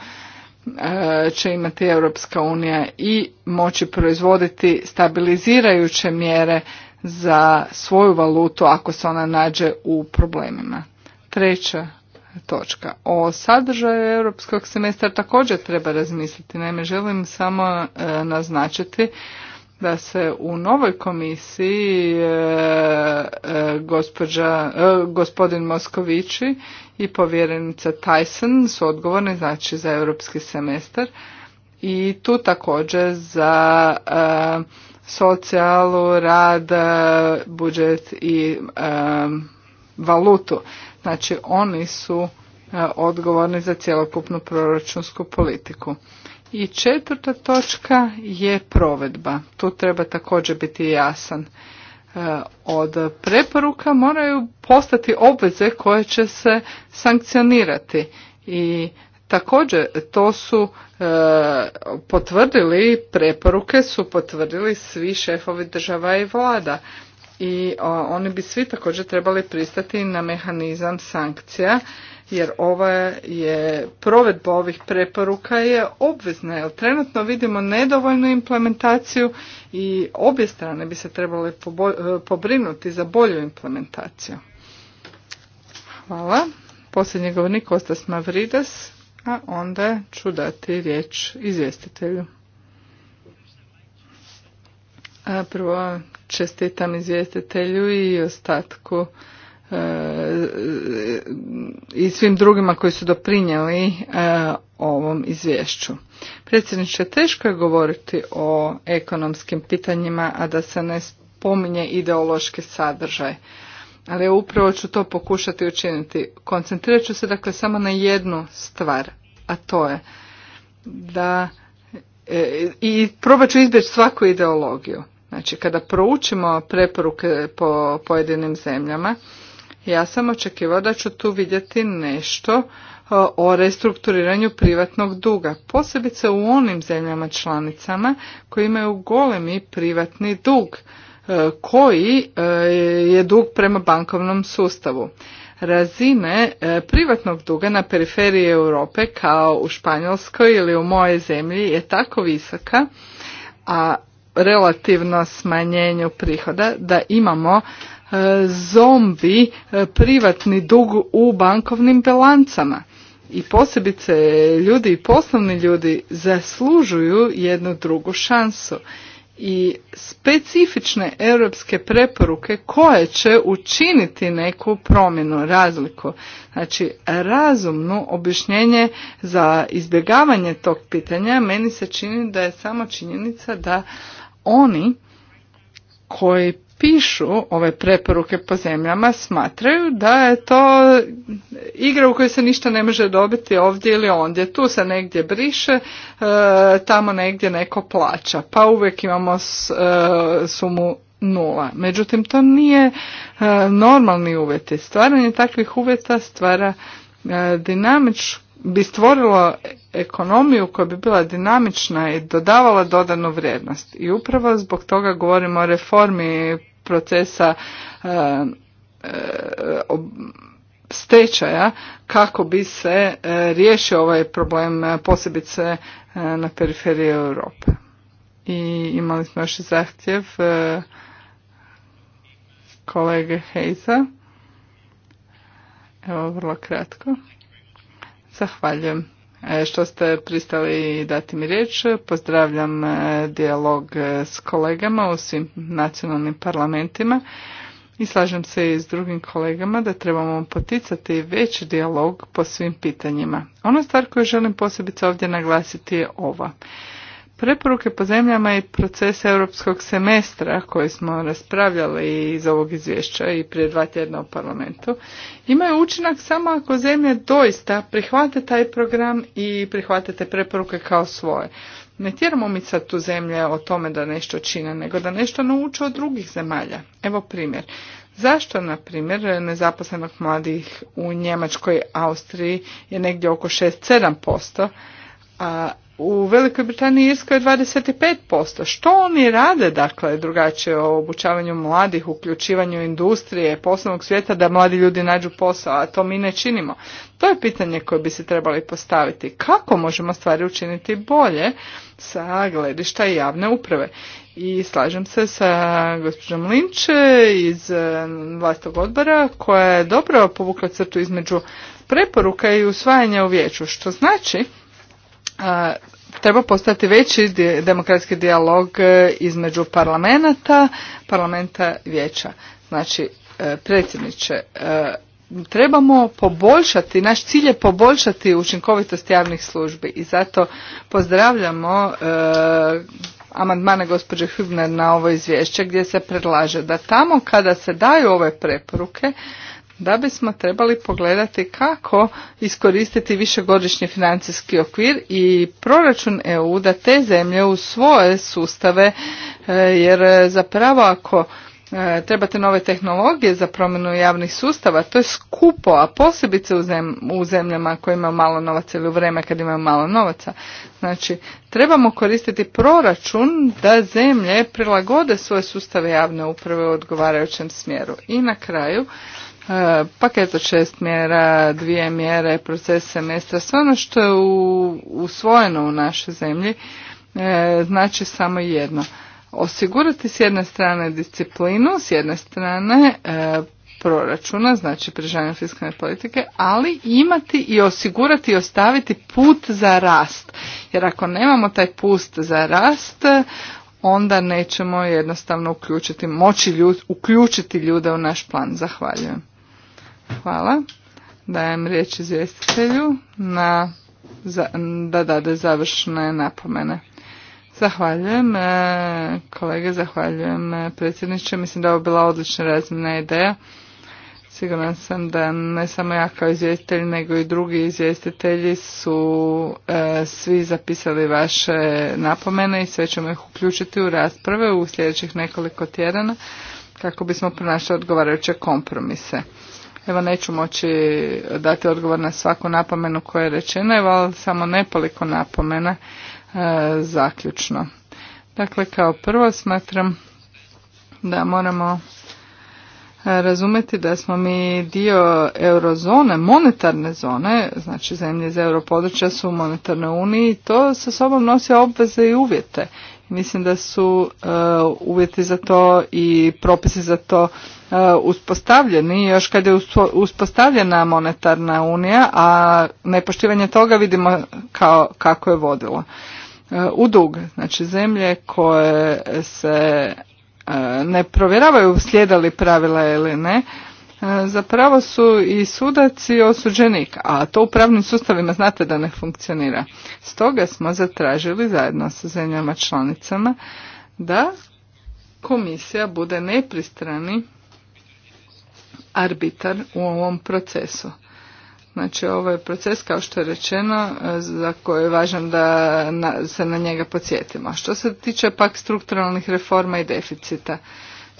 E, će imati Europska unija i moći proizvoditi stabilizirajuće mjere za svoju valutu ako se ona nađe u problemima. Treća točka. O sadržaju europskog semestra također treba razmisliti. Naime, želim samo e, naznačiti da se u novoj komisiji e, e, e, gospodin Moskovići i povjerenica Tyson su odgovorni znači za europski semestar i tu također za e, socijalu, rad, budžet i valutu. Znači oni su odgovorni za cjelokupnu proračunsku politiku. I četvrta točka je provedba. Tu treba također biti jasan. E, od preporuka moraju postati obveze koje će se sankcionirati i također to su e, potvrdili preporuke su potvrdili svi šefovi država i vlada i oni bi svi također trebali pristati na mehanizam sankcija jer ova je provedba ovih preporuka je obvezna jer trenutno vidimo nedovoljnu implementaciju i obje strane bi se trebale e, pobrinuti za bolju implementaciju. Hvala. Posljednji govornik Kostas Mavridas, a onda ću dati riječ izvjestitelju. prvo čestitam izvjestitelju i ostatku i svim drugima koji su doprinijeli e, ovom izvješću. Predsjedniče, teško je govoriti o ekonomskim pitanjima, a da se ne spominje ideološki sadržaj. Ali upravo ću to pokušati učiniti. Koncentrirat ću se dakle samo na jednu stvar, a to je da e, i probat ću izbjeći svaku ideologiju. Znači, kada proučimo preporuke po pojedinim zemljama, ja sam očekivao da ću tu vidjeti nešto o restrukturiranju privatnog duga, posebice u onim zemljama članicama koji imaju golemi privatni dug, koji je dug prema bankovnom sustavu. Razine privatnog duga na periferiji Europe kao u Španjolskoj ili u mojoj zemlji je tako visoka, a relativno smanjenju prihoda da imamo E, zombi e, privatni dug u bankovnim bilancama. I posebice ljudi i poslovni ljudi zaslužuju jednu drugu šansu i specifične europske preporuke koje će učiniti neku promjenu, razliku. Znači, razumno objašnjenje za izbjegavanje tog pitanja meni se čini da je samo činjenica da oni koji pišu ove preporuke po zemljama smatraju da je to igra u kojoj se ništa ne može dobiti ovdje ili ondje. Tu se negdje briše, e, tamo negdje neko plaća. Pa uvijek imamo e, sumu nula. Međutim, to nije e, normalni uvjeti. Stvaranje takvih uvjeta stvara dinamič, bi stvorilo ekonomiju koja bi bila dinamična i dodavala dodanu vrijednost. I upravo zbog toga govorimo o reformi procesa e, e, stečaja kako bi se e, riješio ovaj problem posebice na periferiji Europe. I imali smo još zahtjev kolege Heiza. Evo vrlo kratko. Zahvaljujem. E, što ste pristali dati mi riječ. Pozdravljam e, dijalog e, s kolegama u svim nacionalnim parlamentima i slažem se i s drugim kolegama da trebamo poticati veći dijalog po svim pitanjima. Ona stvar koju želim posebice ovdje naglasiti je ova. Preporuke po zemljama i proces europskog semestra koje smo raspravljali iz ovog izvješća i prije dva tjedna u parlamentu imaju učinak samo ako zemlje doista prihvate taj program i prihvate te preporuke kao svoje. Ne tjeramo mi sad tu zemlje o tome da nešto čine, nego da nešto nauče od drugih zemalja. Evo primjer. Zašto, na primjer, nezaposlenog mladih u Njemačkoj, Austriji je negdje oko 6-7%, a u Velikoj Britaniji i Irskoj je 25%. Što oni rade, dakle, drugačije o obučavanju mladih, uključivanju industrije, poslovnog svijeta, da mladi ljudi nađu posao, a to mi ne činimo? To je pitanje koje bi se trebali postaviti. Kako možemo stvari učiniti bolje sa gledišta javne uprave? I slažem se sa gospođom Linč iz eh, vlastog odbora koja je dobro povukla crtu između preporuka i usvajanja u vijeću, što znači treba postati veći demokratski dijalog e, između parlamenta, parlamenta vijeća. Znači, e, predsjedniče, e, trebamo poboljšati, naš cilj je poboljšati učinkovitost javnih službi i zato pozdravljamo amandmane gospođe Hübner na ovo izvješće gdje se predlaže da tamo kada se daju ove preporuke da bismo trebali pogledati kako iskoristiti višegodišnji financijski okvir i proračun EU da te zemlje u svoje sustave, e, jer zapravo ako e, trebate nove tehnologije za promjenu javnih sustava, to je skupo, a posebice u, zemljama koje imaju malo novaca ili u vreme kad imaju malo novaca. Znači, trebamo koristiti proračun da zemlje prilagode svoje sustave javne uprave u odgovarajućem smjeru. I na kraju, E, paket od šest mjera, dvije mjere, proces semestra, sve ono što je u, usvojeno u našoj zemlji e, znači samo jedno. Osigurati s jedne strane disciplinu, s jedne strane e, proračuna, znači prižanje fiskalne politike, ali imati i osigurati i ostaviti put za rast. Jer ako nemamo taj put za rast, onda nećemo jednostavno uključiti, moći uključiti ljude u naš plan. Zahvaljujem. Hvala. Dajem riječ izvjestitelju na, za, da dade završne napomene. Zahvaljujem e, kolege, zahvaljujem e, predsjedniče. Mislim da je ovo bila odlična razmjena ideja. Siguran sam da ne samo ja kao izvjestitelj, nego i drugi izvjestitelji su e, svi zapisali vaše napomene i sve ćemo ih uključiti u rasprave u sljedećih nekoliko tjedana kako bismo pronašli odgovarajuće kompromise. Evo neću moći dati odgovor na svaku napomenu koja je rečena, evo samo nekoliko napomena e, zaključno. Dakle, kao prvo smatram da moramo e, razumjeti da smo mi dio eurozone, monetarne zone, znači zemlje iz europodručja su u monetarnoj uniji i to sa sobom nosi obveze i uvjete. Mislim da su e, uvjeti za to i propisi za to e, uspostavljeni. Još kad je uspostavljena monetarna unija, a nepoštivanje toga vidimo kao, kako je vodilo. E, u dug, znači zemlje koje se ne provjeravaju slijedali pravila ili ne, E, zapravo su i sudac i osuđenik, a to u pravnim sustavima znate da ne funkcionira. Stoga smo zatražili zajedno sa zemljama članicama da komisija bude nepristrani arbitar u ovom procesu. Znači ovo je proces kao što je rečeno e, za koji je važan da se na njega podsjetimo. Što se tiče pak strukturalnih reforma i deficita,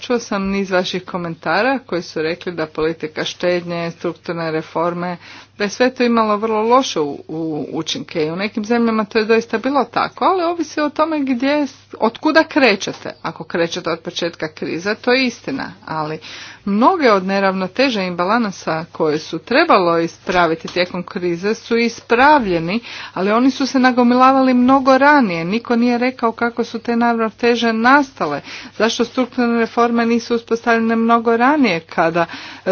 Čuo sam niz vaših komentara koji su rekli da politika štednje, strukturne reforme da je sve to imalo vrlo loše u, u učinke i u nekim zemljama to je doista bilo tako, ali ovisi o tome gdje, od kuda krećete. Ako krećete od početka kriza, to je istina, ali mnoge od neravnoteža i balansa koje su trebalo ispraviti tijekom krize su ispravljeni, ali oni su se nagomilavali mnogo ranije. Niko nije rekao kako su te neravnoteže nastale, zašto strukturne reforme nisu uspostavljene mnogo ranije kada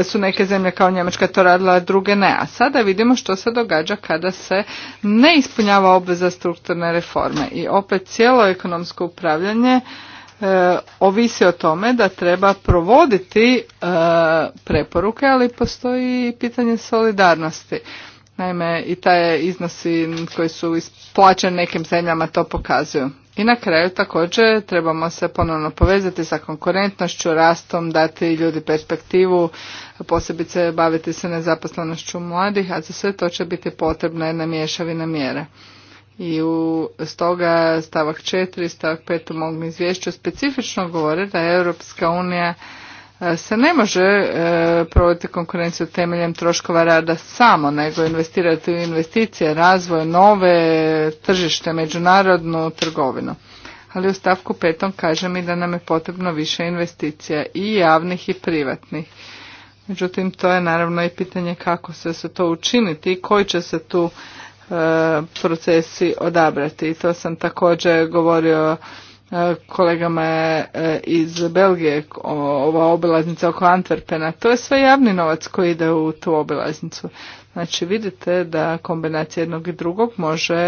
su neke zemlje kao Njemačka to radila, a druge ne. A sada vidimo što se događa kada se ne ispunjava obveza strukturne reforme. I opet cijelo ekonomsko upravljanje e, ovisi o tome da treba provoditi e, preporuke, ali postoji i pitanje solidarnosti. Naime, i taj iznosi koji su isplaćeni nekim zemljama to pokazuju. I na kraju također trebamo se ponovno povezati sa konkurentnošću, rastom, dati ljudi perspektivu, posebice baviti se nezaposlenošću mladih, a za sve to će biti potrebna jedna miješavina mjera. I u stoga stavak 4 i stavak 5 u mog izvješću specifično govore da je Europska unija se ne može e, provoditi konkurenciju temeljem troškova rada samo, nego investirati u investicije, razvoj, nove tržište, međunarodnu trgovinu. Ali u stavku petom kaže mi da nam je potrebno više investicija i javnih i privatnih. Međutim, to je naravno i pitanje kako se se to učiniti i koji će se tu e, procesi odabrati. I to sam također govorio kolegama e, iz Belgije ova obilaznica oko Antwerpena. To je sve javni novac koji ide u tu obilaznicu. Znači vidite da kombinacija jednog i drugog može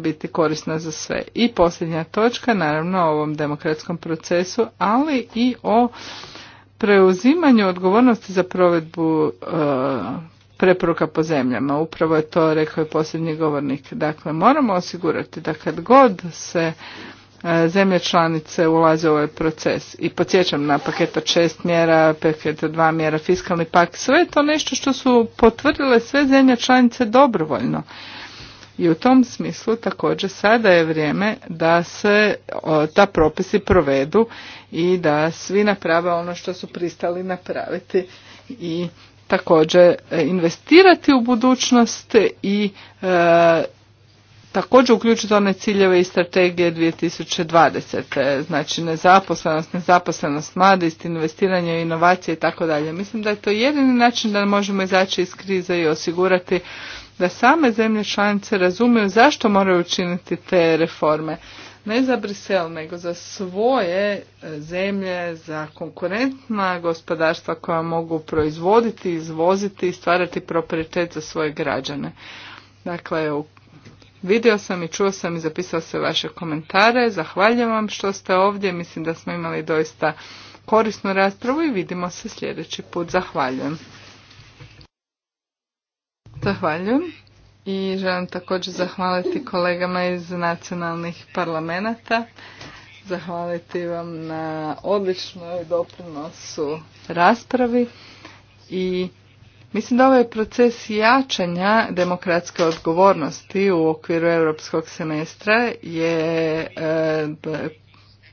biti korisna za sve. I posljednja točka, naravno o ovom demokratskom procesu, ali i o preuzimanju odgovornosti za provedbu e, preporuka po zemljama. Upravo je to rekao i posljednji govornik. Dakle, moramo osigurati da kad god se E, zemlje članice ulaze u ovaj proces. I podsjećam na paketa šest mjera, paketa dva mjera, fiskalni pak, sve je to nešto što su potvrdile sve zemlje članice dobrovoljno. I u tom smislu također sada je vrijeme da se ta propisi provedu i da svi naprave ono što su pristali napraviti i također e, investirati u budućnost i e, također uključiti one ciljeve i strategije 2020. Znači nezaposlenost, nezaposlenost mladih, investiranje u inovacije i tako dalje. Mislim da je to jedini način da možemo izaći iz krize i osigurati da same zemlje članice razumiju zašto moraju učiniti te reforme. Ne za Brisel, nego za svoje e, zemlje, za konkurentna gospodarstva koja mogu proizvoditi, izvoziti i stvarati proprietet za svoje građane. Dakle, Vidio sam i čuo sam i zapisao se vaše komentare. Zahvaljujem vam što ste ovdje. Mislim da smo imali doista korisnu raspravu i vidimo se sljedeći put. Zahvaljujem. Zahvaljujem. I želim također zahvaliti kolegama iz nacionalnih parlamenta. Zahvaliti vam na odličnoj doprinosu raspravi i Mislim da ovaj proces jačanja demokratske odgovornosti u okviru europskog semestra je e,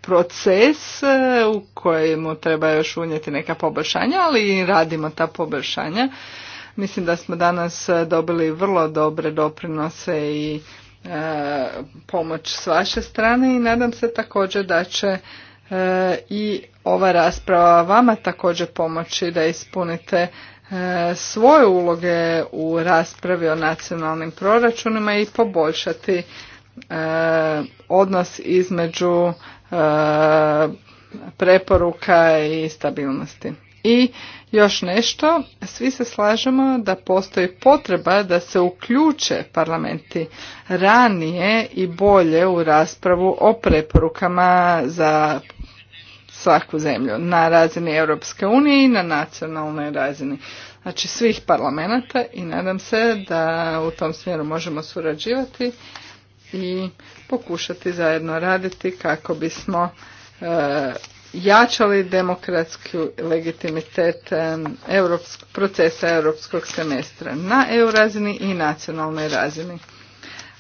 proces e, u kojemu treba još unijeti neka poboljšanja, ali i radimo ta poboljšanja. Mislim da smo danas dobili vrlo dobre doprinose i e, pomoć s vaše strane i nadam se također da će i ova rasprava vama također pomoći da ispunite E, svoje uloge u raspravi o nacionalnim proračunima i poboljšati e, odnos između e, preporuka i stabilnosti. I još nešto, svi se slažemo da postoji potreba da se uključe parlamenti ranije i bolje u raspravu o preporukama za svaku zemlju na razini Europske unije i na nacionalnoj razini. Znači svih parlamenata i nadam se da u tom smjeru možemo surađivati i pokušati zajedno raditi kako bismo e, jačali demokratski legitimitet e, procesa europskog semestra na EU razini i nacionalnoj razini.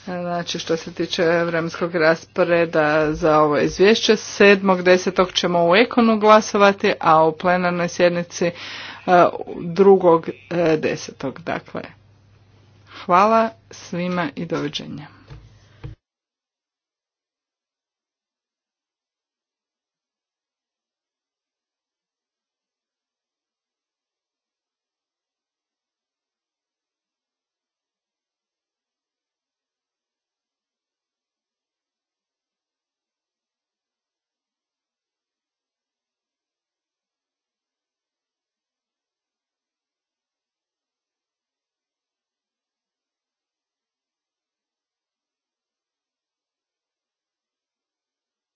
Znači što se tiče vremenskog rasporeda za ovo izvješće, 7.10. ćemo u Ekonu glasovati, a u plenarnoj sjednici 2.10. E, e, dakle, hvala svima i doviđenja.